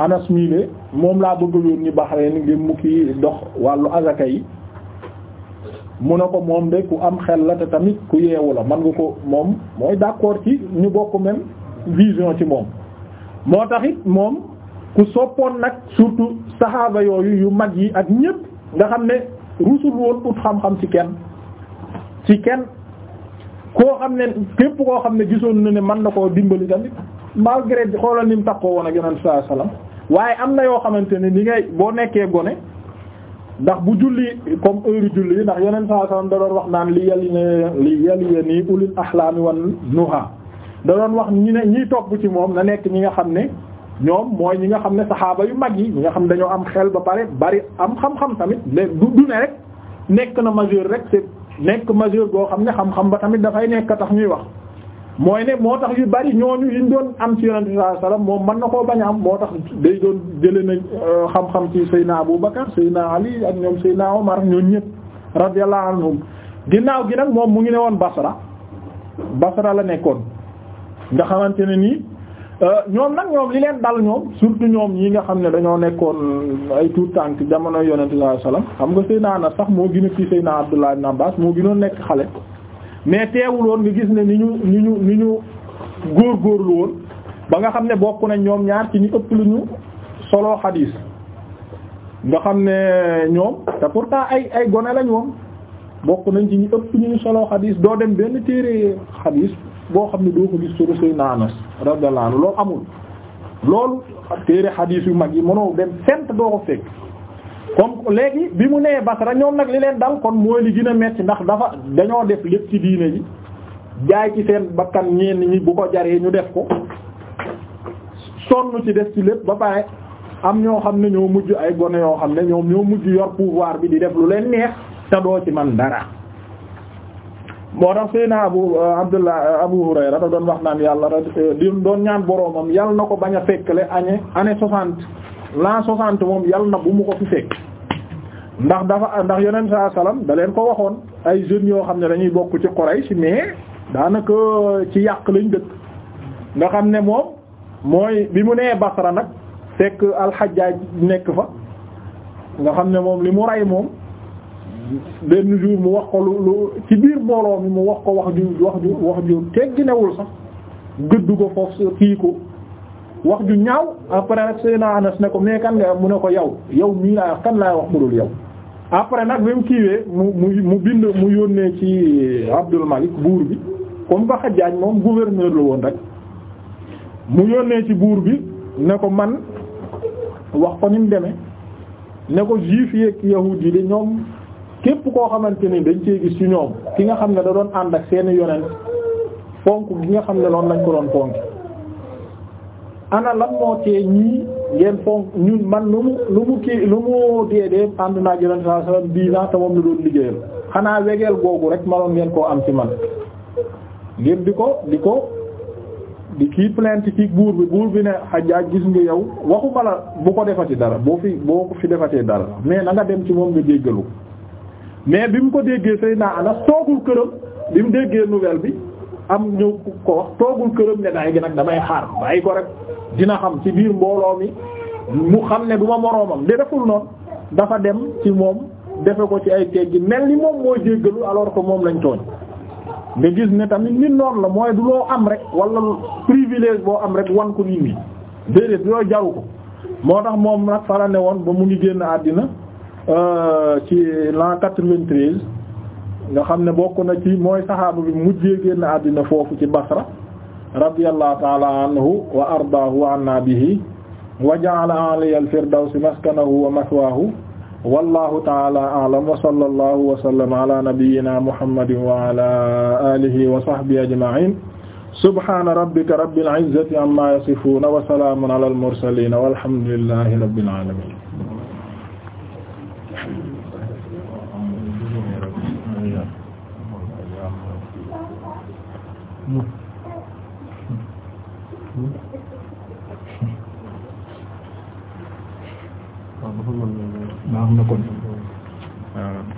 Anas mii de moom laa bëgg yoon ni Bahrain ngir mu kii dox wàllu azaka yi mu ne ko moom de ku am xel la te tamit ku yeewu la man nga ko moom mooy d'accord ci ñu bokk même vision ci moom moo taxit moom ku soppoon nag surtout saxaaba yooyu yu mag yi ak ñépp nga xam ne rusul woon ut xam-xam ci kenn ci kenn koo xam ne képp koo xam ne gisoon na ne mën na koo dimbali tamit malgré xoolal ni mu takkoo woon ak yonent saa salaam waaye am na yoo xamante ne ni ngay boo nekkee gone ndax bu julli comme heure julli ndax yonent saa salaam da doon wax naan li yali ne li yali nii ulil ahlaami wan nuha da doon wax ñi ne ñiy topp ci moom na nekk ñi nga xam ne ñoom mooy ñi nga xam ne saxaaba yu mag yi ñi nga xam dañoo am xel ba pare bari am xam-xam tamit du du ne rek nekk na majeur rek c'est nekk majeur boo xam ne xam-xam ba tamit dafay nekk tax ñuy wax. mooy ne moo tax yu bari ñooñu yuñ doon am ci yonent bi sallallahu alayhi moom mën na koo bañ am moo tax day doon jëlee nañ euh, xam-xam ci Seydina Abu Bakar Seydina Ali ak ñoom Seydina Omar ñoom ñëpp radiyallahu anhum ginnaaw gi nag moom mu ngi ne woon Basra Basra la nekkoon nga xamante ne nii euh, ñoom nag ñoom li leen dal ñoom surtout ñoom ñi nga xam ne dañoo nekkoon ay tuut tànk jamono yonent bi sallallahu alayhi wasallam xam nga Seydina Anas sax moo gën a kii Seydina Abdullah ibn Abbas moo ginoon nekk xale mais teewul woon nga gis ne ni ñu ni ñu ni ñu góorgóorlu woon ba nga xam ne bokk nañ ñoom ñaar ci ñu ëpp lu ñu solo xadiis nga xam ne ñoom te pourtant ay ay gone lañ woon bokk nañ ci ñu ëpp ñu ñu solo xadiis doo dem benn téere xadiis boo xam ne doo ko gis solo say naanas radiyallahu loolu amul loolu téere xadiis yu mag yi mënoo dem fent doo ko fekk comme léegi bi mu nee Basra ñoom nag li leen dal kon mooy li gën a metti ndax dafa dañoo def lépp ci diine ji jaay ci seen bakkan ñeen ñi bu ko jaree ñu def ko sonn ci def ci lépp ba pare am ñoo xam ne ñoo mujj ay gone yoo xam ne ñoom ñoo mujj yor pouvoir bi di def lu leen neex te doo ci man dara moo tax Seydina Abu euh, Abdullah euh, Abu Hurayra da doon wax naan yàlla euh, di doon ñaan boroomam yàlla na ko bañ a fekkale année année soixante l'an soixante moom yàlla na bu mu ko fi ndax dafa ndax yeneen saa salaam da leen ko waxoon ay jeunes yoo xam ne dañuy bokk ci si mais daanaka ci yàq lañ dëkk nga xam ne moom mooy bi mu nee Basra nag fekk alxajaaj nekk fa nga xam ne moom li mu rey moom benn jour mu wax ko lu lu ci biir mbooloo mi mu wax ko wax ju wax ju wax ju tegginewul sax gëdd ko foofu kii ko wax ju ñaaw après rek Seydina Anas ne ko mais kan nga mu ne ko yow yow mii laa kan laay wax ku dul yow après nag bi mu kiiwee mu mu mu bind mu yónnee ci Abdul Malik buur bi comme ba Hajjaj moom gouverneur la woon rek mu yónnee ci buur bi ne ko man wax ko ni mu deme ne ko juif yeeg yahuud yi de ñoom képp koo xamante ni dañ cee gis ci ñoom ki nga xam ne da doon ànd ak seeni yonent fonk gi nga xam ne noonu lañ ko doon fonk ana la moo tee ñii ngeen fonk ñun man lu mu lu mu kii lu mu tee ànd naa jëlaat saa salaam dix ans te moom la doon liggéeyal xanaa wegeel googu rek manoon ngeen koo am ci man ngeen di ko di ko di kii plainte ci buur bi buur bi ne Hajjaaj gis ngi yow waxuma la bu ko defati dara boo fi boo fi defatee dara mais na nga dem ci moom nga jéggalu mais bi mu ko déggee Seydina Anas toogul këram bi mu déggee nouvelle bi. am ñëw ko wax toogul këram ne daay gi nag damay xaar bàyyi ko rek dina xam ci biir mbooloo mi mu xam ne duma ma moroomam de deful noon dafa dem ci moom defe ko ci ay teggi mel ni moom mooy jéggalu alors que moom lañ tooñ nga gis ne tamit nit noonu la mooy du loo am rek wala privilège boo am rek wan ko nit ñi déedéet loo jaru ko moo tax moom nag fara ne woon ba mu ngi génn àddina euh, ci l'an quatre-vingt-treize nga xam ne bokk na ci mooy saxaaba bi mujjee génn àddina foofu ci Basra radiyallahu taala anhu wa ardaahu wa anna bihi wa ja'ala aliyal firdawsi maskanahu wa maswaahu wallahu taala a'lam wa sallallahu wa sallama ala nabiyyina muhammadin wa ala alihi wa sahbihi ajma'in subhana rabbika rabbil izzati amma yasifun wa salamun ala al mursalin walhamdulillahi rabbil alamin waaw dafa mën na kon na